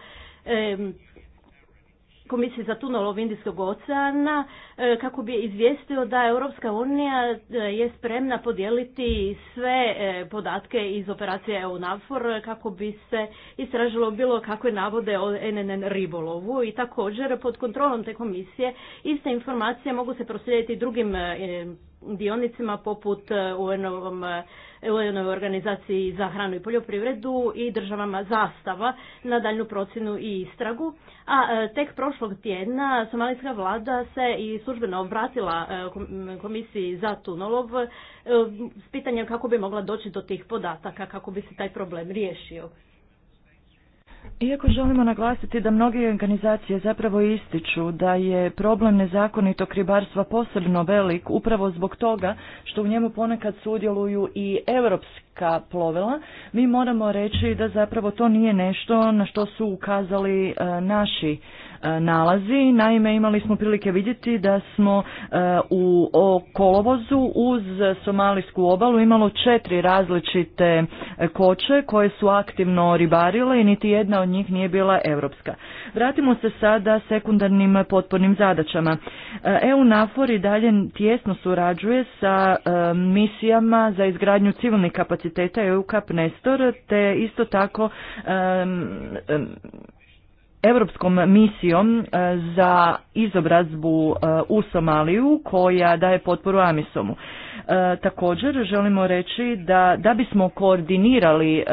Komisije za tunolov Indijskog oceana e, kako bi izvijestio da Europska unija e, je spremna podijeliti sve e, podatke iz operacije EUNAVFOR kako bi se istražilo bilo kakve navode o NNN ribolovu i također pod kontrolom te komisije iste informacije mogu se proslijediti drugim dionicima poput e, un ovoj e, organizaciji za hranu i poljoprivredu i državama zastava na daljnu procjenu i istragu. A e, tek prošlog tjedna somalijska vlada se i službeno obratila komisiji za Tunolov s pitanjem kako bi mogla doći do tih podataka, kako bi se taj problem riješio. Iako želimo naglasiti da mnoge organizacije zapravo ističu da je problem nezakonitog ribarstva posebno velik upravo zbog toga što u njemu ponekad sudjeluju i europska plovila, mi moramo reći da zapravo to nije nešto na što su ukazali e, naši E, nalazi. Naime, imali smo prilike vidjeti da smo e, u kolovozu uz Somalijsku obalu imalo četiri različite e, koče koje su aktivno ribarile i niti jedna od njih nije bila europska. Vratimo se sada sekundarnim potpornim zadaćama. EU NAFOR i dalje tjesno surađuje sa misijama za izgradnju civilnih kapaciteta EU Cap Nestor te isto tako europskom misijom e, za izobrazbu e, u Somaliju koja daje potporu Amisomu. E, također želimo reći da, da bismo koordinirali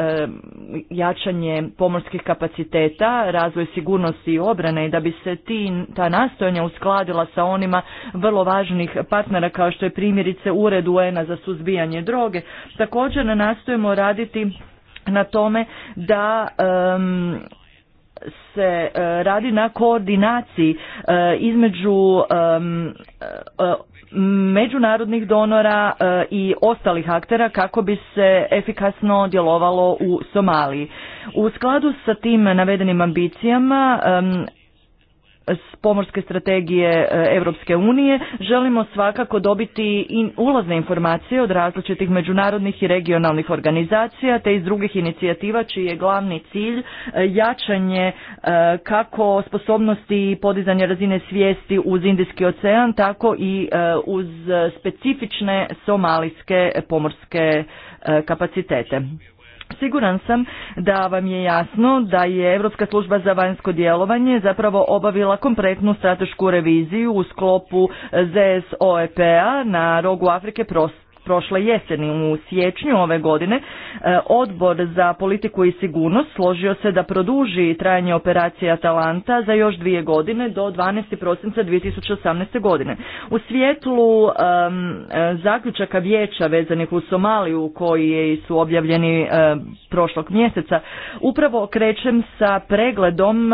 jačanje pomorskih kapaciteta, razvoj sigurnosti i obrane i da bi se ta nastojanja uskladila sa onima vrlo važnih partnera kao što je primjerice Ured un za suzbijanje droge. Također nastojimo raditi na tome da se e, radi na koordinaciji e, između e, međunarodnih donora i ostalih aktera kako bi se efikasno djelovalo u Somaliji. U skladu sa tim navedenim ambicijama s pomorske strategije Europske unije želimo svakako dobiti ulazne informacije od različitih međunarodnih i regionalnih organizacija te iz drugih inicijativa čiji je glavni cilj e, jačanje e, kako sposobnosti i podizanje razine svijesti uz Indijski ocean tako i e, uz specifične somalijske pomorske kapacitete. Siguran sam da vam je jasno da je Europska služba za vanjsko djelovanje zapravo obavila kompletnu stratešku reviziju u sklopu ZSOEP-a na rogu Afrike prost prošle jeseni. U siječnju ove godine e, odbor za politiku i sigurnost složio se da produži trajanje operacije Atalanta za još dvije godine do 12. prosinca 2018. godine. U svijetlu um, e, zaključaka vijeća vezanih u Somaliju koji su objavljeni um, prošlog mjeseca, upravo krećem sa pregledom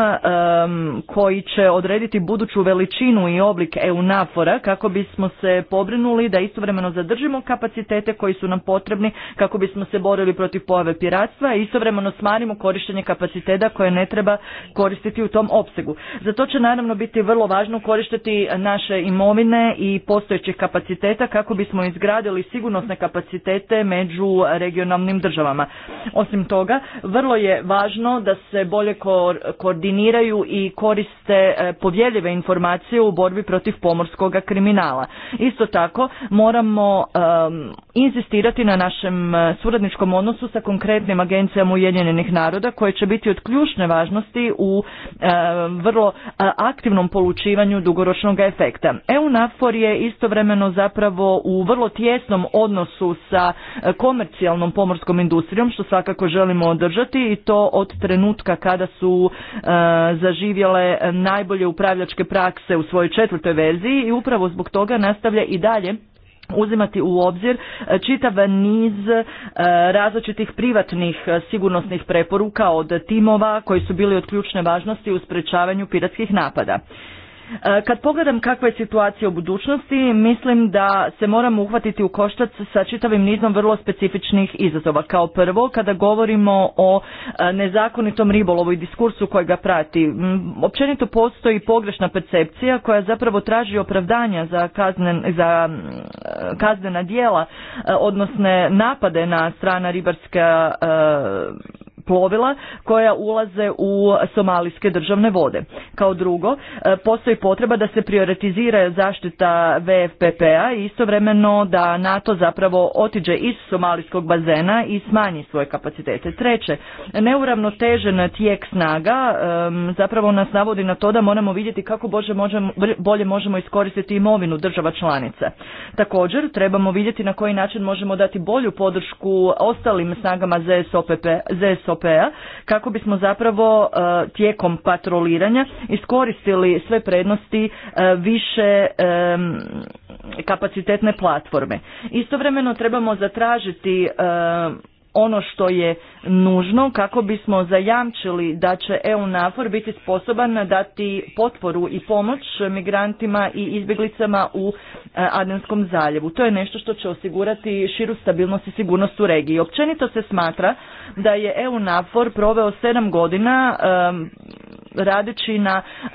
koji će odrediti buduću veličinu i oblik EU EUNAFORA kako bismo se pobrinuli da istovremeno zadržimo kapacitetu kapacitete koji su nam potrebni kako bismo se borili protiv pojave piratstva i istovremeno smanjimo korištenje kapaciteta koje ne treba koristiti u tom opsegu. Za to će naravno biti vrlo važno koristiti naše imovine i postojećih kapaciteta kako bismo izgradili sigurnosne kapacitete među regionalnim državama. Osim toga, vrlo je važno da se bolje koordiniraju i koriste e, povjeljive informacije u borbi protiv pomorskog kriminala. Isto tako moramo e, Um, inzistirati na našem uh, suradničkom odnosu sa konkretnim agencijama Ujedinjenih naroda koje će biti od ključne važnosti u uh, vrlo uh, aktivnom polučivanju dugoročnog efekta. EUNAFOR je istovremeno zapravo u vrlo tjesnom odnosu sa komercijalnom pomorskom industrijom što svakako želimo održati i to od trenutka kada su zaživjele najbolje upravljačke prakse u svojoj četvrtoj verziji i upravo zbog toga nastavlja i dalje uzimati u obzir e, čitav niz e, različitih privatnih e, sigurnosnih preporuka od timova koji su bili od ključne važnosti u sprečavanju piratskih napada. E, kad pogledam kakva je situacija u budućnosti, mislim da se moramo uhvatiti u koštac sa čitavim nizom vrlo specifičnih izazova. Kao prvo, kada govorimo o e, nezakonitom ribolovu i diskursu koji ga prati, općenito postoji pogrešna percepcija koja zapravo traži opravdanja za, kaznen, za kaznena dijela, e, odnosno napade na strana ribarska plovila koja ulaze u somalijske državne vode. Kao drugo, e, postoji potreba da se prioritizira zaštita VFPP-a i istovremeno da NATO zapravo otiđe iz somalijskog bazena i smanji svoje kapacitete. Treće, neuravnotežen tijek snaga zapravo nas navodi na to da moramo vidjeti kako bolje možemo iskoristiti imovinu država članica. Također, trebamo vidjeti na koji način možemo dati bolju podršku ostalim snagama ZSOPP, ZSOP kako bismo zapravo e, tijekom patroliranja iskoristili sve prednosti e, više e, kapacitetne platforme. Istovremeno trebamo zatražiti ono što je nužno kako bismo zajamčili da će EU nafor biti sposoban dati potporu i pomoć migrantima i izbjeglicama u e, Adenskom zaljevu. To je nešto što će osigurati širu stabilnost i sigurnost u regiji. Općenito se smatra da je EU proveo sedam godina e, radeći na e,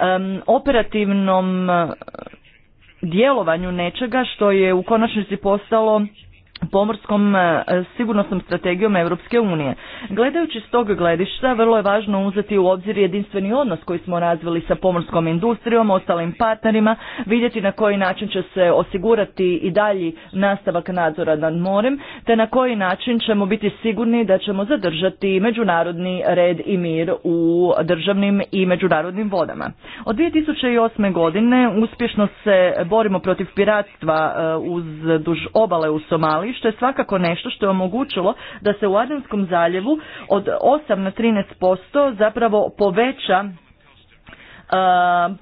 operativnom djelovanju nečega što je u konačnici postalo pomorskom e, sigurnosnom strategijom Europske unije. Gledajući s tog gledišta, vrlo je važno uzeti u obzir jedinstveni odnos koji smo razvili sa pomorskom industrijom, ostalim partnerima, vidjeti na koji način će se osigurati i dalji nastavak nadzora nad morem, te na koji način ćemo biti sigurni da ćemo zadržati međunarodni red i mir u državnim i međunarodnim vodama. Od 2008. godine uspješno se borimo protiv piratstva e, uz duž obale u Somaliji, što je svakako nešto što je omogućilo da se u Adenskom zaljevu od 8 na 13% zapravo poveća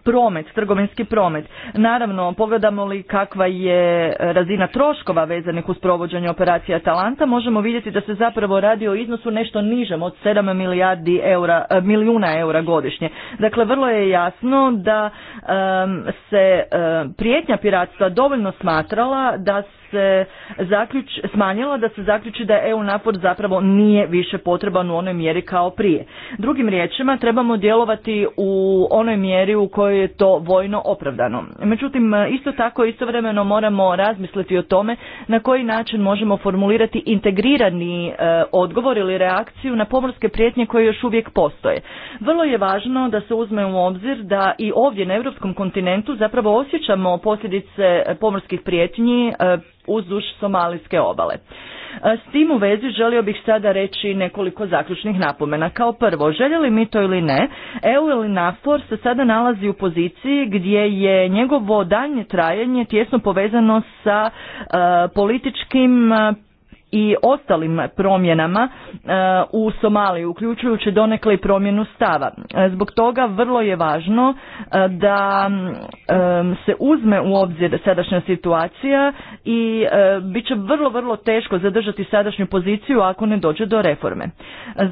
promet, trgovinski promet. Naravno, pogledamo li kakva je razina troškova vezanih uz provođenje operacije Talanta, možemo vidjeti da se zapravo radi o iznosu nešto nižem od 7 milijardi eura, milijuna eura godišnje. Dakle, vrlo je jasno da se prijetnja piratstva dovoljno smatrala da se zaključ, smanjila da se zaključi da EU napor zapravo nije više potreban u onoj mjeri kao prije. Drugim riječima trebamo djelovati u onoj mjeri u kojoj je to vojno opravdano. Međutim, isto tako istovremeno moramo razmisliti o tome na koji način možemo formulirati integrirani e, odgovor ili reakciju na pomorske prijetnje koje još uvijek postoje. Vrlo je važno da se uzme u obzir da i ovdje na europskom kontinentu zapravo osjećamo posljedice pomorskih prijetnji e, uzduž somalijske obale. E, s tim u vezi želio bih sada reći nekoliko zaključnih napomena. Kao prvo, željeli mi to ili ne, EU ili NAFOR se sada nalazi u poziciji gdje je njegovo daljnje trajanje tjesno povezano sa uh, političkim e, i ostalim promjenama e, u Somaliji, uključujući donekle i promjenu stava. E, zbog toga vrlo je važno e, da se uzme u obzir sadašnja situacija i bit će vrlo, vrlo teško zadržati sadašnju poziciju ako ne dođe do reforme.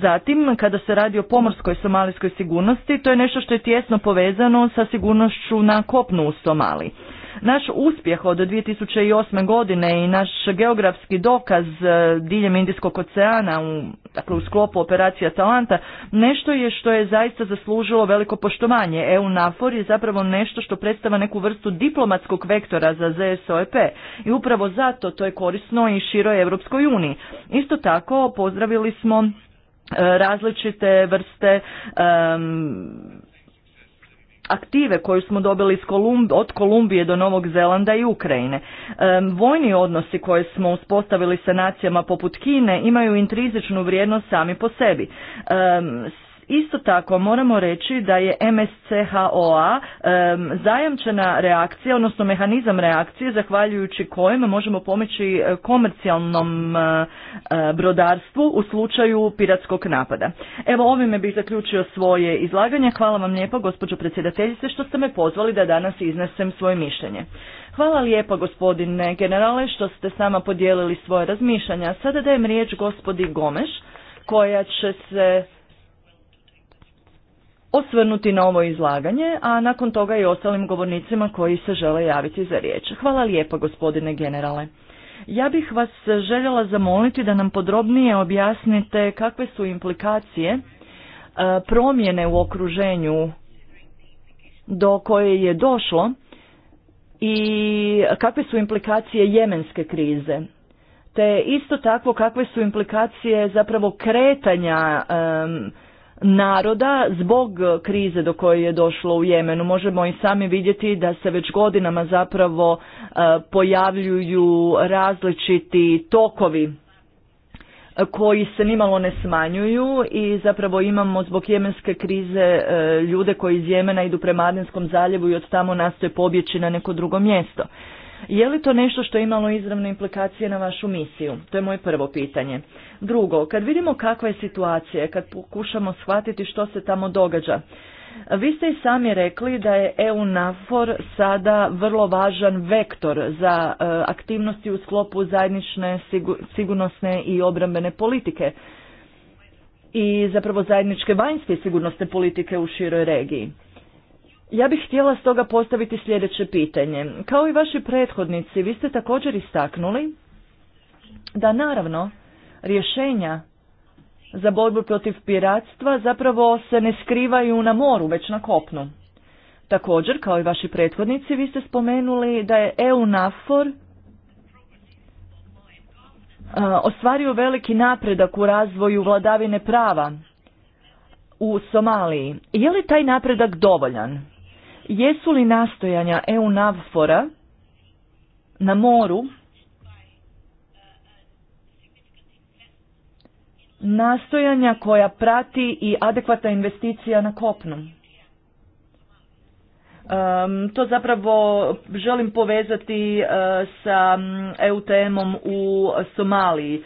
Zatim, kada se radi o pomorskoj somalijskoj sigurnosti, to je nešto što je tjesno povezano sa sigurnošću na kopnu u Somaliji. Naš uspjeh od 2008. godine i naš geografski dokaz e, diljem Indijskog oceana u, dakle, u sklopu operacija Talanta nešto je što je zaista zaslužilo veliko poštovanje. EU NAFOR je zapravo nešto što predstava neku vrstu diplomatskog vektora za ZSOEP i upravo zato to je korisno i široj Europskoj uniji. Isto tako pozdravili smo e, različite vrste aktive koju smo dobili iz od Kolumbije do Novog Zelanda i Ukrajine. Vojni odnosi koje smo uspostavili sa nacijama poput Kine imaju intrizičnu vrijednost sami po sebi. Isto tako moramo reći da je MSCHOA zajamčena reakcija, odnosno mehanizam reakcije zahvaljujući kojima možemo pomoći e, komercijalnom e, e, brodarstvu u slučaju piratskog napada. Evo ovime bih zaključio svoje izlaganje. Hvala vam lijepo gospođo predsjedateljice što ste me pozvali da danas iznesem svoje mišljenje. Hvala lijepo gospodine generale što ste sama podijelili svoje razmišljanja. Sada dajem riječ gospodi Gomeš koja će se osvrnuti na ovo izlaganje, a nakon toga i ostalim govornicima koji se žele javiti za riječ. Hvala lijepa gospodine generale. Ja bih vas željela zamoliti da nam podrobnije objasnite kakve su implikacije e, promjene u okruženju do koje je došlo i kakve su implikacije jemenske krize. Te isto tako kakve su implikacije zapravo kretanja naroda zbog krize do koje je došlo u Jemenu. Možemo i sami vidjeti da se već godinama zapravo e, pojavljuju različiti tokovi e, koji se nimalo ne smanjuju i zapravo imamo zbog jemenske krize e, ljude koji iz Jemena idu prema Adenskom zaljevu i od tamo nastoje pobjeći na neko drugo mjesto. Je li to nešto što je imalo ono izravne implikacije na vašu misiju? To je moje prvo pitanje. Drugo, kad vidimo kakva je situacija, kad pokušamo shvatiti što se tamo događa, vi ste i sami rekli da je EU NAFOR sada vrlo važan vektor za eh, aktivnosti u sklopu zajednične sigurnosne i obrambene politike i zapravo zajedničke vanjske sigurnosne politike u široj regiji. Ja bih htjela stoga postaviti sljedeće pitanje. Kao i vaši prethodnici, vi ste također istaknuli da naravno rješenja za borbu protiv piratstva zapravo se ne skrivaju na moru, već na kopnu. Također, kao i vaši prethodnici, vi ste spomenuli da je EUNAFOR e, ostvario veliki napredak u razvoju vladavine prava u Somaliji. Je li taj napredak dovoljan? Jesu li nastojanja EU navfora na moru nastojanja koja prati i adekvata investicija na kopnu. Um, to zapravo želim povezati uh, sa um, EU temom u Somaliji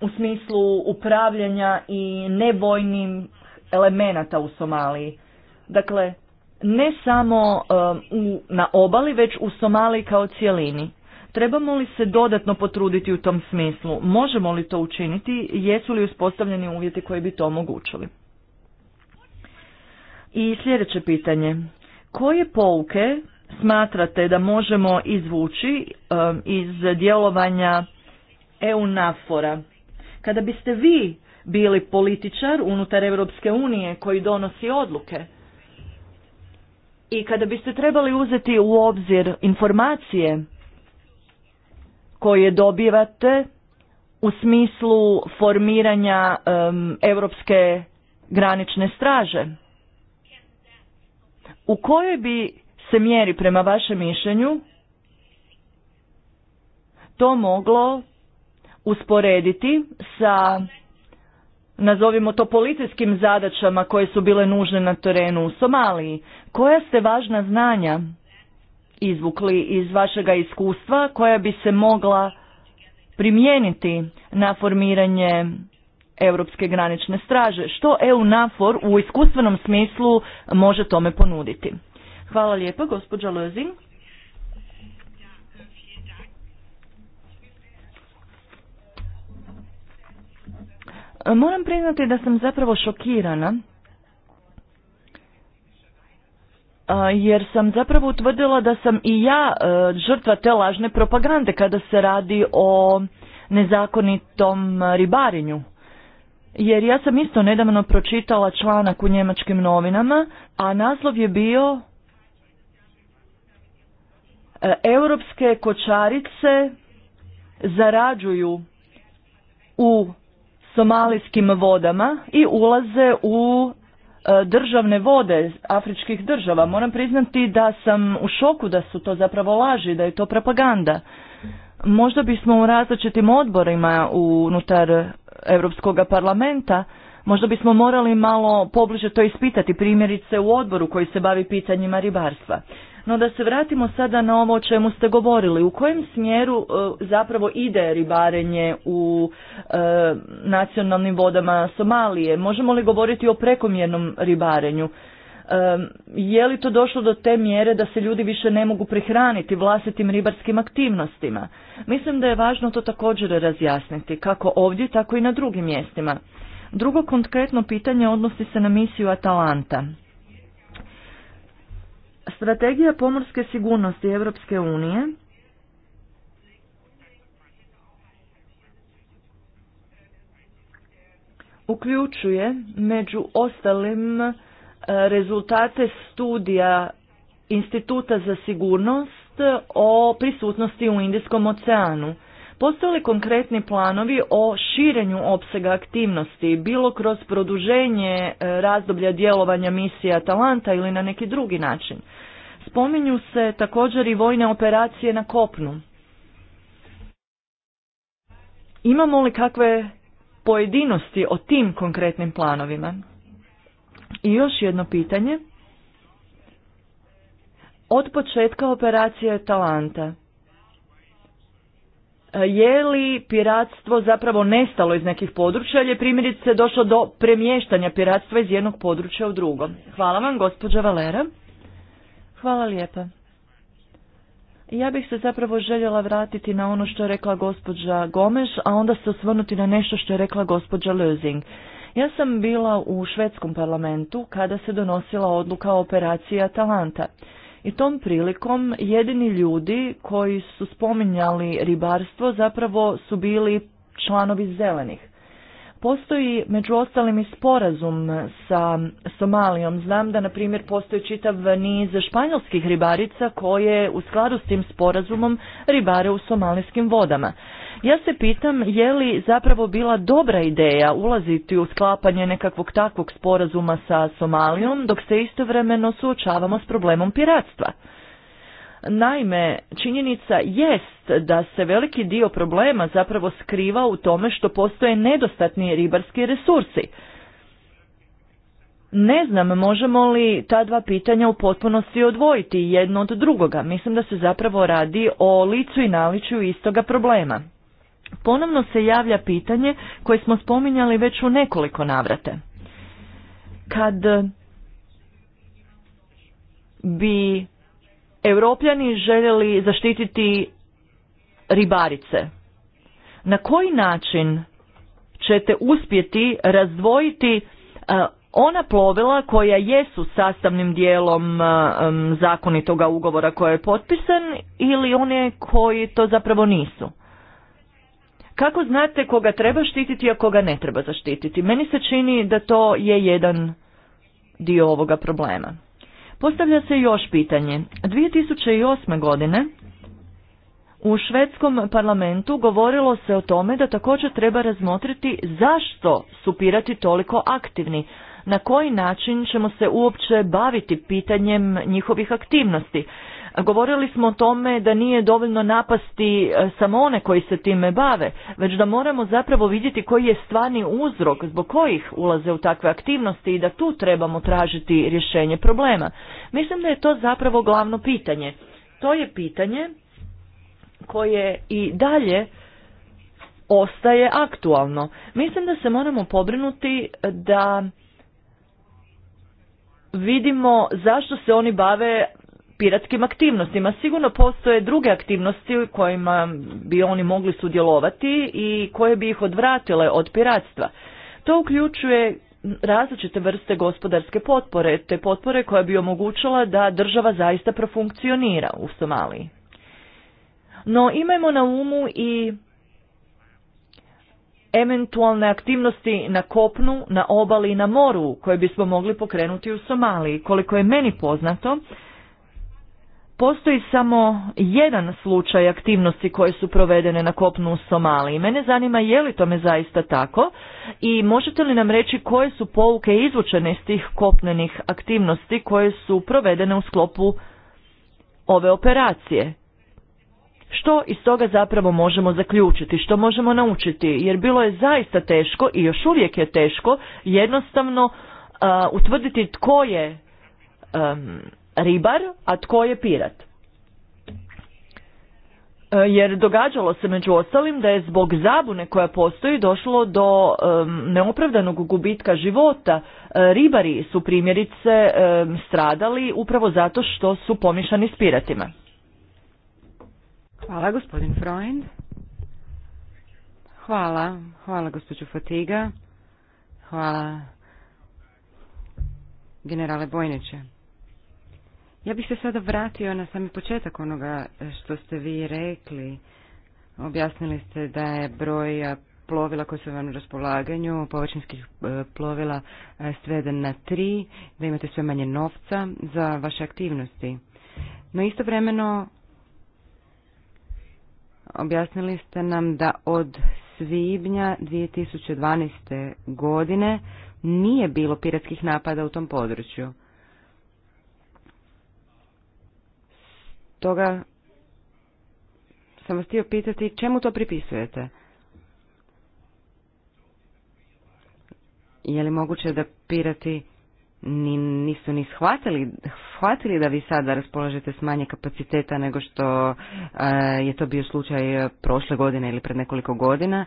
u smislu upravljanja i nevojnim elemenata u Somaliji. Dakle, ne samo um, u, na obali, već u Somaliji kao cijelini. Trebamo li se dodatno potruditi u tom smislu? Možemo li to učiniti? Jesu li uspostavljeni uvjeti koji bi to omogućili? I sljedeće pitanje. Koje pouke smatrate da možemo izvući um, iz djelovanja EUNAFORA? Kada biste vi bili političar unutar Europske unije koji donosi odluke, i kada biste trebali uzeti u obzir informacije koje dobivate u smislu formiranja europske granične straže, u kojoj bi se mjeri prema vašem mišljenju to moglo usporediti sa nazovimo to policijskim zadaćama koje su bile nužne na terenu u Somaliji. Koja ste važna znanja izvukli iz vašega iskustva koja bi se mogla primijeniti na formiranje Europske granične straže? Što EU NAFOR u iskustvenom smislu može tome ponuditi? Hvala lijepo, gospođa Lozing. Moram priznati da sam zapravo šokirana jer sam zapravo utvrdila da sam i ja e, žrtva te lažne propagande kada se radi o nezakonitom ribarinju. Jer ja sam isto nedavno pročitala članak u njemačkim novinama, a naslov je bio e, Europske kočarice zarađuju u somalijskim vodama i ulaze u e, državne vode afričkih država. Moram priznati da sam u šoku da su to zapravo laži, da je to propaganda. Možda bismo u različitim odborima unutar Europskog parlamenta Možda bismo morali malo pobliže to ispitati, primjerice u odboru koji se bavi pitanjima ribarstva. No da se vratimo sada na ovo o čemu ste govorili. U kojem smjeru e, zapravo ide ribarenje u e, nacionalnim vodama Somalije? Možemo li govoriti o prekomjernom ribarenju? E, je li to došlo do te mjere da se ljudi više ne mogu prihraniti vlastitim ribarskim aktivnostima? Mislim da je važno to također razjasniti, kako ovdje, tako i na drugim mjestima. Drugo konkretno pitanje odnosi se na misiju Atalanta. Strategija pomorske sigurnosti Europske unije uključuje među ostalim e, rezultate studija Instituta za sigurnost o prisutnosti u Indijskom oceanu. Postoje li konkretni planovi o širenju opsega aktivnosti, bilo kroz produženje e, razdoblja djelovanja misija Atalanta ili na neki drugi način? Spominju se također i vojne operacije na kopnu. Imamo li kakve pojedinosti o tim konkretnim planovima? I još jedno pitanje. Od početka operacije Talanta je li piratstvo zapravo nestalo iz nekih područja ili je primjerice došlo do premještanja piratstva iz jednog područja u drugo? Hvala vam, gospođa Valera. Hvala lijepa. Ja bih se zapravo željela vratiti na ono što je rekla gospođa Gomes, a onda se osvrnuti na nešto što je rekla gospođa Lözing. Ja sam bila u švedskom parlamentu kada se donosila odluka o operaciji Atalanta. I tom prilikom jedini ljudi koji su spominjali ribarstvo zapravo su bili članovi zelenih. Postoji među ostalim i sporazum sa Somalijom. Znam da, na primjer, postoji čitav niz španjolskih ribarica koje u skladu s tim sporazumom ribare u somalijskim vodama. Ja se pitam je li zapravo bila dobra ideja ulaziti u sklapanje nekakvog takvog sporazuma sa Somalijom dok se istovremeno suočavamo s problemom piratstva. Naime, činjenica jest da se veliki dio problema zapravo skriva u tome što postoje nedostatni ribarski resursi. Ne znam, možemo li ta dva pitanja u potpunosti odvojiti jedno od drugoga. Mislim da se zapravo radi o licu i naliču istoga problema ponovno se javlja pitanje koje smo spominjali već u nekoliko navrate. Kad bi europljani željeli zaštititi ribarice, na koji način ćete uspjeti razdvojiti e, ona plovila koja jesu sastavnim dijelom e, zakonitoga ugovora koji je potpisan ili one koji to zapravo nisu? Kako znate koga treba štititi, a koga ne treba zaštititi? Meni se čini da to je jedan dio ovoga problema. Postavlja se još pitanje. 2008. godine u švedskom parlamentu govorilo se o tome da također treba razmotriti zašto su pirati toliko aktivni, na koji način ćemo se uopće baviti pitanjem njihovih aktivnosti, Govorili smo o tome da nije dovoljno napasti e, samo one koji se time bave, već da moramo zapravo vidjeti koji je stvarni uzrok zbog kojih ulaze u takve aktivnosti i da tu trebamo tražiti rješenje problema. Mislim da je to zapravo glavno pitanje. To je pitanje koje i dalje ostaje aktualno. Mislim da se moramo pobrinuti da vidimo zašto se oni bave piratskim aktivnostima. Sigurno postoje druge aktivnosti u kojima bi oni mogli sudjelovati i koje bi ih odvratile od piratstva. To uključuje različite vrste gospodarske potpore, te potpore koja bi omogućila da država zaista profunkcionira u Somaliji. No imajmo na umu i eventualne aktivnosti na kopnu, na obali i na moru koje bismo mogli pokrenuti u Somaliji. Koliko je meni poznato, Postoji samo jedan slučaj aktivnosti koje su provedene na kopnu u Somaliji. Mene zanima je li tome zaista tako i možete li nam reći koje su pouke izvučene iz tih kopnenih aktivnosti koje su provedene u sklopu ove operacije? Što iz toga zapravo možemo zaključiti, što možemo naučiti, jer bilo je zaista teško i još uvijek je teško jednostavno utvrditi tko je ribar, a tko je pirat. E, jer događalo se među ostalim da je zbog zabune koja postoji došlo do neopravdanog gubitka života. E, ribari su primjerice stradali upravo zato što su pomišani s piratima. Hvala gospodin Freund. Hvala, hvala gospođu Fatiga. Hvala generale Bojniće. Ja bih se sada vratio na sami početak onoga što ste vi rekli. Objasnili ste da je broj e, plovila koje su vam na raspolaganju, površinskih e, plovila, e, sveden na tri, da imate sve manje novca za vaše aktivnosti. No istovremeno objasnili ste nam da od svibnja 2012. godine nije bilo piratskih napada u tom području. toga sam vas htio pitati čemu to pripisujete? Je li moguće da pirati nisu ni shvatili, shvatili da vi sada raspolažete s manje kapaciteta nego što e, je to bio slučaj prošle godine ili pred nekoliko godina?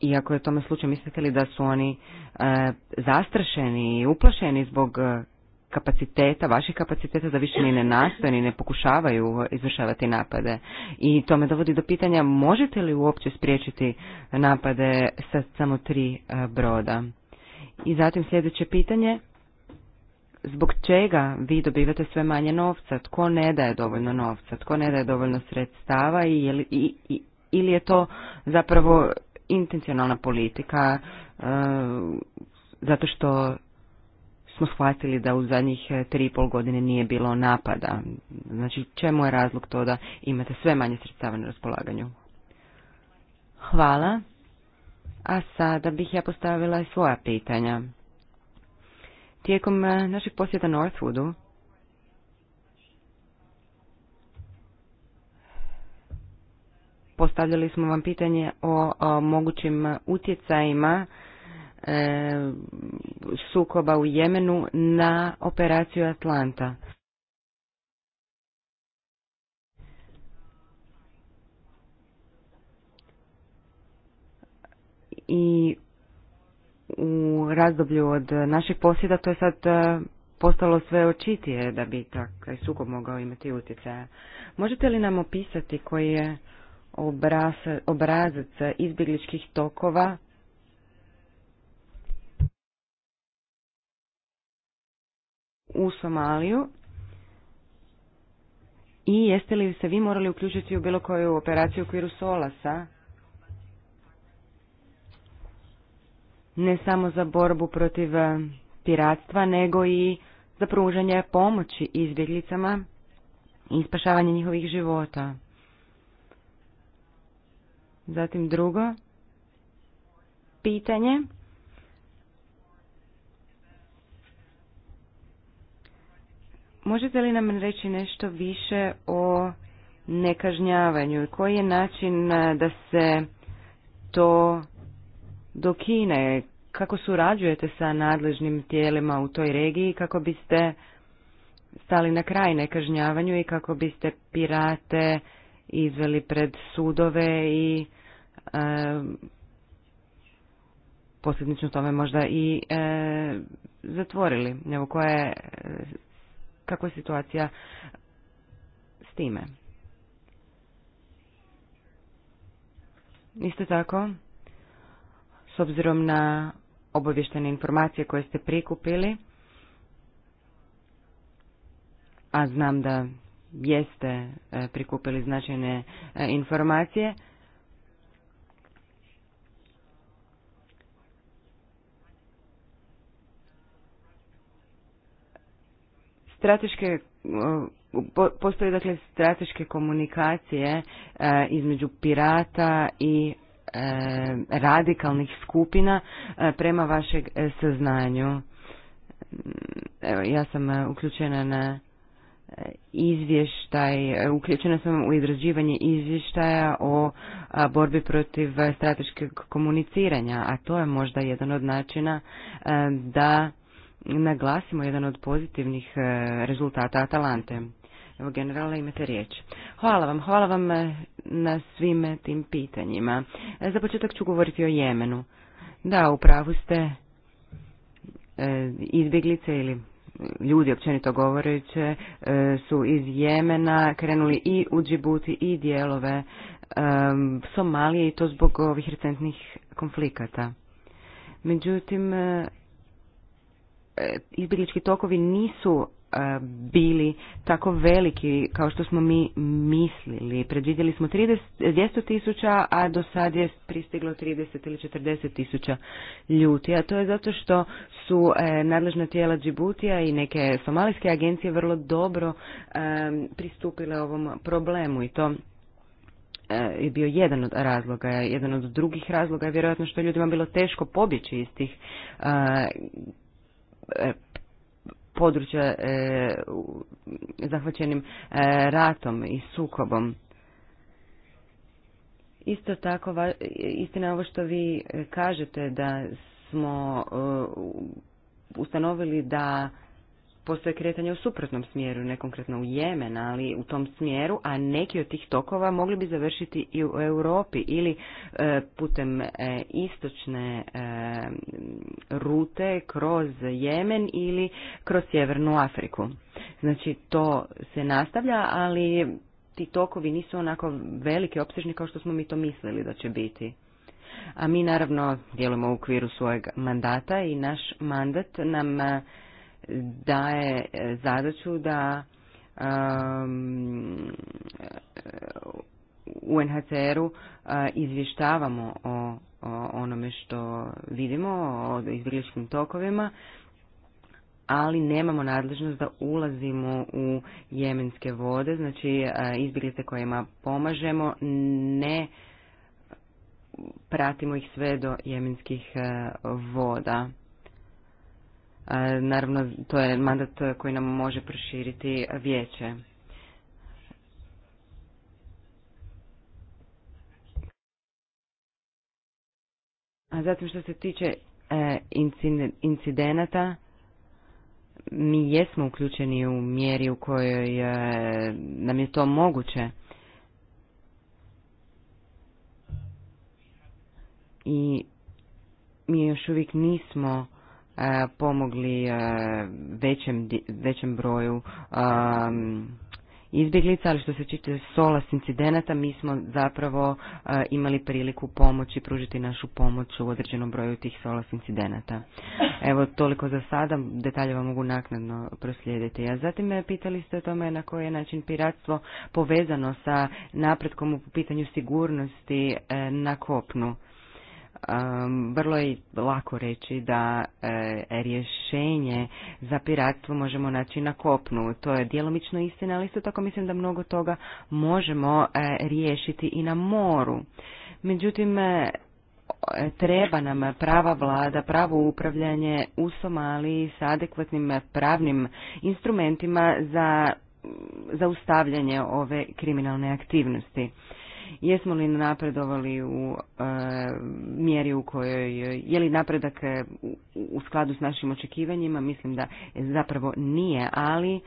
Iako e, i je tome slučaj, mislite li da su oni e, zastrašeni i uplašeni zbog kapaciteta, vaših kapaciteta da više ni ne nastoje, ni ne pokušavaju izvršavati napade. I to me dovodi do pitanja možete li uopće spriječiti napade sa samo tri e, broda? I zatim sljedeće pitanje, zbog čega vi dobivate sve manje novca, tko ne daje dovoljno novca, tko ne daje dovoljno sredstava ili je to zapravo intencionalna politika e, zato što smo shvatili da u zadnjih e, tri pol godine nije bilo napada. Znači, čemu je razlog to da imate sve manje sredstava na raspolaganju? Hvala. A sada bih ja postavila i svoja pitanja. Tijekom e, našeg posjeta Northwoodu, postavljali smo vam pitanje o mogućim utjecajima E, sukoba u Jemenu na operaciju Atlanta. I u razdoblju od naših posjeda to je sad e, postalo sve očitije da bi taj sukob mogao imati utjecaja. Možete li nam opisati koji je obrazac izbjegličkih tokova u Somaliju i jeste li se vi morali uključiti u bilo koju operaciju u okviru Solasa? Ne samo za borbu protiv eh, piratstva, nego i za pružanje pomoći izbjeglicama i spašavanje njihovih života. Zatim drugo pitanje. Možete li nam reći nešto više o nekažnjavanju i koji je način e, da se to dokine? Kako surađujete sa nadležnim tijelima u toj regiji kako biste stali na kraj nekažnjavanju i kako biste pirate izveli pred sudove i e, tome možda i e, zatvorili. Evo koja je kako je situacija s time. Isto tako, s obzirom na obavještene informacije koje ste prikupili, a znam da jeste e, prikupili značajne e, informacije, Strateške e, postoje dakle strateške komunikacije e, između pirata i e, radikalnih skupina prema vašeg saznanju. Evo, ja sam uključena na izvještaj, uključena sam u izrađivanje izvještaja o borbi protiv strateškog komuniciranja, a to je možda jedan od načina da naglasimo jedan od pozitivnih e, rezultata Atalante. Evo, generala, imate riječ. Hvala vam, hvala vam e, na svime tim pitanjima. E, za početak ću govoriti o Jemenu. Da, u pravu ste izbjeglice ili ljudi općenito govoreće su iz Jemena krenuli i u Džibuti i dijelove Somalije i to zbog ovih recentnih konflikata. Međutim, E, izbjeglički tokovi nisu e, bili tako veliki kao što smo mi mislili. Predvidjeli smo 200 tisuća, a do sad je pristiglo 30 ili 40 tisuća ljuti. A to je zato što su e, nadležna tijela Džibutija i neke somalijske agencije vrlo dobro pristupile ovom problemu i to je bio jedan od razloga. Jedan od drugih razloga je vjerojatno što je ljudima bilo teško pobjeći iz tih E, područja e, zahvaćenim e, ratom i sukobom. Isto tako, istina je ovo što vi kažete da smo ustanovili da postoje kretanje u suprotnom smjeru, ne konkretno u Jemen, ali u tom smjeru, a neki od tih tokova mogli bi završiti i u Europi ili e, putem e, istočne e, rute kroz Jemen ili kroz Sjevernu Afriku. Znači to se nastavlja, ali ti tokovi nisu onako veliki, opsežni kao što smo mi to mislili da će biti. A mi naravno djelujemo u okviru svojeg mandata i naš mandat nam daje e, zadaću da u NHCR-u e, izvještavamo o, onome što vidimo, o izbjegličkim tokovima, ali nemamo nadležnost da ulazimo u jemenske vode, znači e, izbjeglice kojima pomažemo ne pratimo ih sve do jemenskih voda. Naravno, to je mandat koji nam može proširiti vijeće. A zatim što se tiče e, incidenata, mi jesmo uključeni u mjeri u kojoj e, nam je to moguće. I mi još uvijek nismo E, pomogli e, većem, većem broju e, izbjeglica, ali što se tiče solas incidenata, mi smo zapravo imali priliku pomoći, pružiti našu pomoć u određenom broju tih solas incidenata. Evo, toliko za sada, detalje vam mogu naknadno proslijediti. A zatim me pitali ste o tome na koji je način piratstvo povezano sa napretkom u pitanju sigurnosti na kopnu vrlo je lako reći da e, rješenje za piratstvo možemo naći na kopnu. To je djelomično istina, ali isto tako mislim da mnogo toga možemo e, riješiti i na moru. Međutim, e, treba nam prava vlada, pravo upravljanje u Somaliji sa adekvatnim pravnim instrumentima za zaustavljanje ove kriminalne aktivnosti jesmo li napredovali u e, mjeri u kojoj je li napredak e, u skladu s našim očekivanjima, mislim da zapravo nije, ali e,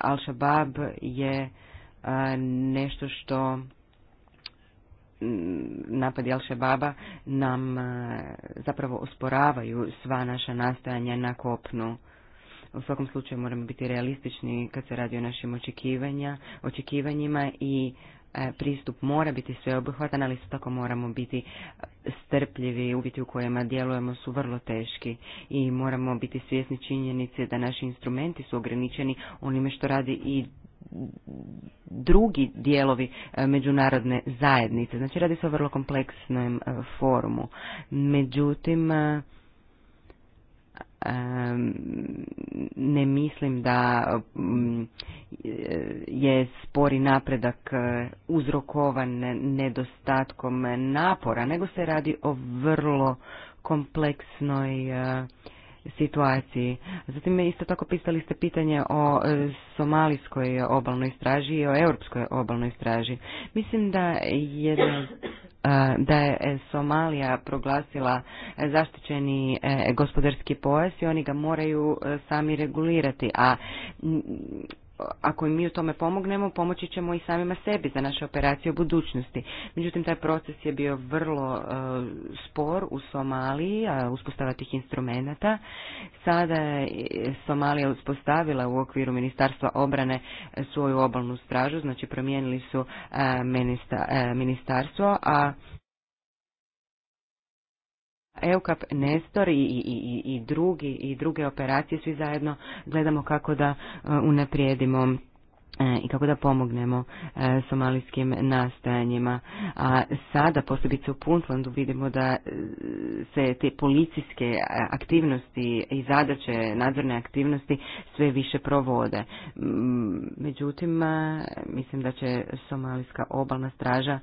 Al-Shabaab je e, nešto što mm, napad al shabaaba nam zapravo osporavaju sva naša nastojanja na kopnu. U svakom slučaju moramo biti realistični kad se radi o našim očekivanja, očekivanjima i e, pristup mora biti sveobuhvatan, ali isto tako moramo biti strpljivi, uvjeti u kojima djelujemo su vrlo teški i moramo biti svjesni činjenice da naši instrumenti su ograničeni onime što radi i drugi dijelovi e, međunarodne zajednice. Znači radi se o vrlo kompleksnom e, forumu. Međutim, ne mislim da mm, je spori napredak e, uzrokovan nedostatkom napora, nego se radi o vrlo kompleksnoj e, situaciji. Zatim me isto tako pisali ste pitanje o e, somalijskoj obalnoj straži i o europskoj obalnoj straži. Mislim da je e, da je Somalija proglasila zaštićeni e, gospodarski pojas i oni ga moraju sami regulirati, a ako im mi u tome pomognemo, pomoći ćemo i samima sebi za naše operacije u budućnosti. Međutim, taj proces je bio vrlo e, spor u Somaliji, a uspostava tih instrumenata. Sada je Somalija uspostavila u okviru Ministarstva obrane svoju obalnu stražu, znači promijenili su e, e, ministarstvo, a Eukap Nestor i, i, i, i, drugi, i druge operacije svi zajedno gledamo kako da e, unaprijedimo E, i kako da pomognemo e, somalijskim nastajanjima. A sada, posebice u Puntlandu, vidimo da e, se te policijske aktivnosti i zadaće nadzorne aktivnosti sve više provode. Međutim, mislim da će somalijska obalna straža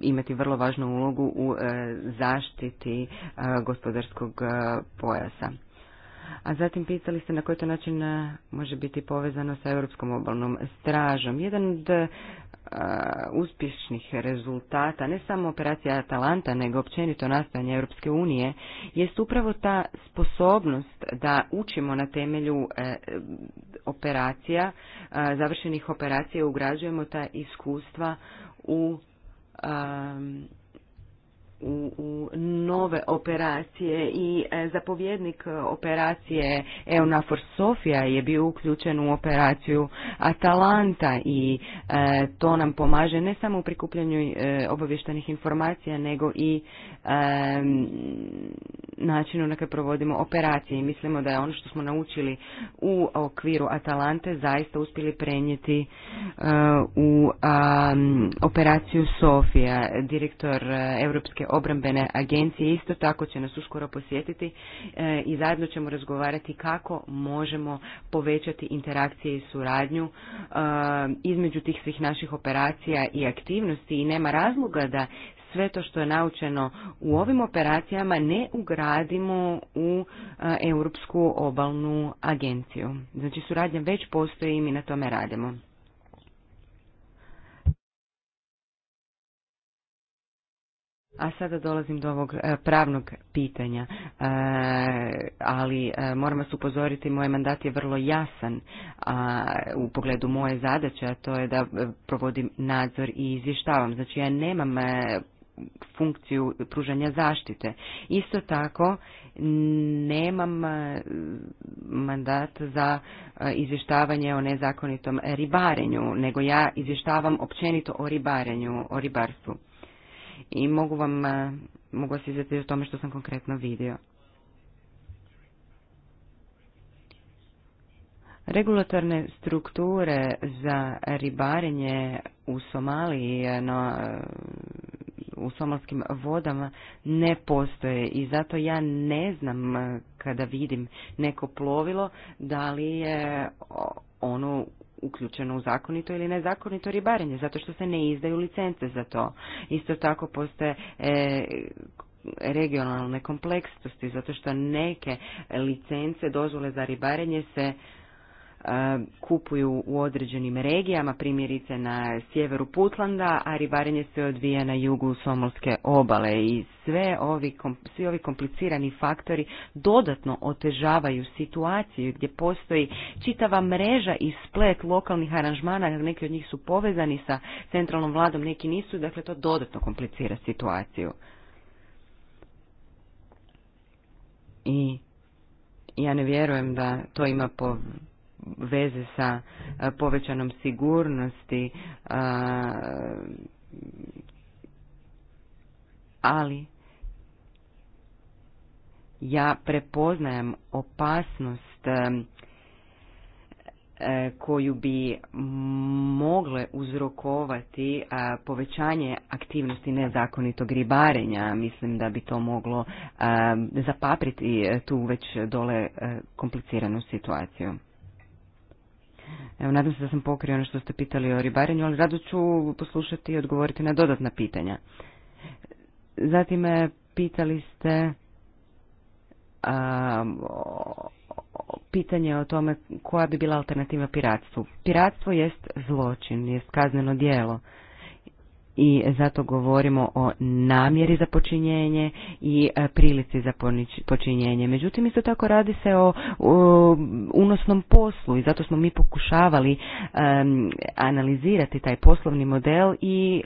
imati vrlo važnu ulogu u zaštiti gospodarskog pojasa. A zatim pitali ste na koji to način eh, može biti povezano sa Europskom obalnom stražom. Jedan od eh, uspješnih rezultata, ne samo operacija Atalanta, nego općenito nastojanje Europske unije, jest upravo ta sposobnost da učimo na temelju eh, operacija, završenih operacija, ugrađujemo ta iskustva u ehm, u, nove operacije i e, zapovjednik operacije EUNAFOR Sofia je bio uključen u operaciju Atalanta i e, to nam pomaže ne samo u prikupljanju e, obavještenih informacija nego i e, načinu na koji provodimo operacije i mislimo da je ono što smo naučili u okviru Atalante zaista uspjeli prenijeti u operaciju Sofia direktor Europske obrambene agencije isto tako će nas uskoro posjetiti e, i zajedno ćemo razgovarati kako možemo povećati interakcije i suradnju e, između tih svih naših operacija i aktivnosti i nema razloga da sve to što je naučeno u ovim operacijama ne ugradimo u e, Europsku obalnu agenciju. Znači suradnja već postoji i mi na tome radimo. A sada dolazim do ovog e, pravnog pitanja, e, ali e, moram vas upozoriti, moj mandat je vrlo jasan u pogledu moje zadaće, a to je da provodim nadzor i izvještavam. Znači ja nemam funkciju pružanja zaštite. Isto tako nemam mandat za izvještavanje o nezakonitom ribarenju, nego ja izvještavam općenito o ribarenju, o ribarstvu i mogu vam, e, mogu vas izvjeti o tome što sam konkretno vidio. Regulatorne strukture za ribarenje u Somaliji, e, no, e, u somalskim vodama ne postoje i zato ja ne znam kada vidim neko plovilo da li je ono uključeno u zakonito ili nezakonito ribarenje, zato što se ne izdaju licence za to. Isto tako postoje e, regionalne kompleksnosti, zato što neke licence, dozvole za ribarenje se kupuju u određenim regijama, primjerice na sjeveru Putlanda, a ribarenje se odvija na jugu Somolske obale i sve ovi, svi ovi komplicirani faktori dodatno otežavaju situaciju gdje postoji čitava mreža i splet lokalnih aranžmana, neki od njih su povezani sa centralnom vladom, neki nisu, dakle to dodatno komplicira situaciju. I ja ne vjerujem da to ima po veze sa e, povećanom sigurnosti, e, ali ja prepoznajem opasnost e, koju bi mogle uzrokovati povećanje aktivnosti nezakonitog ribarenja. Mislim da bi to moglo zapapriti tu već dole kompliciranu situaciju. Evo, nadam se da sam pokrio ono što ste pitali o ribarenju, ali rado ću poslušati i odgovoriti na dodatna pitanja. Zatim e, pitali ste a, pitanje o tome koja bi bila alternativa piratstvu. Piratstvo jest zločin, jest kazneno djelo i zato govorimo o namjeri za počinjenje i e, prilici za počinjenje. Međutim, isto tako radi se o, unosnom poslu i zato smo mi pokušavali analizirati taj poslovni model i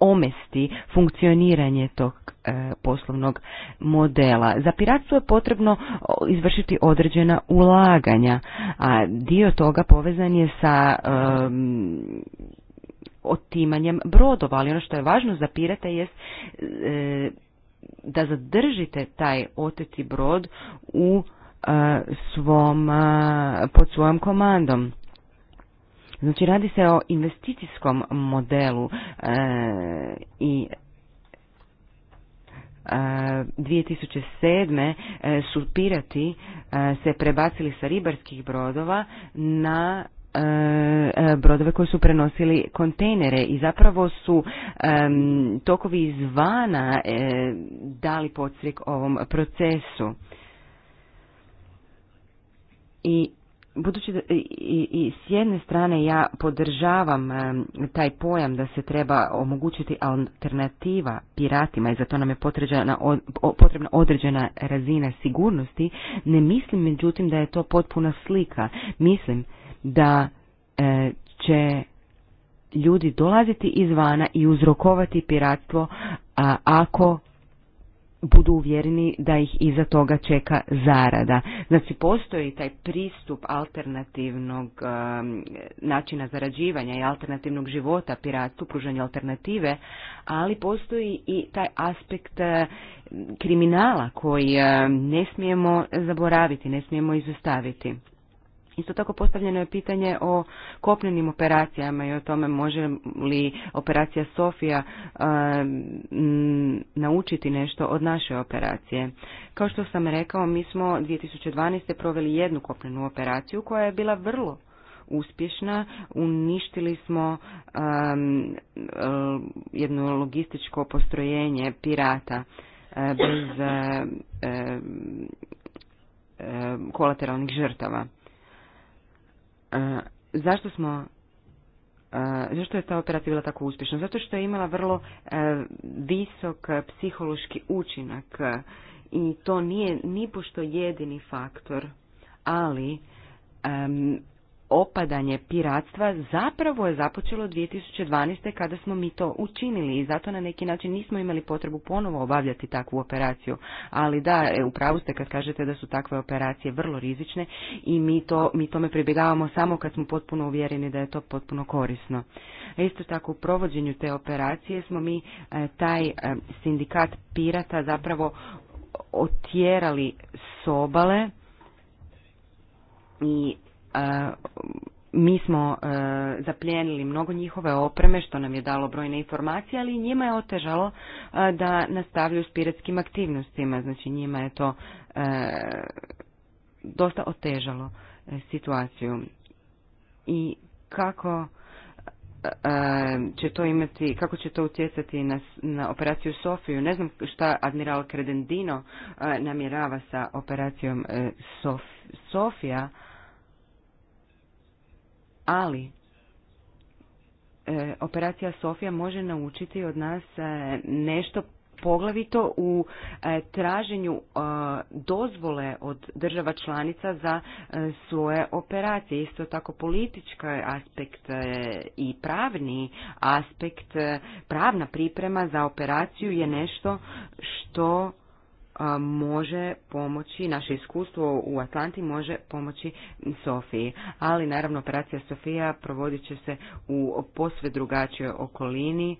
omesti funkcioniranje tog e, poslovnog modela. Za piratstvo je potrebno izvršiti određena ulaganja, a dio toga povezan je sa otimanjem brodova, ali ono što je važno za pirate jest e, da zadržite taj oteti brod u e, svom e, pod svojom komandom. Znači radi se o investicijskom modelu i 2007. su pirati se prebacili sa ribarskih brodova na E, brodove koji su prenosili kontejnere i zapravo su e, tokovi izvana e, dali podsvijek ovom procesu. I budući da, i, s jedne strane ja podržavam taj pojam da se treba omogućiti alternativa piratima i za to nam je potrebna određena razina sigurnosti, ne mislim međutim da je to potpuna slika. Mislim da e, će ljudi dolaziti izvana i uzrokovati piratstvo a ako budu uvjereni da ih iza toga čeka zarada. Znači postoji taj pristup alternativnog e, načina zarađivanja i alternativnog života piratu, pružanje alternative, ali postoji i taj aspekt e, kriminala koji ne smijemo zaboraviti, ne smijemo izostaviti. Isto tako postavljeno je pitanje o kopnenim operacijama i o tome može li operacija Sofija e, naučiti nešto od naše operacije. Kao što sam rekao, mi smo 2012. proveli jednu kopnenu operaciju koja je bila vrlo uspješna. Uništili smo e, e, jedno logističko postrojenje pirata bez kolateralnih žrtava. E, zašto smo e, zašto je ta operacija bila tako uspješna? Zato što je imala vrlo e, visok psihološki učinak i to nije nipošto jedini faktor, ali opadanje piratstva zapravo je započelo 2012. kada smo mi to učinili i zato na neki način nismo imali potrebu ponovo obavljati takvu operaciju. Ali da, e, u pravu ste kad kažete da su takve operacije vrlo rizične i mi, to, mi tome pribjegavamo samo kad smo potpuno uvjereni da je to potpuno korisno. E, isto tako u provođenju te operacije smo mi e, taj sindikat pirata zapravo otjerali sobale i mi smo e, zaplijenili mnogo njihove opreme što nam je dalo brojne informacije, ali njima je otežalo e, da nastavljaju s piratskim aktivnostima, znači njima je to e, dosta otežalo situaciju. I kako će to imati, kako će to utjecati na, na operaciju Sofiju. Ne znam šta admiral Credendino namjerava sa operacijom Sof, Sofija, ali e, operacija Sofija može naučiti od nas e, nešto poglavito u e, traženju dozvole od država članica za svoje operacije. Isto tako politički aspekt i pravni aspekt, pravna priprema za operaciju je nešto što može pomoći, naše iskustvo u Atlanti može pomoći Sofiji. Ali naravno operacija Sofija provodit će se u posve drugačijoj okolini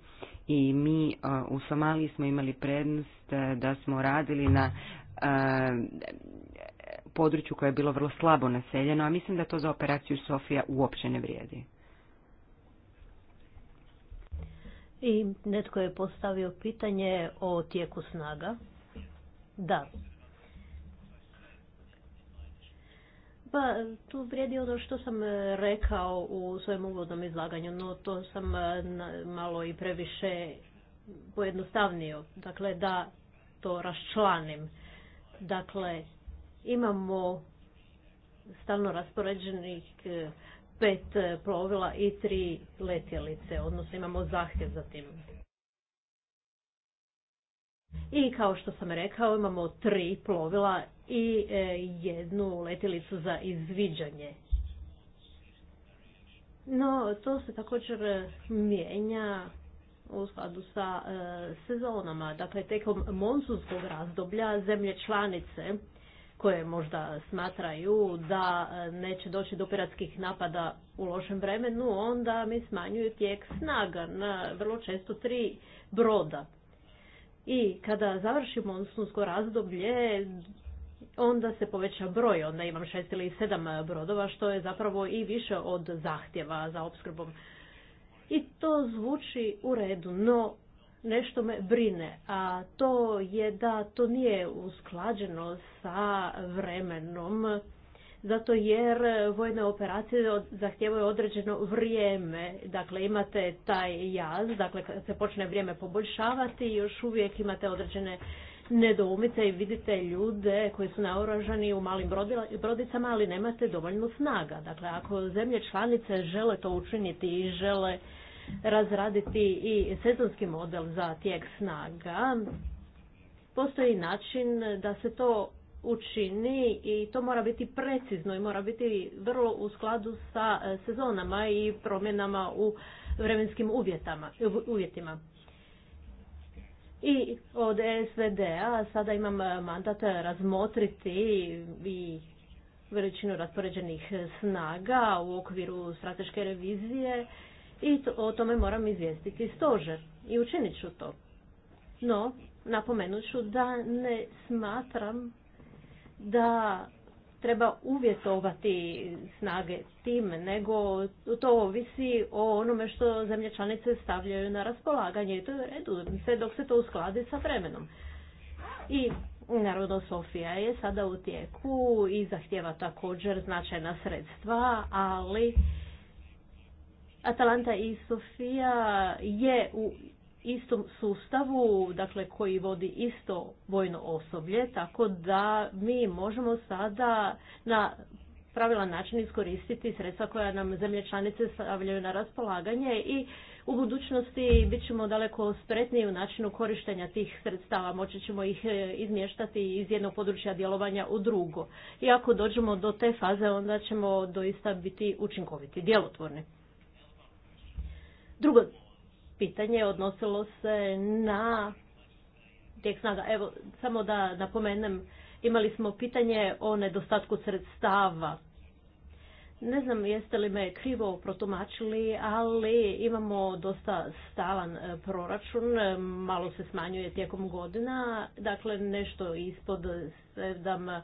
i mi u Somaliji smo imali prednost e, da smo radili na e, području koje je bilo vrlo slabo naseljeno, a mislim da to za operaciju Sofija uopće ne vrijedi. I netko je postavio pitanje o tijeku snaga. Da. Pa tu vrijedi ono što sam e, rekao u svojem uvodnom izlaganju, no to sam e, malo i previše pojednostavnio. Dakle, da to raščlanim. Dakle, imamo stalno raspoređenih e, pet plovila i tri letjelice, odnosno imamo zahtjev za tim. I kao što sam rekao, imamo tri plovila i e, jednu letilicu za izviđanje. No, to se također e, mijenja u skladu sa e, sezonama. Dakle, tekom monsunskog razdoblja zemlje članice koje možda smatraju da neće doći do piratskih napada u lošem vremenu, onda mi smanjuju tijek snaga na vrlo često tri broda i kada završimo monsunsko razdoblje, onda se poveća broj, onda imam šest ili sedam brodova, što je zapravo i više od zahtjeva za opskrbom. I to zvuči u redu, no nešto me brine, a to je da to nije usklađeno sa vremenom zato jer vojne operacije zahtijevaju određeno vrijeme. Dakle, imate taj jaz, dakle, kad se počne vrijeme poboljšavati, još uvijek imate određene nedoumice i vidite ljude koji su naoružani u malim brodicama, ali nemate dovoljno snaga. Dakle, ako zemlje članice žele to učiniti i žele razraditi i sezonski model za tijek snaga, postoji način da se to učini i to mora biti precizno i mora biti vrlo u skladu sa e, sezonama i promjenama u vremenskim uvjetima. I od SVD-a sada imam e, mandat razmotriti i veličinu raspoređenih snaga u okviru strateške revizije i o tome moram izvijestiti stožer i učinit ću to. No, napomenut ću da ne smatram da treba uvjetovati snage tim, nego to ovisi o onome što zemlje članice stavljaju na raspolaganje i to je u redu, sve dok se to uskladi sa vremenom. I naravno Sofija je sada u tijeku i zahtjeva također značajna sredstva, ali Atalanta i Sofija je u istom sustavu, dakle koji vodi isto vojno osoblje, tako da mi možemo sada na pravilan način iskoristiti sredstva koja nam zemlje članice stavljaju na raspolaganje i u budućnosti bit ćemo daleko spretniji u načinu korištenja tih sredstava. Moći ćemo ih e, izmještati iz jednog područja djelovanja u drugo. I ako dođemo do te faze, onda ćemo doista biti učinkoviti, djelotvorni. Drugo pitanje odnosilo se na tijek snaga. Evo, samo da napomenem, imali smo pitanje o nedostatku sredstava. Ne znam jeste li me krivo protumačili, ali imamo dosta stalan e, proračun, e, malo se smanjuje tijekom godina, dakle nešto ispod 7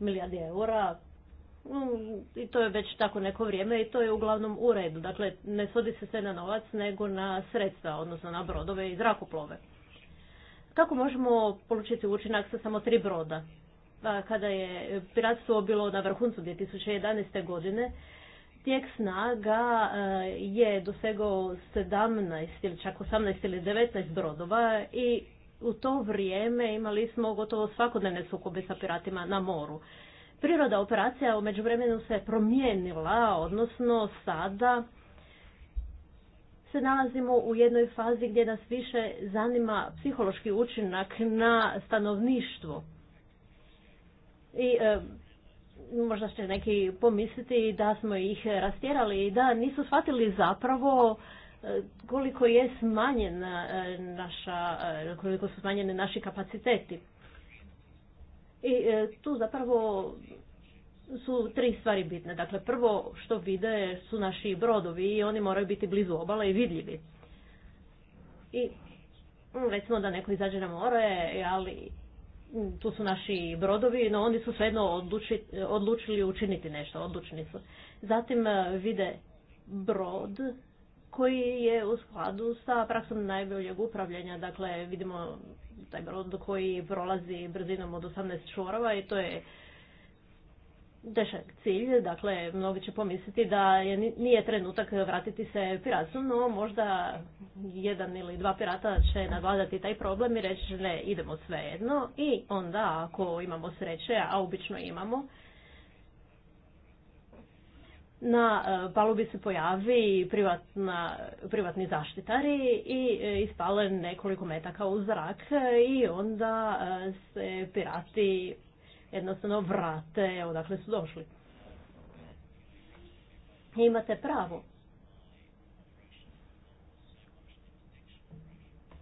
milijardi eura, i to je već tako neko vrijeme i to je uglavnom u redu. Dakle, ne svodi se sve na novac, nego na sredstva, odnosno na brodove i zrakoplove. Kako možemo polučiti učinak sa samo tri broda? Pa, kada je piratstvo bilo na vrhuncu 2011. godine, tijek snaga e, je dosegao 17 ili čak 18 ili 19 brodova i u to vrijeme imali smo gotovo svakodnevne sukobe sa piratima na moru. Priroda operacija u međuvremenu se promijenila, odnosno sada se nalazimo u jednoj fazi gdje nas više zanima psihološki učinak na stanovništvo. I e, možda će neki pomisliti da smo ih rastjerali i da nisu shvatili zapravo e, koliko je smanjena e, naša, e, koliko su smanjene naši kapaciteti. I e, tu zapravo su tri stvari bitne. Dakle, prvo što vide su naši brodovi i oni moraju biti blizu obale i vidljivi. I mm, recimo da neko izađe na more, ali mm, tu su naši brodovi, no oni su svejedno odluči, odlučili učiniti nešto, odlučni su. Zatim e, vide brod koji je u skladu sa praksom najboljeg upravljanja, dakle vidimo taj brod koji prolazi brzinom od 18 čorova i to je dešak cilj. Dakle, mnogi će pomisliti da je, nije trenutak vratiti se piratstvu, no možda jedan ili dva pirata će nagladati taj problem i reći ne, idemo svejedno. I onda ako imamo sreće, a obično imamo, na e, palubi se pojavi privatna, privatni zaštitari i e, ispale nekoliko metaka u zrak e, i onda se pirati jednostavno vrate odakle su došli. Imate pravo.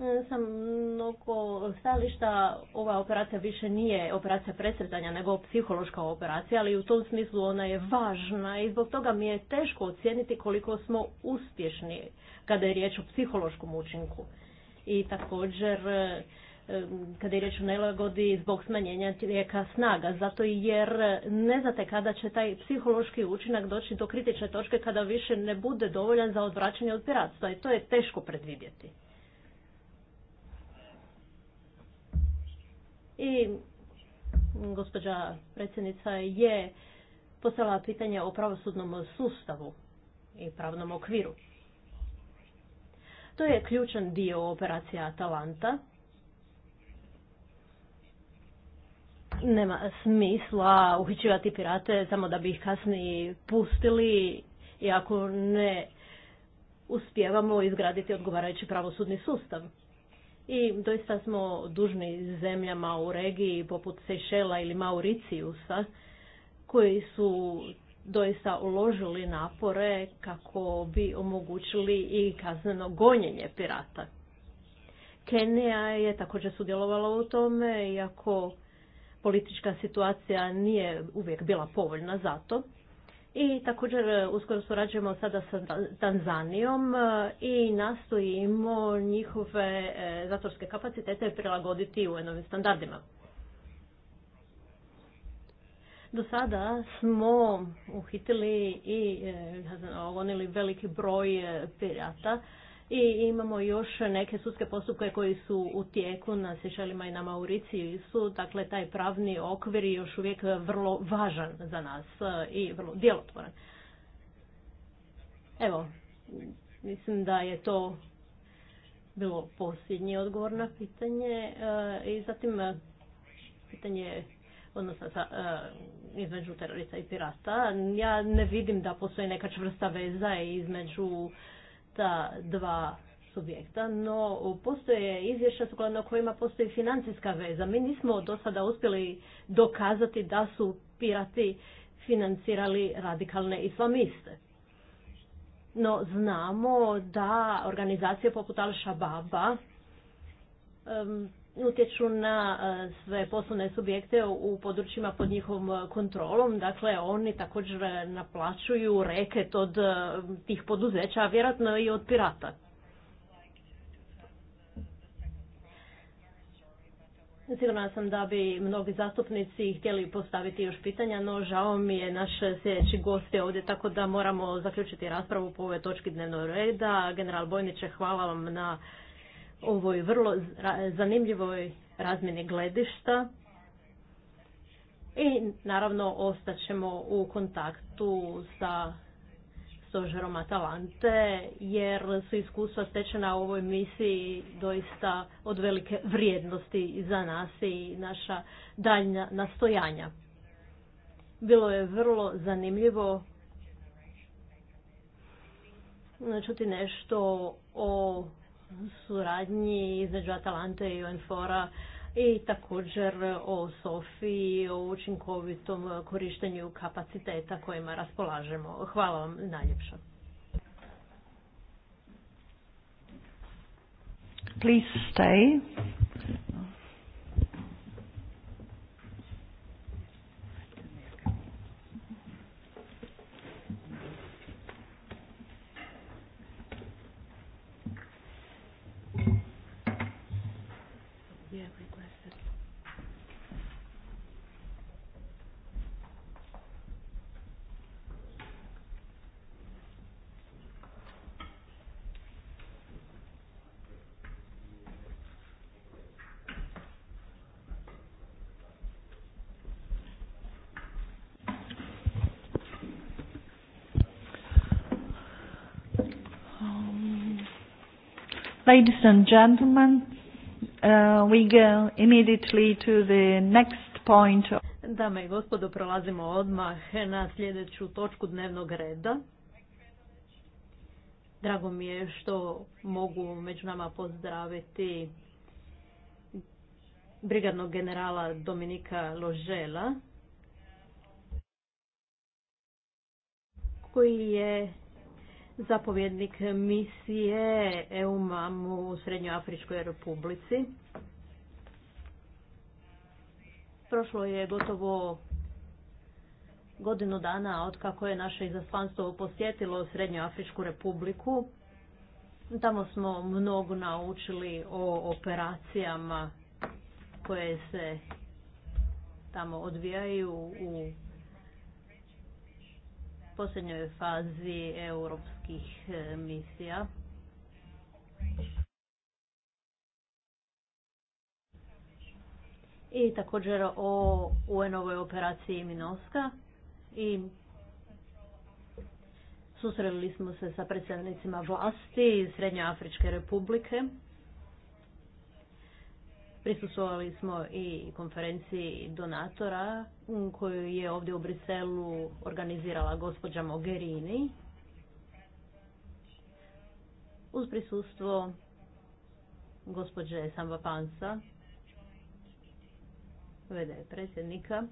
E, sam mnogo stališta ova operacija više nije operacija presretanja nego psihološka operacija, ali u tom smislu ona je važna i zbog toga mi je teško ocijeniti koliko smo uspješni kada je riječ o psihološkom učinku. I također e, e, kada je riječ o nelagodi zbog smanjenja tijeka snaga, zato jer ne znate kada će taj psihološki učinak doći do kritične točke kada više ne bude dovoljan za odvraćanje od piratstva i to je teško predvidjeti. I mm, gospođa predsjednica je postavila pitanje o pravosudnom sustavu i pravnom okviru. To je ključan dio operacija Atalanta. Nema smisla uhićivati pirate samo da bi ih kasnije pustili i ako ne uspijevamo izgraditi odgovarajući pravosudni sustav i doista smo dužni zemljama u regiji poput Sejšela ili Mauricijusa koji su doista uložili napore kako bi omogućili i kazneno gonjenje pirata. Kenija je također sudjelovala u tome, iako politička situacija nije uvijek bila povoljna zato. I također e, uskoro surađujemo sada sa Tanzanijom e, i nastojimo njihove e, zatvorske kapacitete prilagoditi u enovim standardima. Do sada smo uhitili i ogonili veliki broj pirata i imamo još neke sudske postupke koji su u tijeku na Sešelima i na Mauriciju. Dakle, taj pravni okvir je još uvijek vrlo važan za nas e, i vrlo djelotvoran. Evo, mislim da je to bilo posljednji odgovor na pitanje e, i zatim e, pitanje odnosno sa, između terorista i pirata. Ja ne vidim da postoji neka čvrsta veza između ta dva subjekta, no postoje izvješća sukladno kojima postoji financijska veza. Mi nismo do sada uspjeli dokazati da su pirati financirali radikalne islamiste. No znamo da organizacije poput Al-Shababa utječu na e, sve poslovne subjekte u područjima pod njihovom kontrolom. Dakle, oni također naplaćuju reket od e, tih poduzeća, a vjerojatno i od pirata. Sigurna sam da bi mnogi zastupnici htjeli postaviti još pitanja, no žao mi je naš sljedeći gost je ovdje, tako da moramo zaključiti raspravu po ove točki dnevnog reda. General Bojniće, hvala vam na ovoj vrlo zanimljivoj razmjeni gledišta i naravno ostaćemo u kontaktu sa stožerom Atalante jer su iskustva stečena u ovoj misiji doista od velike vrijednosti za nas i naša daljnja nastojanja. Bilo je vrlo zanimljivo e, čuti nešto o suradnji između Atalante i UNFORA i također o SOFI, o učinkovitom korištenju kapaciteta kojima raspolažemo. Hvala vam najljepša. Please stay. Ladies and gentlemen, uh, we go immediately to the next point. Dame i gospodo, prolazimo odmah na sljedeću točku dnevnog reda. Drago mi je što mogu među nama pozdraviti brigadnog generala Dominika Ložela, koji je zapovjednik misije EUMAM u Srednjoafričkoj republici. Prošlo je gotovo godinu dana od kako je naše izaslanstvo posjetilo Srednjoafričku republiku. Tamo smo mnogo naučili o operacijama koje se tamo odvijaju u posljednjoj fazi europskih e, misija. I također o UN-ovoj operaciji Minoska i susreli smo se sa predsjednicima vlasti iz Srednjoafričke republike Prisustvovali smo i konferenciji donatora koju je ovdje u Briselu organizirala gospođa Mogherini uz prisustvo gospođe Samba Pansa, vede predsjednika,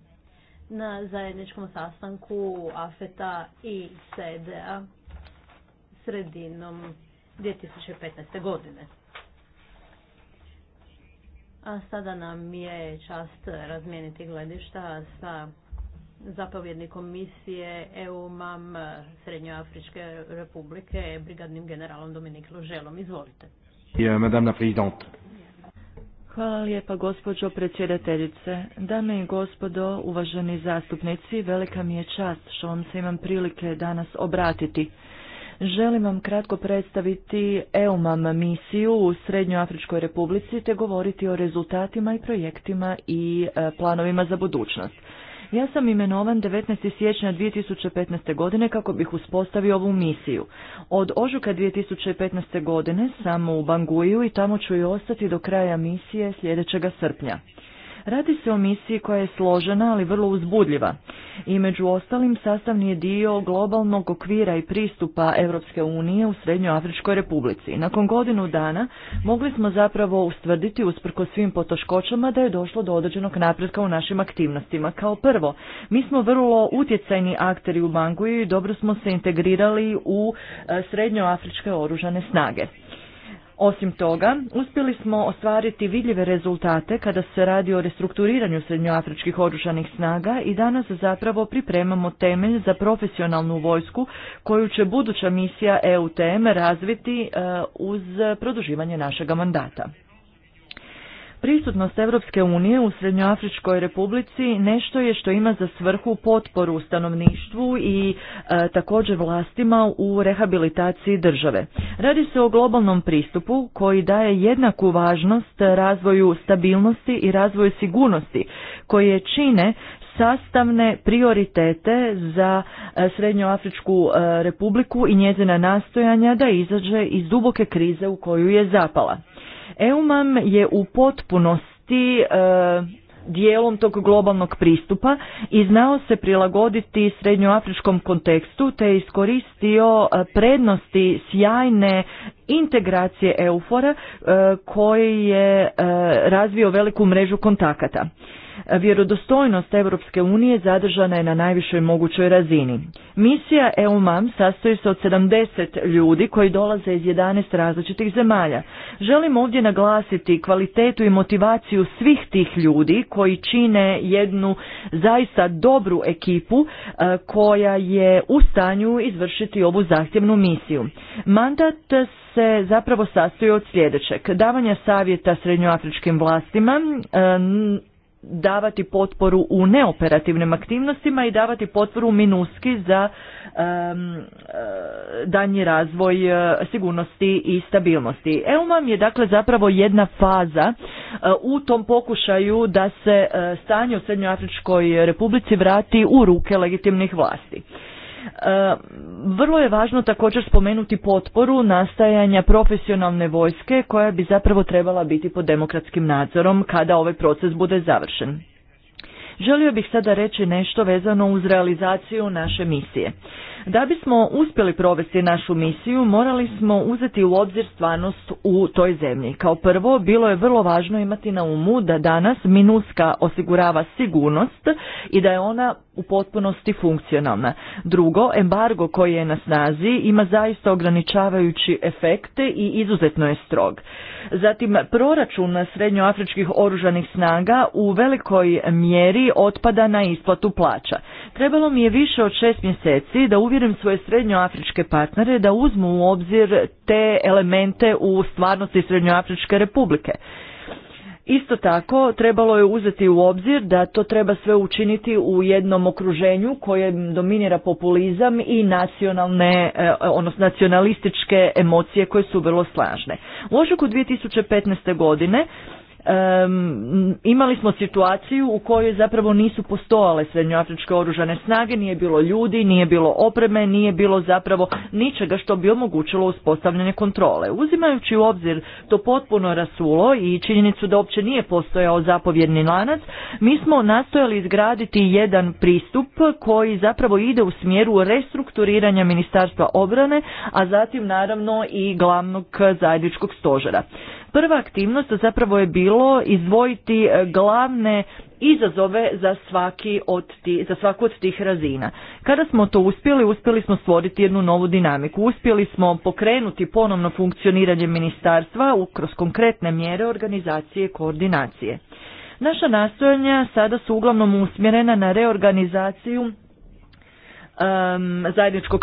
na zajedničkom sastanku AFETA i SEDE-a sredinom 2015. godine. A sada nam je čast razmijeniti gledišta sa zapovjednikom misije EU-MAM Srednjoafričke republike, brigadnim generalom Dominik Loželom. Izvolite. Madame Hvala lijepa gospođo predsjedateljice. Dame i gospodo, uvaženi zastupnici, velika mi je čast što vam se imam prilike danas obratiti. Želim vam kratko predstaviti EUMAM misiju u Srednjoafričkoj republici te govoriti o rezultatima i projektima i e, planovima za budućnost. Ja sam imenovan 19. siječnja 2015. godine kako bih uspostavio ovu misiju. Od ožuka 2015. godine sam u Banguju i tamo ću i ostati do kraja misije sljedećega srpnja. Radi se o misiji koja je složena, ali vrlo uzbudljiva i među ostalim sastavni je dio globalnog okvira i pristupa Europske unije u Srednjoafričkoj republici. Nakon godinu dana mogli smo zapravo ustvrditi usprko svim potoškoćama da je došlo do određenog napretka u našim aktivnostima. Kao prvo, mi smo vrlo utjecajni akteri u Banguju i dobro smo se integrirali u e, Srednjoafričke oružane snage. Osim toga, uspjeli smo ostvariti vidljive rezultate kada se radi o restrukturiranju srednjoafričkih oružanih snaga i danas zapravo pripremamo temelj za profesionalnu vojsku koju će buduća misija EUTM razviti e, uz produživanje našega mandata. Prisutnost Europske unije u Srednjoafričkoj republici nešto je što ima za svrhu potporu stanovništvu i e, također vlastima u rehabilitaciji države. Radi se o globalnom pristupu koji daje jednaku važnost razvoju stabilnosti i razvoju sigurnosti koje čine sastavne prioritete za e, Srednjoafričku e, republiku i njezina nastojanja da izađe iz duboke krize u koju je zapala. EUMAM je u potpunosti e, dijelom tog globalnog pristupa i znao se prilagoditi srednjoafričkom kontekstu te iskoristio e, prednosti sjajne integracije EUFORA e, koji je e, razvio veliku mrežu kontakata. Vjerodostojnost Europske unije zadržana je na najvišoj mogućoj razini. Misija EUMAM sastoji se od 70 ljudi koji dolaze iz 11 različitih zemalja. Želim ovdje naglasiti kvalitetu i motivaciju svih tih ljudi koji čine jednu zaista dobru ekipu e, koja je u stanju izvršiti ovu zahtjevnu misiju. Mandat se zapravo sastoji od sljedećeg. Davanja savjeta srednjoafričkim vlastima, e, davati potporu u neoperativnim aktivnostima i davati potporu minuski za e, danji razvoj e, sigurnosti i stabilnosti. EUMAM je dakle zapravo jedna faza u tom pokušaju da se stanje u Srednjoafričkoj republici vrati u ruke legitimnih vlasti. E, vrlo je važno također spomenuti potporu nastajanja profesionalne vojske koja bi zapravo trebala biti pod demokratskim nadzorom kada ovaj proces bude završen. Želio bih sada reći nešto vezano uz realizaciju naše misije. Da bismo uspjeli provesti našu misiju, morali smo uzeti u obzir stvarnost u toj zemlji. Kao prvo, bilo je vrlo važno imati na umu da danas Minuska osigurava sigurnost i da je ona u potpunosti funkcionalna. Drugo, embargo koji je na snazi ima zaista ograničavajući efekte i izuzetno je strog. Zatim, proračun srednjoafričkih oružanih snaga u velikoj mjeri otpada na isplatu plaća. Trebalo mi je više od šest mjeseci da uvjerim svoje srednjoafričke partnere da uzmu u obzir te elemente u stvarnosti Srednjoafričke republike. Isto tako, trebalo je uzeti u obzir da to treba sve učiniti u jednom okruženju koje dominira populizam i nacionalne, e, odnosno nacionalističke emocije koje su vrlo slažne. U ožuku 2015. godine imali smo situaciju u kojoj zapravo nisu postojale srednjoafričke oružane snage, nije bilo ljudi, nije bilo opreme, nije bilo zapravo ničega što bi omogućilo uspostavljanje kontrole. Uzimajući u obzir to potpuno rasulo i činjenicu da uopće nije postojao zapovjedni lanac, mi smo nastojali izgraditi jedan pristup koji zapravo ide u smjeru restrukturiranja Ministarstva obrane, a zatim naravno i glavnog zajedničkog stožera. Prva aktivnost zapravo je bilo izdvojiti e, glavne izazove za, svaki od za svaku od tih razina. Kada smo to uspjeli, uspjeli smo stvoriti jednu novu dinamiku. Uspjeli smo pokrenuti ponovno funkcioniranje ministarstva kroz konkretne mjere organizacije i koordinacije. Naša nastojanja sada su uglavnom usmjerena na reorganizaciju zajedničkog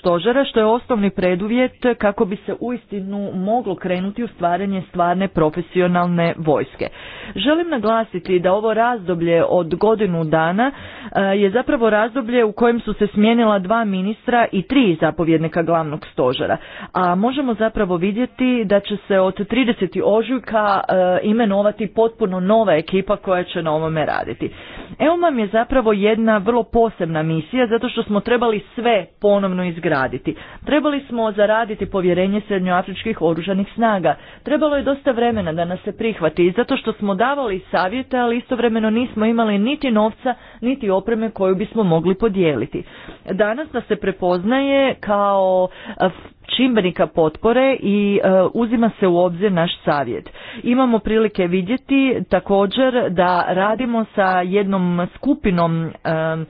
stožera što je osnovni preduvjet kako bi se uistinu moglo krenuti u stvaranje stvarne profesionalne vojske. Želim naglasiti da ovo razdoblje od godinu dana eh, je zapravo razdoblje u kojem su se smijenila dva ministra i tri zapovjednika glavnog stožera, a možemo zapravo vidjeti da će se od 30. ožujka eh, imenovati potpuno nova ekipa koja će na ovome raditi. Evo vam je zapravo jedna vrlo posebna misija zato što smo trebali sve ponovno izgraditi. Trebali smo zaraditi povjerenje srednjoafričkih oružanih snaga. Trebalo je dosta vremena da nas se prihvati i zato što smo davali savjete, ali istovremeno nismo imali niti novca, niti opreme koju bismo mogli podijeliti. Danas nas se prepoznaje kao e, čimbenika potpore i e, uzima se u obzir naš savjet. Imamo prilike vidjeti također da radimo sa jednom skupinom e,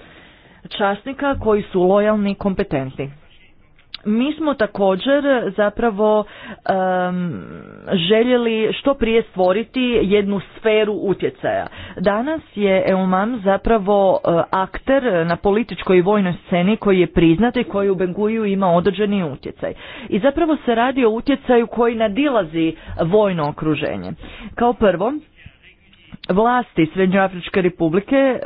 časnika koji su lojalni i kompetentni. Mi smo također zapravo željeli što prije stvoriti jednu sferu utjecaja. Danas je Euman zapravo e, akter na političkoj i vojnoj sceni koji je priznat i koji u Benguju ima određeni utjecaj. I zapravo se radi o utjecaju koji nadilazi vojno okruženje. Kao prvo, vlasti Srednjoafričke republike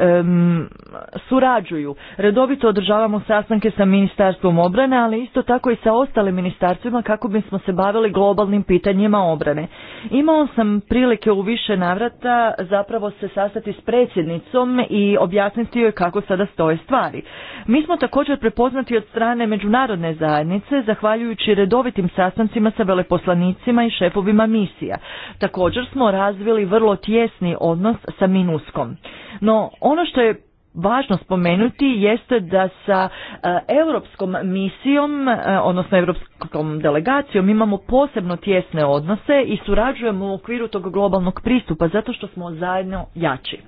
surađuju. Redovito održavamo sastanke sa Ministarstvom obrane, ali isto tako i sa ostalim ministarstvima kako bismo se bavili globalnim pitanjima obrane. Imao sam prilike u više navrata zapravo se sastati s predsjednicom i objasniti joj kako sada stoje stvari. Mi smo također prepoznati od strane međunarodne zajednice zahvaljujući redovitim sastancima sa veleposlanicima i šefovima misija. Također smo razvili vrlo tjesni odnos sa minuskom. No ono što je važno spomenuti jeste da sa e, europskom misijom, e, odnosno europskom delegacijom imamo posebno tjesne odnose i surađujemo u okviru tog globalnog pristupa zato što smo zajedno jači.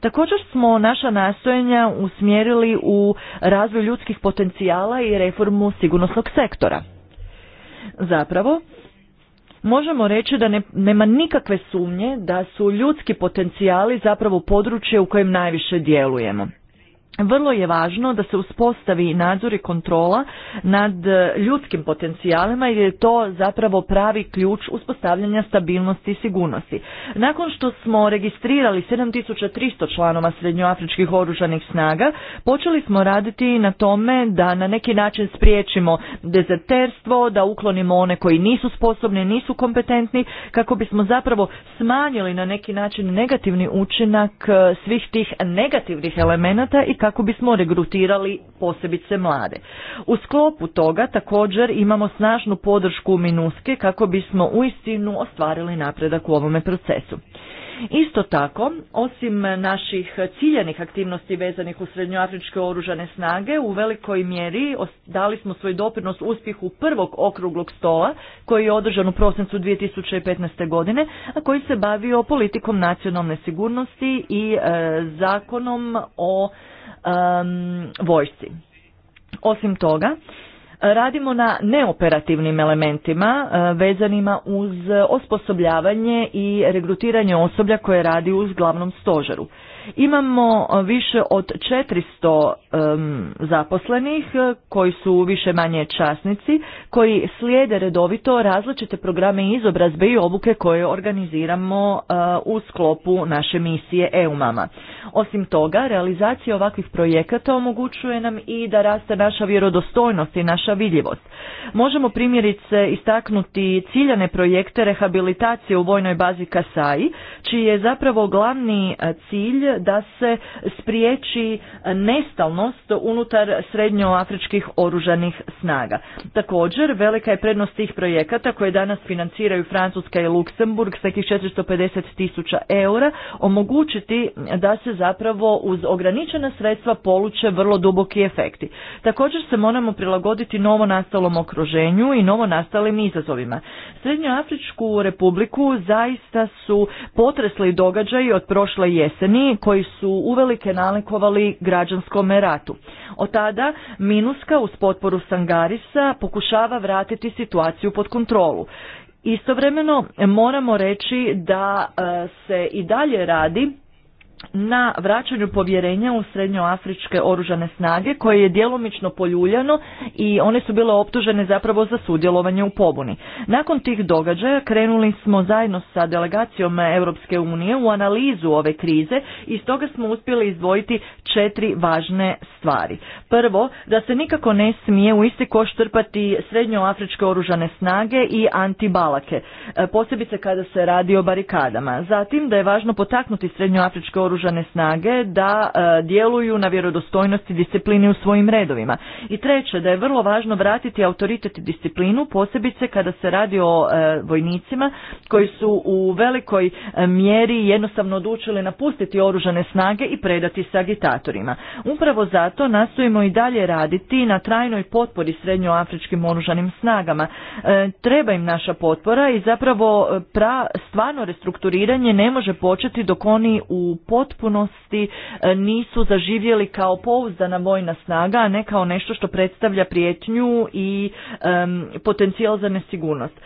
Također smo naša nastojanja usmjerili u razvoj ljudskih potencijala i reformu sigurnosnog sektora. Zapravo, možemo reći da nema nikakve sumnje da su ljudski potencijali zapravo područje u kojem najviše djelujemo vrlo je važno da se uspostavi nadzor i kontrola nad e, ljudskim potencijalima jer je to zapravo pravi ključ uspostavljanja stabilnosti i sigurnosti. Nakon što smo registrirali 7300 članova srednjoafričkih oružanih snaga, počeli smo raditi na tome da na neki način spriječimo dezerterstvo, da uklonimo one koji nisu sposobni, nisu kompetentni, kako bismo zapravo smanjili na neki način negativni učinak e, svih tih negativnih elemenata i kako bismo regrutirali posebice mlade. U sklopu toga također imamo snažnu podršku minuske kako bismo uistinu ostvarili napredak u ovome procesu. Isto tako, osim naših ciljanih aktivnosti vezanih u srednjoafričke oružane snage, u velikoj mjeri dali smo svoj doprinos uspjehu prvog okruglog stola koji je održan u prosincu 2015. godine, a koji se bavio politikom nacionalne sigurnosti i e, zakonom o e, vojsci. Osim toga, Radimo na neoperativnim elementima e, vezanima uz osposobljavanje i regrutiranje osoblja koje radi uz glavnom stožeru. Imamo e, više od 400 zaposlenih e, koji su više manje časnici, koji slijede redovito različite programe izobrazbe i obuke koje organiziramo e, u sklopu naše misije EUMAMA. Osim toga, realizacija ovakvih projekata omogućuje nam i da raste naša vjerodostojnost i naša vidljivost. Možemo primjerice istaknuti ciljane projekte rehabilitacije u vojnoj bazi Kasai, čiji je zapravo glavni cilj da se spriječi nestalnost unutar srednjoafričkih oružanih snaga. Također, velika je prednost tih projekata koje danas financiraju Francuska i Luksemburg s nekih 450 tisuća eura, omogućiti da se zapravo uz ograničena sredstva poluče vrlo duboki efekti. Također se moramo prilagoditi novo nastalom okruženju i novo nastalim izazovima. Srednjoafričku republiku zaista su potresli događaji od prošle jeseni koji su uvelike nalikovali građanskom ratu. Od tada Minuska uz potporu Sangarisa pokušava vratiti situaciju pod kontrolu. Istovremeno moramo reći da e, se i dalje radi na vraćanju povjerenja u srednjoafričke oružane snage koje je djelomično poljuljano i one su bile optužene zapravo za sudjelovanje u pobuni. Nakon tih događaja krenuli smo zajedno sa delegacijom Europske unije u analizu ove krize i stoga smo uspjeli izdvojiti četiri važne stvari. Prvo, da se nikako ne smije u isti koš trpati srednjoafričke oružane snage i antibalake, posebice kada se radi o barikadama. Zatim, da je važno potaknuti srednjoafričke oružane oružane snage da e, djeluju na vjerodostojnosti disciplini u svojim redovima. I treće, da je vrlo važno vratiti autoritet i disciplinu, posebice kada se radi o e, vojnicima koji su u velikoj e, mjeri jednostavno odlučili napustiti oružane snage i predati se agitatorima. Upravo zato nastojimo i dalje raditi na trajnoj potpori srednjoafričkim oružanim snagama. treba im naša potpora i zapravo pra, stvarno restrukturiranje ne može početi dok oni u potpunosti e, nisu zaživjeli kao pouzdana vojna snaga, a ne kao nešto što predstavlja prijetnju i potencijal za nesigurnost.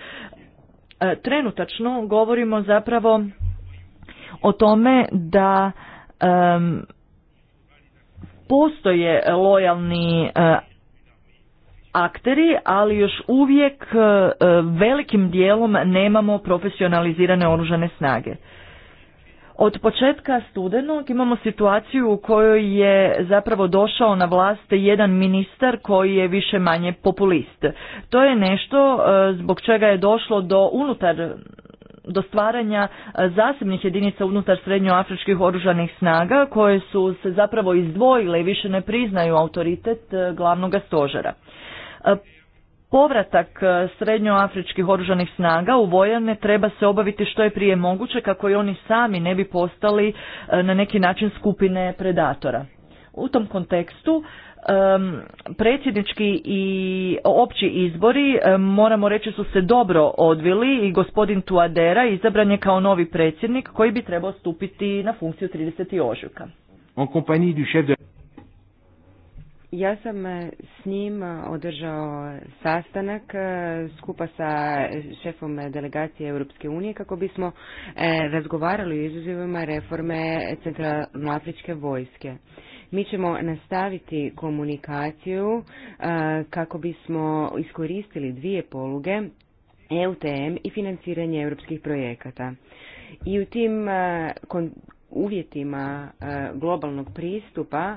E, trenutačno govorimo zapravo o tome da postoje lojalni e, akteri, ali još uvijek velikim dijelom nemamo profesionalizirane oružane snage. Od početka studenog imamo situaciju u kojoj je zapravo došao na vlast jedan ministar koji je više manje populist. To je nešto e, zbog čega je došlo do unutar do stvaranja e, zasebnih jedinica unutar srednjoafričkih oružanih snaga koje su se zapravo izdvojile i više ne priznaju autoritet e, glavnog stožera. Povratak e, srednjoafričkih oružanih snaga u vojane treba se obaviti što je prije moguće kako i oni sami ne bi postali e, na neki način skupine predatora. U tom kontekstu predsjednički i opći izbori e, moramo reći su se dobro odvili i gospodin Tuadera izabran je kao novi predsjednik koji bi trebao stupiti na funkciju 30. ožujka. Ja sam e, s njim e, održao sastanak e, skupa sa šefom delegacije Europske unije kako bismo razgovarali o izuzivima reforme centralnoafričke vojske. Mi ćemo nastaviti komunikaciju kako bismo iskoristili dvije poluge EUTM i financiranje europskih projekata. I u tim uvjetima e, globalnog pristupa e,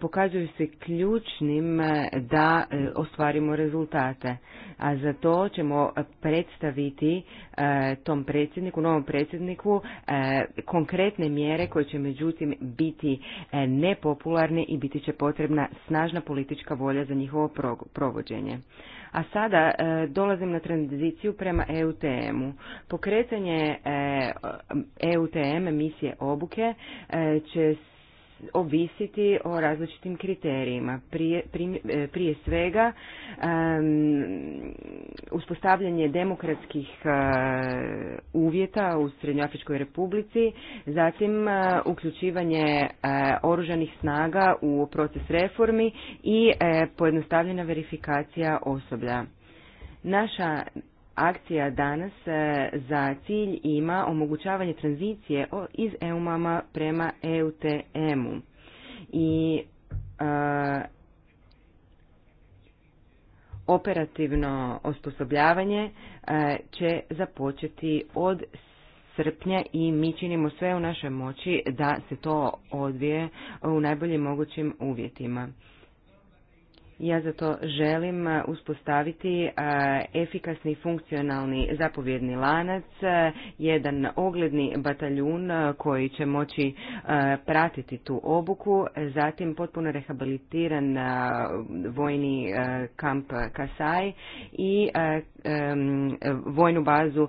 pokazuju se ključnim e, da ostvarimo rezultate. A za to ćemo predstaviti tom predsjedniku, novom predsjedniku, konkretne mjere koje će međutim biti nepopularne i biti će potrebna snažna politička volja za njihovo provođenje. A sada e, dolazim na tranziciju prema EUTM-u. Pokretanje EUTM e misije obuke e, će ovisiti o različitim kriterijima. Prije, e, prije svega uspostavljanje demokratskih e, uvjeta u Srednjoafričkoj republici, zatim e, uključivanje oružanih snaga u proces reformi i pojednostavljena verifikacija osoblja. Naša akcija danas e, za cilj ima omogućavanje tranzicije iz EUMAMA prema EUTM-u. E I e, operativno osposobljavanje će započeti od srpnja i mi činimo sve u našoj moći da se to odvije u najboljim mogućim uvjetima. Ja zato želim e, uspostaviti e, efikasni funkcionalni zapovjedni lanac, e, jedan ogledni bataljun koji će moći pratiti tu obuku, zatim potpuno rehabilitiran vojni kamp Kasaj i vojnu bazu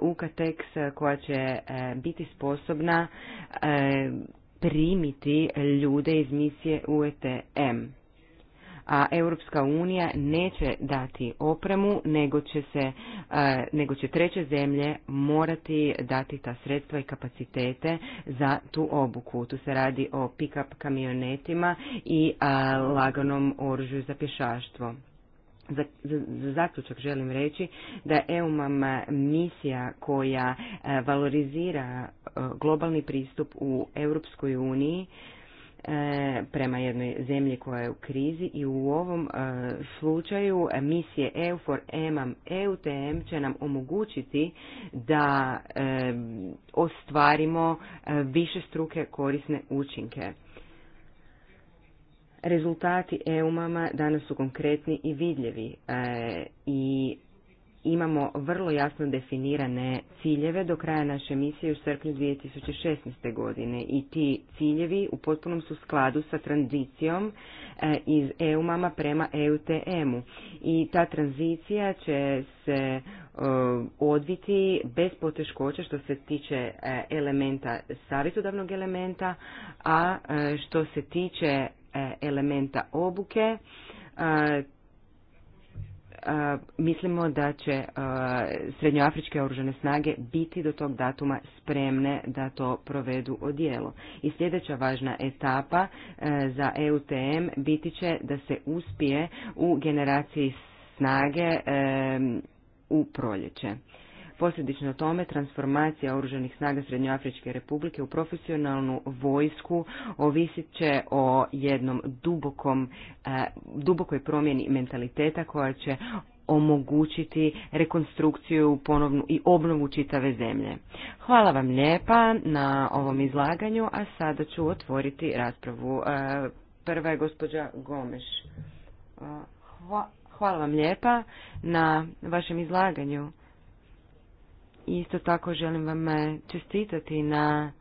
UKTEX koja će biti sposobna primiti ljude iz misije UETM a Europska unija neće dati opremu, nego će, se, e, nego će treće zemlje morati dati ta sredstva i kapacitete za tu obuku. Tu se radi o pick-up kamionetima i laganom oružju za pješaštvo. Za, za, za zaključak želim reći da EUMAM misija koja e, valorizira e, globalni pristup u Europskoj uniji prema jednoj zemlji koja je u krizi i u ovom e, slučaju misije EU for EMAM EUTM će nam omogućiti da e, ostvarimo e, više struke korisne učinke. Rezultati eu EUMAMA danas su konkretni i vidljivi i imamo vrlo jasno definirane ciljeve do kraja naše misije u srpnju 2016. godine i ti ciljevi u potpunom su skladu sa tranzicijom e, iz EU-mama prema EUTM-u i ta tranzicija će se e, odviti bez poteškoća što se tiče e, elementa, savjetodavnog elementa, a što se tiče elementa obuke, mislimo da će srednjoafričke oružane snage biti do tog datuma spremne da to provedu o I sljedeća važna etapa e, za EUTM biti će da se uspije u generaciji snage e, u proljeće. Posljedično tome, transformacija Oružanih snaga Srednjoafričke republike u profesionalnu vojsku ovisit će o jednom dubokom, e, dubokoj promjeni mentaliteta koja će omogućiti rekonstrukciju ponovnu i obnovu čitave zemlje. Hvala vam lijepa na ovom izlaganju, a sada ću otvoriti raspravu. E, prva je gospođa Gomeš. E, hvala vam lijepa na vašem izlaganju. Isto tako želim vam e, čestitati na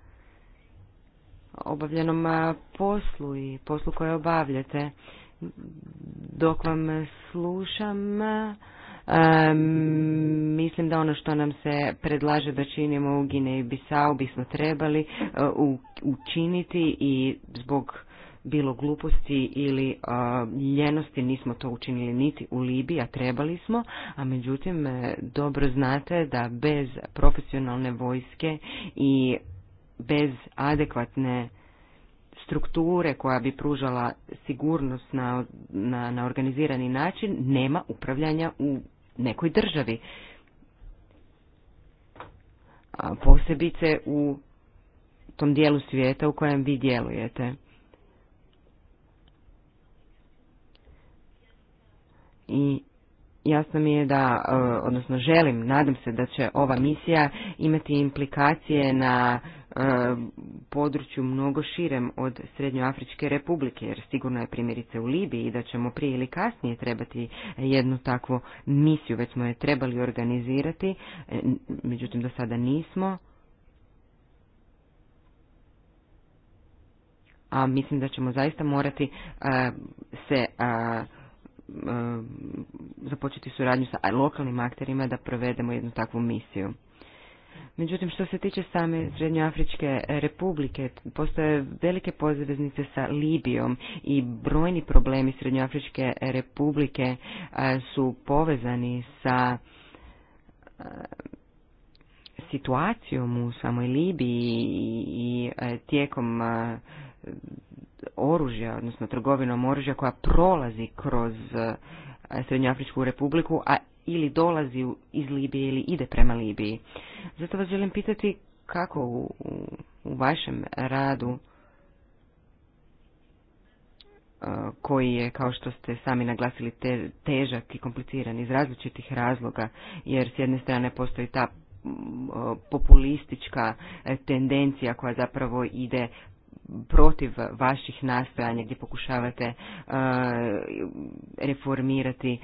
obavljenom e, poslu i poslu koje obavljate. Dok vam slušam, e, mislim da ono što nam se predlaže da činimo u i Bisao bismo trebali učiniti i zbog bilo gluposti ili ljenosti, nismo to učinili niti u Libiji, a trebali smo, a međutim e, dobro znate da bez profesionalne vojske i bez adekvatne strukture koja bi pružala sigurnost na, na, na organizirani način, nema upravljanja u nekoj državi. A posebice u tom dijelu svijeta u kojem vi djelujete. i jasno mi je da, e, odnosno želim, nadam se da će ova misija imati implikacije na e, području mnogo širem od Srednjoafričke republike, jer sigurno je primjerice u Libiji da ćemo prije ili kasnije trebati jednu takvu misiju, već smo je trebali organizirati, e, međutim do sada nismo. A mislim da ćemo zaista morati se započeti suradnju sa lokalnim akterima da provedemo jednu takvu misiju. Međutim, što se tiče same Srednjoafričke republike, postoje velike pozveznice sa Libijom i brojni problemi Srednjoafričke republike su povezani sa situacijom u samoj Libiji i e, tijekom oružja, odnosno trgovinom oružja koja prolazi kroz e, Srednjoafričku republiku, a ili dolazi iz Libije ili ide prema Libiji. Zato vas želim pitati kako u, u vašem radu e, koji je, kao što ste sami naglasili, težak i kompliciran iz različitih razloga, jer s jedne strane postoji ta e, populistička tendencija koja zapravo ide protiv vaših nastojanja gdje pokušavate e, reformirati e,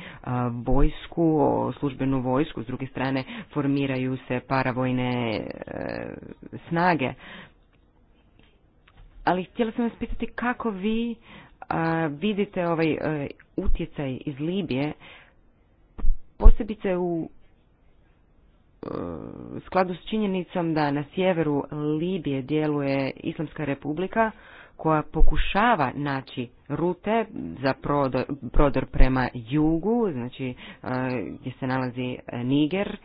vojsku, službenu vojsku, s druge strane formiraju se paravojne e, snage. Ali htjela sam vas pitati kako vi vidite ovaj utjecaj iz Libije, posebice u Eh, skladu s činjenicom da na sjeveru Libije djeluje Islamska republika koja pokušava naći rute za prodor, prema jugu, znači eh, gdje se nalazi Niger.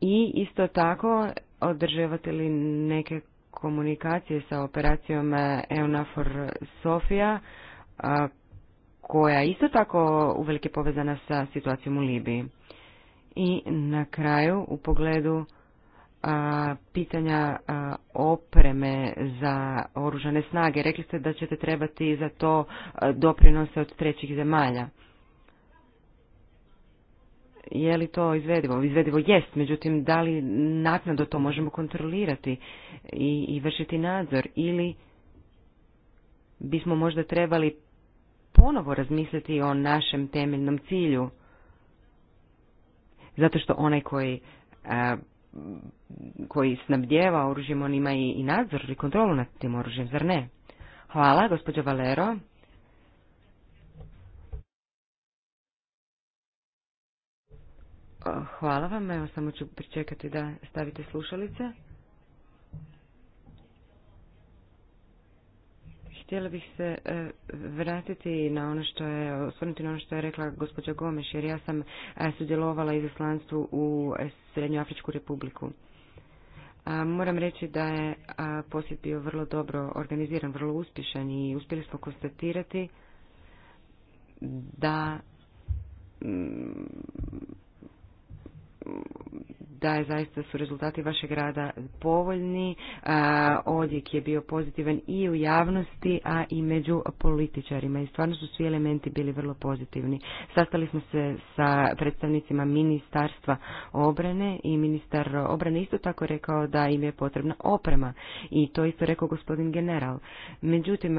I isto tako održavate li neke komunikacije sa operacijom eh, EUNAFOR Sofia koja isto tako uvelike povezana sa situacijom u Libiji. I na kraju u pogledu pitanja opreme za oružane snage. Rekli ste da ćete trebati za to doprinose od trećih zemalja. Je li to izvedivo? Izvedivo jest, međutim, da li naknadno to možemo kontrolirati i, i vršiti nadzor ili bismo možda trebali ponovo razmisliti o našem temeljnom cilju. Zato što onaj koji, a, koji snabdjeva oružjem, on ima i, i nadzor i kontrolu nad tim oružjem, zar ne? Hvala, gospođo Valero. Hvala vam, evo samo ću pričekati da stavite slušalice. Htjela bih se e, vratiti na ono što je, osvrnuti na ono što je rekla gospođa Gomeš, jer ja sam e, sudjelovala izaslanstvu u Srednjoafričku republiku. Moram reći da je posjet bio vrlo dobro organiziran, vrlo uspješan i uspjeli smo konstatirati da da je zaista su rezultati vašeg rada povoljni. Odjek je bio pozitivan i u javnosti, a i među političarima i stvarno su svi elementi bili vrlo pozitivni. Sastali smo se sa predstavnicima Ministarstva obrane i ministar obrane isto tako rekao da im je potrebna oprema i to isto rekao gospodin general. Međutim,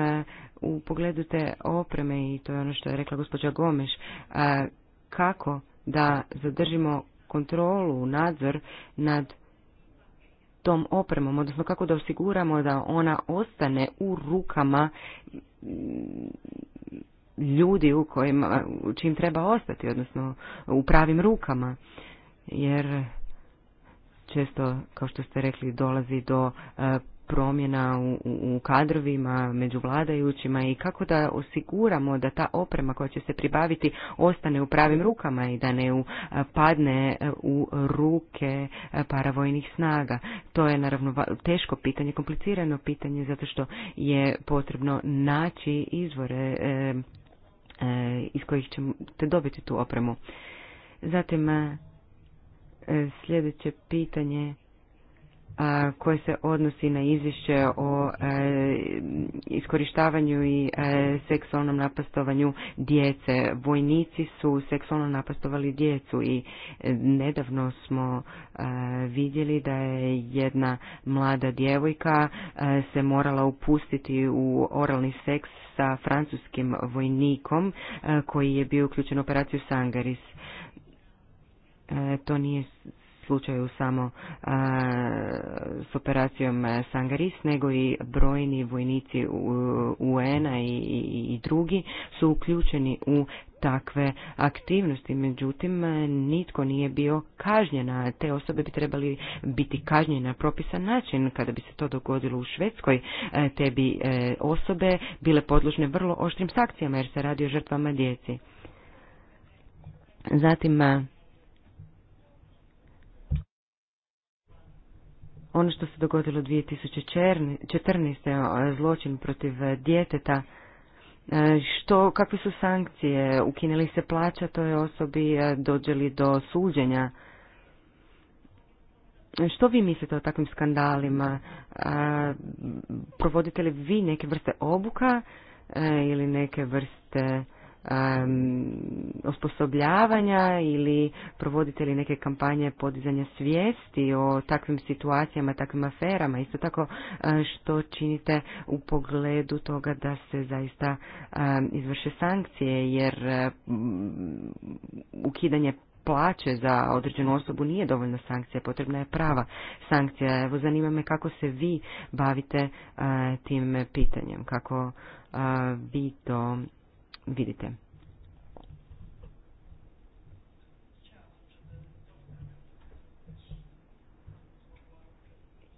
u pogledu te opreme i to je ono što je rekla gospođa Gomeš, kako da zadržimo kontrolu, nadzor nad tom opremom, odnosno kako da osiguramo da ona ostane u rukama ljudi u kojima, u čim treba ostati, odnosno u pravim rukama, jer često, kao što ste rekli, dolazi do e, promjena u, u kadrovima među vladajućima i kako da osiguramo da ta oprema koja će se pribaviti ostane u pravim rukama i da ne padne e, u ruke e, paravojnih snaga. To je naravno teško pitanje, komplicirano pitanje zato što je potrebno naći izvore e, iz kojih ćete dobiti tu opremu. Zatim sljedeće pitanje koje se odnosi na izvješće o e, iskorištavanju i e, seksualnom napastovanju djece. Vojnici su seksualno napastovali djecu i e, nedavno smo vidjeli da je jedna mlada djevojka se morala upustiti u oralni seks sa francuskim vojnikom koji je bio uključen u operaciju Sangaris. To nije slučaju samo e, s operacijom Sangaris, nego i brojni vojnici UN-a i, i, i drugi su uključeni u takve aktivnosti. Međutim, nitko nije bio kažnjena. Te osobe bi trebali biti kažnjene na propisan način. Kada bi se to dogodilo u Švedskoj, e, te bi e, osobe bile podložne vrlo oštrim sankcijama jer se radi o žrtvama djeci. Zatim, ono što se dogodilo 2014. zločin protiv e, djeteta, e, što, kakve su sankcije, ukinuli se plaća toj osobi, e, dođeli do suđenja. Što vi mislite o takvim skandalima? Provodite li vi neke vrste obuka ili neke vrste osposobljavanja ili provodite li neke kampanje podizanja svijesti o takvim situacijama, takvim aferama. Isto tako što činite u pogledu toga da se zaista izvrše sankcije jer ukidanje plaće za određenu osobu nije dovoljna sankcija, potrebna je prava sankcija. Evo zanima me kako se vi bavite tim pitanjem, kako vi to vidite.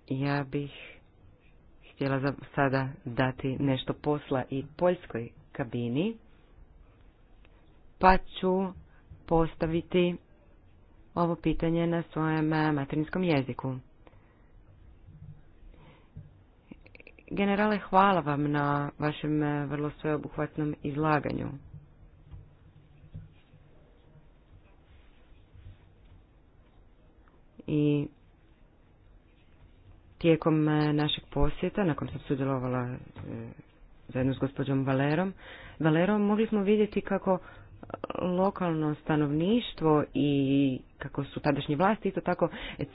Ja bih htjela sada dati nešto posla i poljskoj kabini, pa ću postaviti ovo pitanje na svojem eh, materinskom jeziku. Generale, hvala vam na vašem eh, vrlo sveobuhvatnom izlaganju. I tijekom eh, našeg posjeta, nakon sam sudjelovala eh, zajedno s gospođom Valerom, Valerom mogli smo vidjeti kako lokalno stanovništvo i kako su tadašnje vlasti isto tako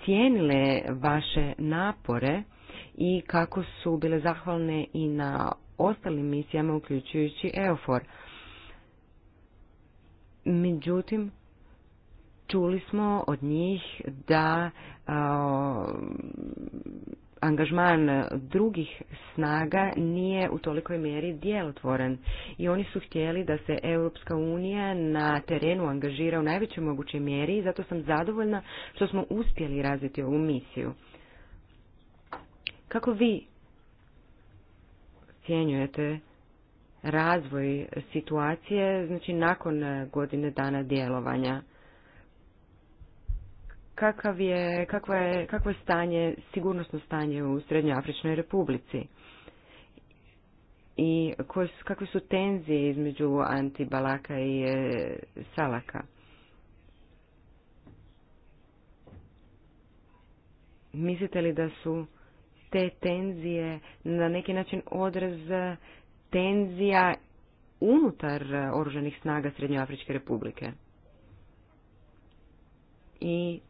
cijenile vaše napore i kako su bile zahvalne i na ostalim misijama, uključujući EOFOR. Međutim, čuli smo od njih da angažman drugih snaga nije u tolikoj mjeri djelotvoren i oni su htjeli da se Europska unija na terenu angažira u najvećoj mogućoj mjeri i zato sam zadovoljna što smo uspjeli razviti ovu misiju. Kako vi cijenjujete razvoj situacije, znači nakon e, godine dana djelovanja? Kakav je, kakvo, je, kakvo je stanje, sigurnosno stanje u Srednjoafričnoj republici? I kakve su tenzije između Antibalaka i e, Salaka? Mislite li da su te tenzije na neki način odraz tenzija unutar oružanih snaga Srednjoafričke republike? I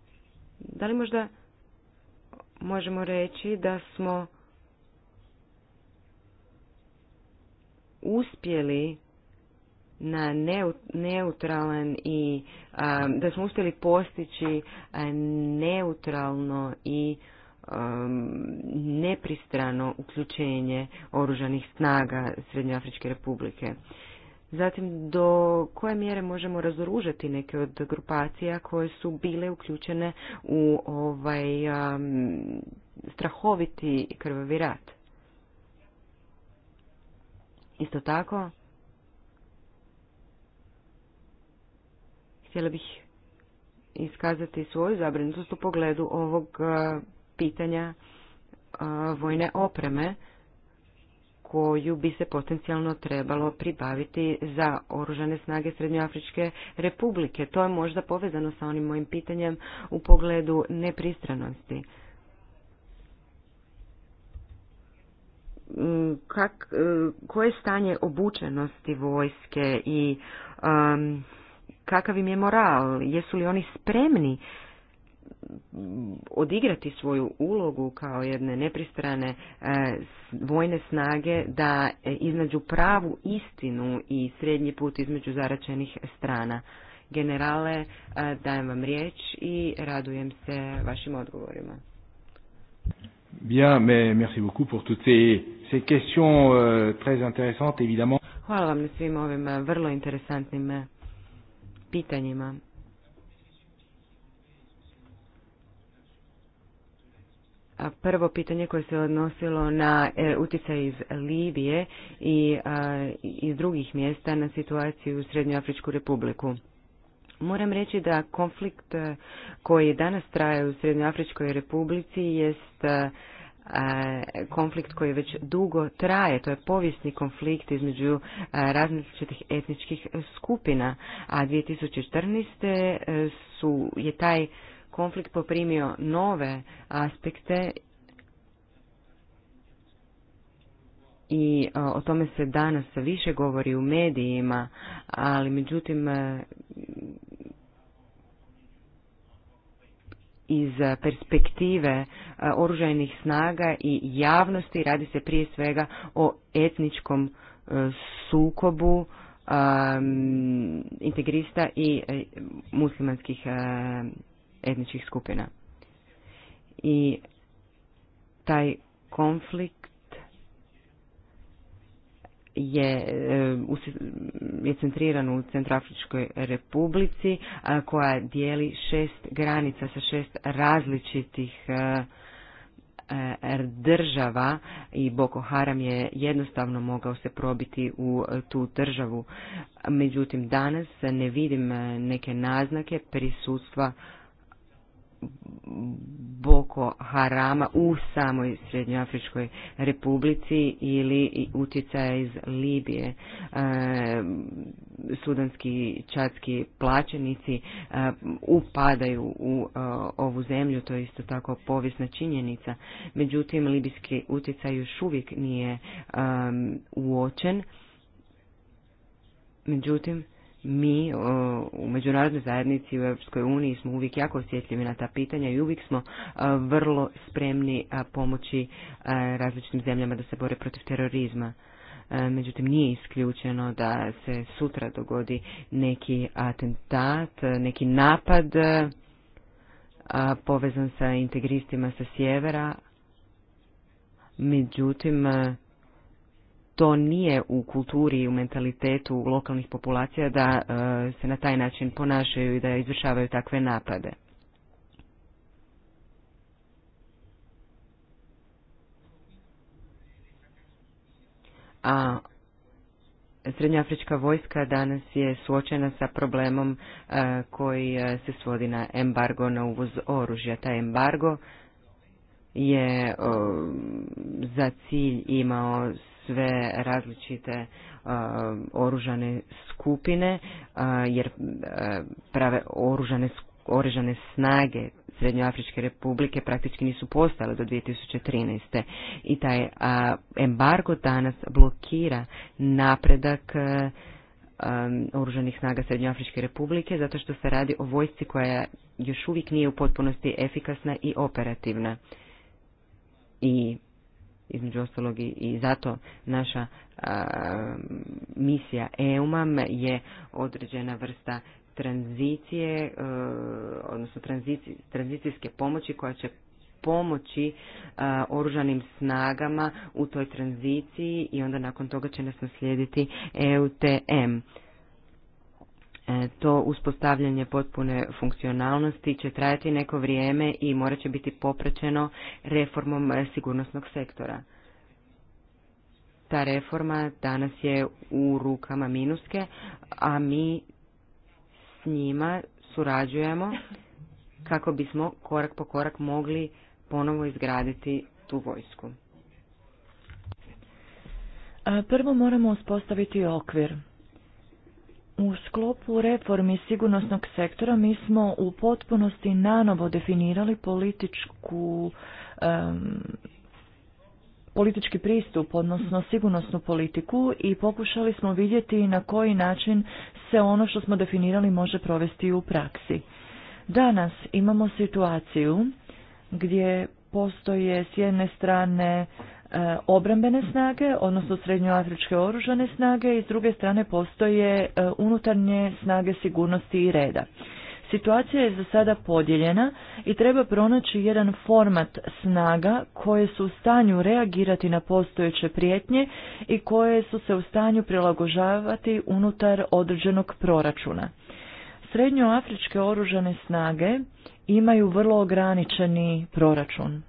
da li možda možemo reći da smo uspjeli na neutralan i da smo uspjeli postići neutralno i Um, nepristrano uključenje oružanih snaga Srednjoafričke republike. Zatim, do koje mjere možemo razoružati neke od grupacija koje su bile uključene u ovaj um, strahoviti krvavi rat? Isto tako, htjela bih iskazati svoju zabrinutost u pogledu ovog uh, pitanja vojne opreme koju bi se potencijalno trebalo pribaviti za Oružane snage Srednjoafričke republike. To je možda povezano sa onim mojim pitanjem u pogledu nepristranosti. Mm, kak, e, koje stanje obučenosti vojske i kakav im je moral? Jesu li oni spremni Mm, odigrati svoju ulogu kao jedne nepristrane e, vojne snage da e, iznađu pravu istinu i srednji put između zaračenih strana. Generale, e, dajem vam riječ i radujem se vašim odgovorima. Hvala vam na svim ovim vrlo interesantnim pitanjima. Prvo pitanje koje se odnosilo na e, utjecaj iz Libije i iz drugih mjesta na situaciju u Srednjoafričku republiku. Moram reći da konflikt e, koji danas traje u Srednjoafričkoj republici jest e, konflikt koji već dugo traje, to je povijesni konflikt između različitih etničkih skupina, a 2014. su je taj konflikt poprimio nove aspekte i o tome se danas više govori u medijima, ali međutim iz perspektive oružajnih snaga i javnosti radi se prije svega o etničkom sukobu integrista i e, muslimanskih etničkih skupina. I taj konflikt je, e, je centriran u Centroafričkoj republici koja dijeli šest granica sa šest različitih e, e, država i Boko Haram je jednostavno mogao se probiti u tu državu. Međutim, danas ne vidim neke naznake prisutstva Boko Harama u samoj Srednjoafričkoj republici ili utjecaja iz Libije. E, sudanski čatski plaćenici e, upadaju u e, ovu zemlju, to je isto tako povijesna činjenica. Međutim, libijski utjecaj još uvijek nije uočen. Međutim, mi e, u međunarodnoj zajednici u Europskoj uniji smo uvijek jako osjetljivi na ta pitanja i uvijek smo e, vrlo spremni e, pomoći različitim zemljama da se bore protiv terorizma. Međutim, nije isključeno da se sutra dogodi neki atentat, neki napad povezan sa integristima sa sjevera. Međutim, to nije u kulturi i u mentalitetu lokalnih populacija da e, se na taj način ponašaju i da izvršavaju takve napade. A Srednjoafrička vojska danas je suočena sa problemom e, koji e, se svodi na embargo na uvoz oružja. Taj embargo je za cilj imao sve različite e, oružane skupine, e, jer e, prave oružane oružane snage Srednjoafričke republike praktički nisu postale do 2013. I taj embargo danas blokira napredak oružanih snaga Srednjoafričke republike zato što se radi o vojsci koja još uvijek nije u potpunosti efikasna i operativna. I između ostalog i zato naša misija EUMAM je određena vrsta tranzicije, e, odnosno tranzicijske pomoći koja će pomoći oružanim snagama u toj tranziciji i onda nakon toga će nas naslijediti EUTM. E, to uspostavljanje potpune funkcionalnosti će trajati neko vrijeme i morat će biti popraćeno reformom e, sigurnosnog sektora. Ta reforma danas je u rukama Minuske, a mi s njima surađujemo kako bismo korak po korak mogli ponovo izgraditi tu vojsku. E, prvo moramo uspostaviti okvir. U sklopu reformi sigurnosnog sektora mi smo u potpunosti nanovo definirali političku politički pristup, odnosno sigurnosnu politiku i pokušali smo vidjeti na koji način se ono što smo definirali može provesti u praksi. Danas imamo situaciju gdje postoje s jedne strane E, obrambene snage, odnosno srednjoafričke oružane snage i s druge strane postoje e, unutarnje snage sigurnosti i reda. Situacija je za sada podijeljena i treba pronaći jedan format snaga koje su u stanju reagirati na postojeće prijetnje i koje su se u stanju prilagožavati unutar određenog proračuna. Srednjoafričke oružane snage imaju vrlo ograničeni proračun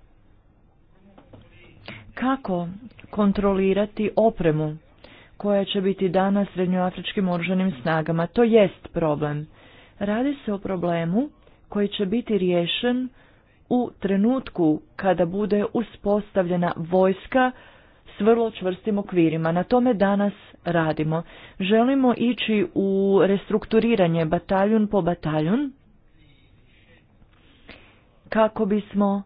kako kontrolirati opremu koja će biti dana srednjoafričkim oružanim snagama. To jest problem. Radi se o problemu koji će biti riješen u trenutku kada bude uspostavljena vojska s vrlo čvrstim okvirima. Na tome danas radimo. Želimo ići u restrukturiranje bataljun po bataljun kako bismo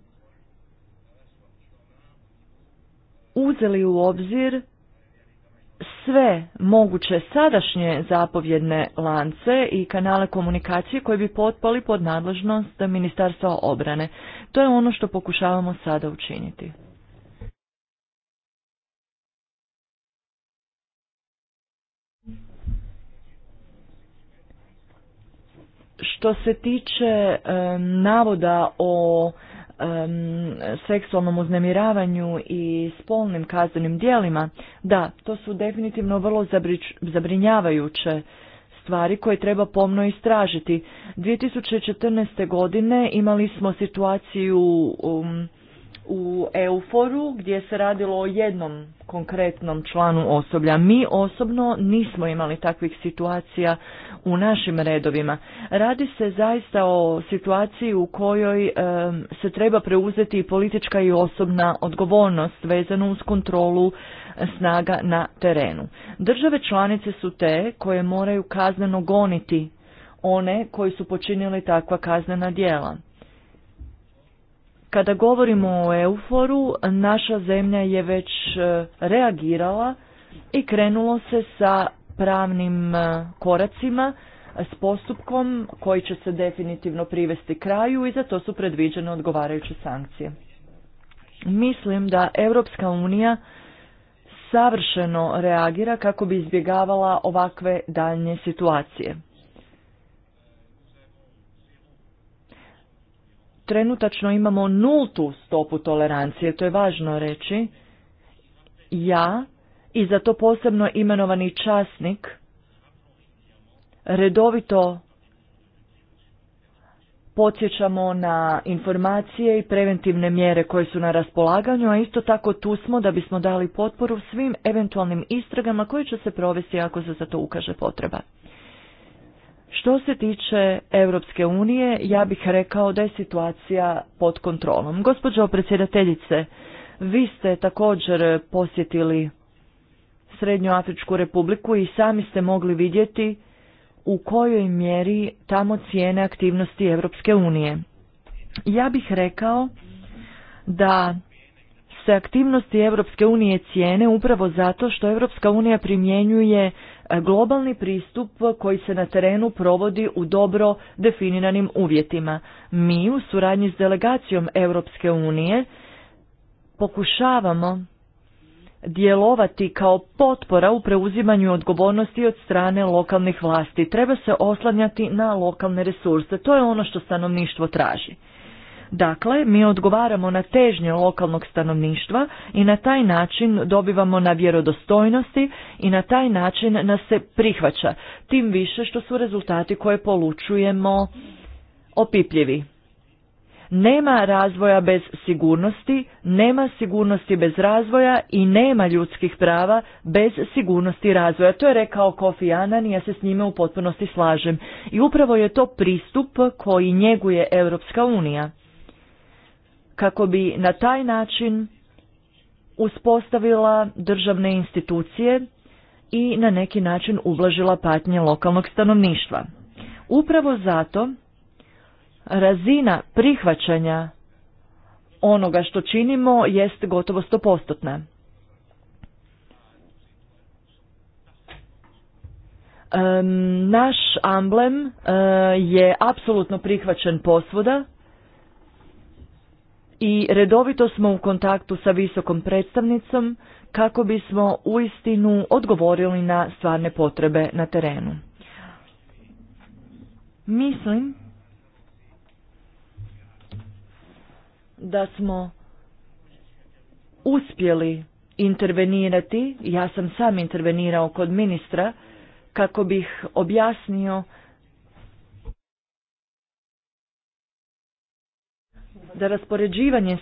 uzeli u obzir sve moguće sadašnje zapovjedne lance i kanale komunikacije koji bi potpali pod nadležnost Ministarstva obrane. To je ono što pokušavamo sada učiniti. Što se tiče navoda o um, seksualnom uznemiravanju i spolnim kaznenim dijelima, da, to su definitivno vrlo zabrinjavajuće stvari koje treba pomno istražiti. 2014. godine imali smo situaciju um, u Euforu gdje se radilo o jednom konkretnom članu osoblja. Mi osobno nismo imali takvih situacija u našim redovima. Radi se zaista o situaciji u kojoj se treba preuzeti i politička i osobna odgovornost vezanu uz kontrolu snaga na terenu. Države članice su te koje moraju kazneno goniti one koji su počinili takva kaznena djela. Kada govorimo o Euforu, naša zemlja je već e, reagirala i krenulo se sa pravnim e, koracima s postupkom koji će se definitivno privesti kraju i za to su predviđene odgovarajuće sankcije. Mislim da Europska unija savršeno reagira kako bi izbjegavala ovakve daljnje situacije. trenutačno imamo nultu stopu tolerancije, to je važno reći. Ja i za to posebno imenovani časnik redovito podsjećamo na informacije i preventivne mjere koje su na raspolaganju, a isto tako tu smo da bismo dali potporu svim eventualnim istragama koje će se provesti ako se za to ukaže potreba. Što se tiče Europske unije, ja bih rekao da je situacija pod kontrolom. Gospođo predsjedateljice, vi ste također posjetili Srednju Afričku republiku i sami ste mogli vidjeti u kojoj mjeri tamo cijene aktivnosti Europske unije. Ja bih rekao da se aktivnosti Europske unije cijene upravo zato što Europska unija primjenjuje e, globalni pristup koji se na terenu provodi u dobro definiranim uvjetima. Mi u suradnji s delegacijom Europske unije pokušavamo djelovati kao potpora u preuzimanju odgovornosti od strane lokalnih vlasti. Treba se oslanjati na lokalne resurse. To je ono što stanovništvo traži. Dakle, mi odgovaramo na težnje lokalnog stanovništva i na taj način dobivamo na vjerodostojnosti i na taj način nas se prihvaća, tim više što su rezultati koje polučujemo opipljivi. Nema razvoja bez sigurnosti, nema sigurnosti bez razvoja i nema ljudskih prava bez sigurnosti razvoja. To je rekao Kofi Annan i ja se s njime u potpunosti slažem. I upravo je to pristup koji njeguje Europska unija kako bi na taj način uspostavila državne institucije i na neki način ublažila patnje lokalnog stanovništva. Upravo zato razina prihvaćanja onoga što činimo jest gotovo stopostotna. Naš amblem e, je apsolutno prihvaćen posvuda i redovito smo u kontaktu sa visokom predstavnicom kako bismo uistinu odgovorili na stvarne potrebe na terenu. Mislim da smo uspjeli intervenirati, ja sam sam intervenirao kod ministra kako bih objasnio da raspoređivanje e,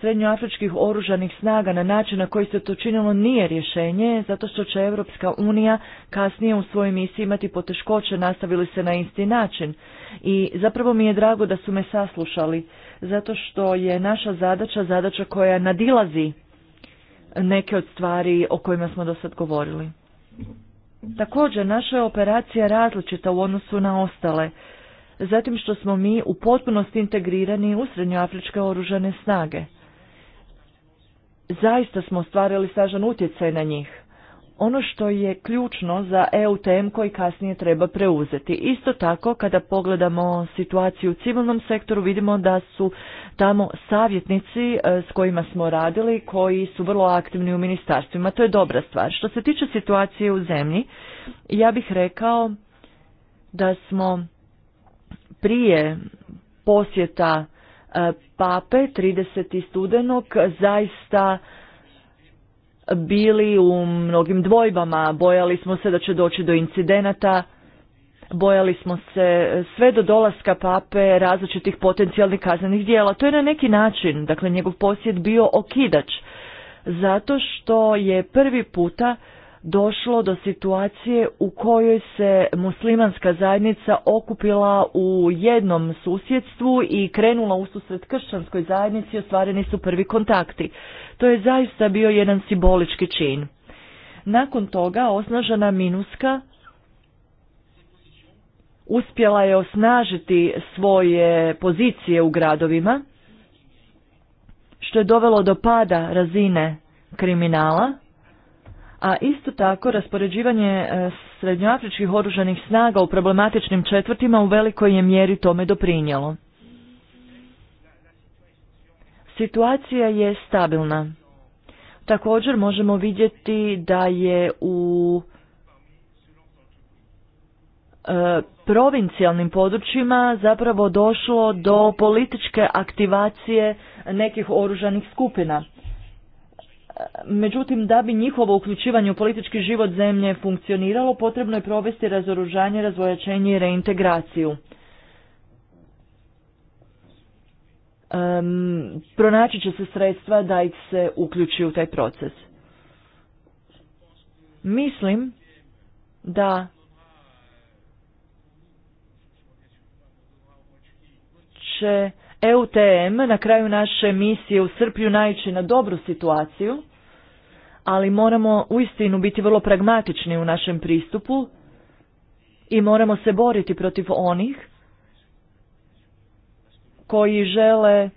srednjoafričkih oružanih snaga na način na koji se to činilo nije rješenje, zato što će Europska unija kasnije u svojoj misiji imati poteškoće nastavili se na isti način. I zapravo mi je drago da su me saslušali, zato što je naša zadaća zadaća koja nadilazi neke od stvari o kojima smo do sad govorili. Također, naša je operacija različita u odnosu na ostale zatim što smo mi u potpunosti integrirani u srednjoafričke oružane snage. Zaista smo stvarili snažan utjecaj na njih. Ono što je ključno za EUTM koji kasnije treba preuzeti. Isto tako kada pogledamo situaciju u civilnom sektoru vidimo da su tamo savjetnici e, s kojima smo radili koji su vrlo aktivni u ministarstvima. To je dobra stvar. Što se tiče situacije u zemlji, ja bih rekao da smo prije posjeta e, pape 30. studenog zaista bili u mnogim dvojbama, bojali smo se da će doći do incidenata, bojali smo se sve do dolaska pape različitih potencijalnih kaznenih dijela. To je na neki način, dakle njegov posjet bio okidač, zato što je prvi puta došlo do situacije u kojoj se muslimanska zajednica okupila u jednom susjedstvu i krenula u susret kršćanskoj zajednici i ostvareni su prvi kontakti. To je zaista bio jedan simbolički čin. Nakon toga osnažena Minuska uspjela je osnažiti svoje pozicije u gradovima, što je dovelo do pada razine kriminala a isto tako raspoređivanje e, srednjoafričkih oružanih snaga u problematičnim četvrtima u velikoj je mjeri tome doprinjelo. Situacija je stabilna. Također možemo vidjeti da je u e, provincijalnim područjima zapravo došlo do političke aktivacije nekih oružanih skupina. Međutim, da bi njihovo uključivanje u politički život zemlje funkcioniralo, potrebno je provesti razoružanje, razvojačenje i reintegraciju. pronaći će se sredstva da ih se uključi u taj proces. Mislim da će EUTM na kraju naše misije u srpju naići na dobru situaciju, ali moramo uistinu biti vrlo pragmatični u našem pristupu i moramo se boriti protiv onih koji žele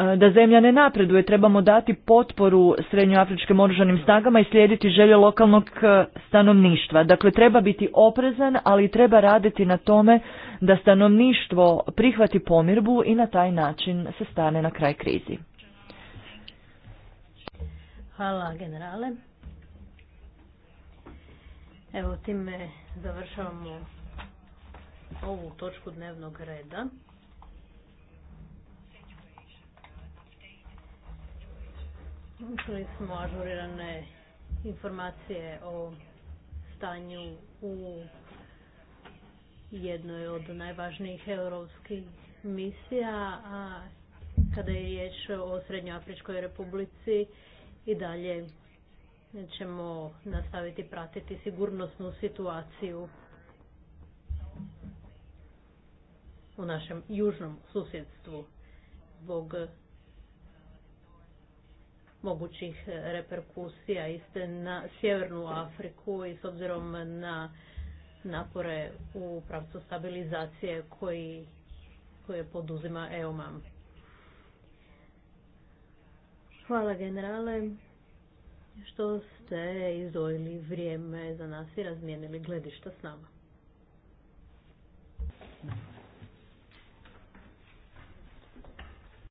E, da zemlja ne napreduje. Trebamo dati potporu srednjoafričkim oružanim snagama i slijediti želje lokalnog e, stanovništva. Dakle, treba biti oprezan, ali treba raditi na tome da stanovništvo prihvati pomirbu i na taj način se stane na kraj krizi. Hvala generale. Evo time završavamo ovu točku dnevnog reda. Čuli smo ažurirane informacije o stanju u jednoj od najvažnijih europskih misija, a kada je riječ o Srednjoafričkoj republici i dalje ćemo nastaviti pratiti sigurnosnu situaciju u našem južnom susjedstvu zbog mogućih e, reperkusija iste na Sjevernu Afriku i s obzirom na napore u pravcu stabilizacije koji, koje poduzima EOMAM. Hvala generale što ste izdvojili vrijeme za nas i razmijenili gledišta s nama.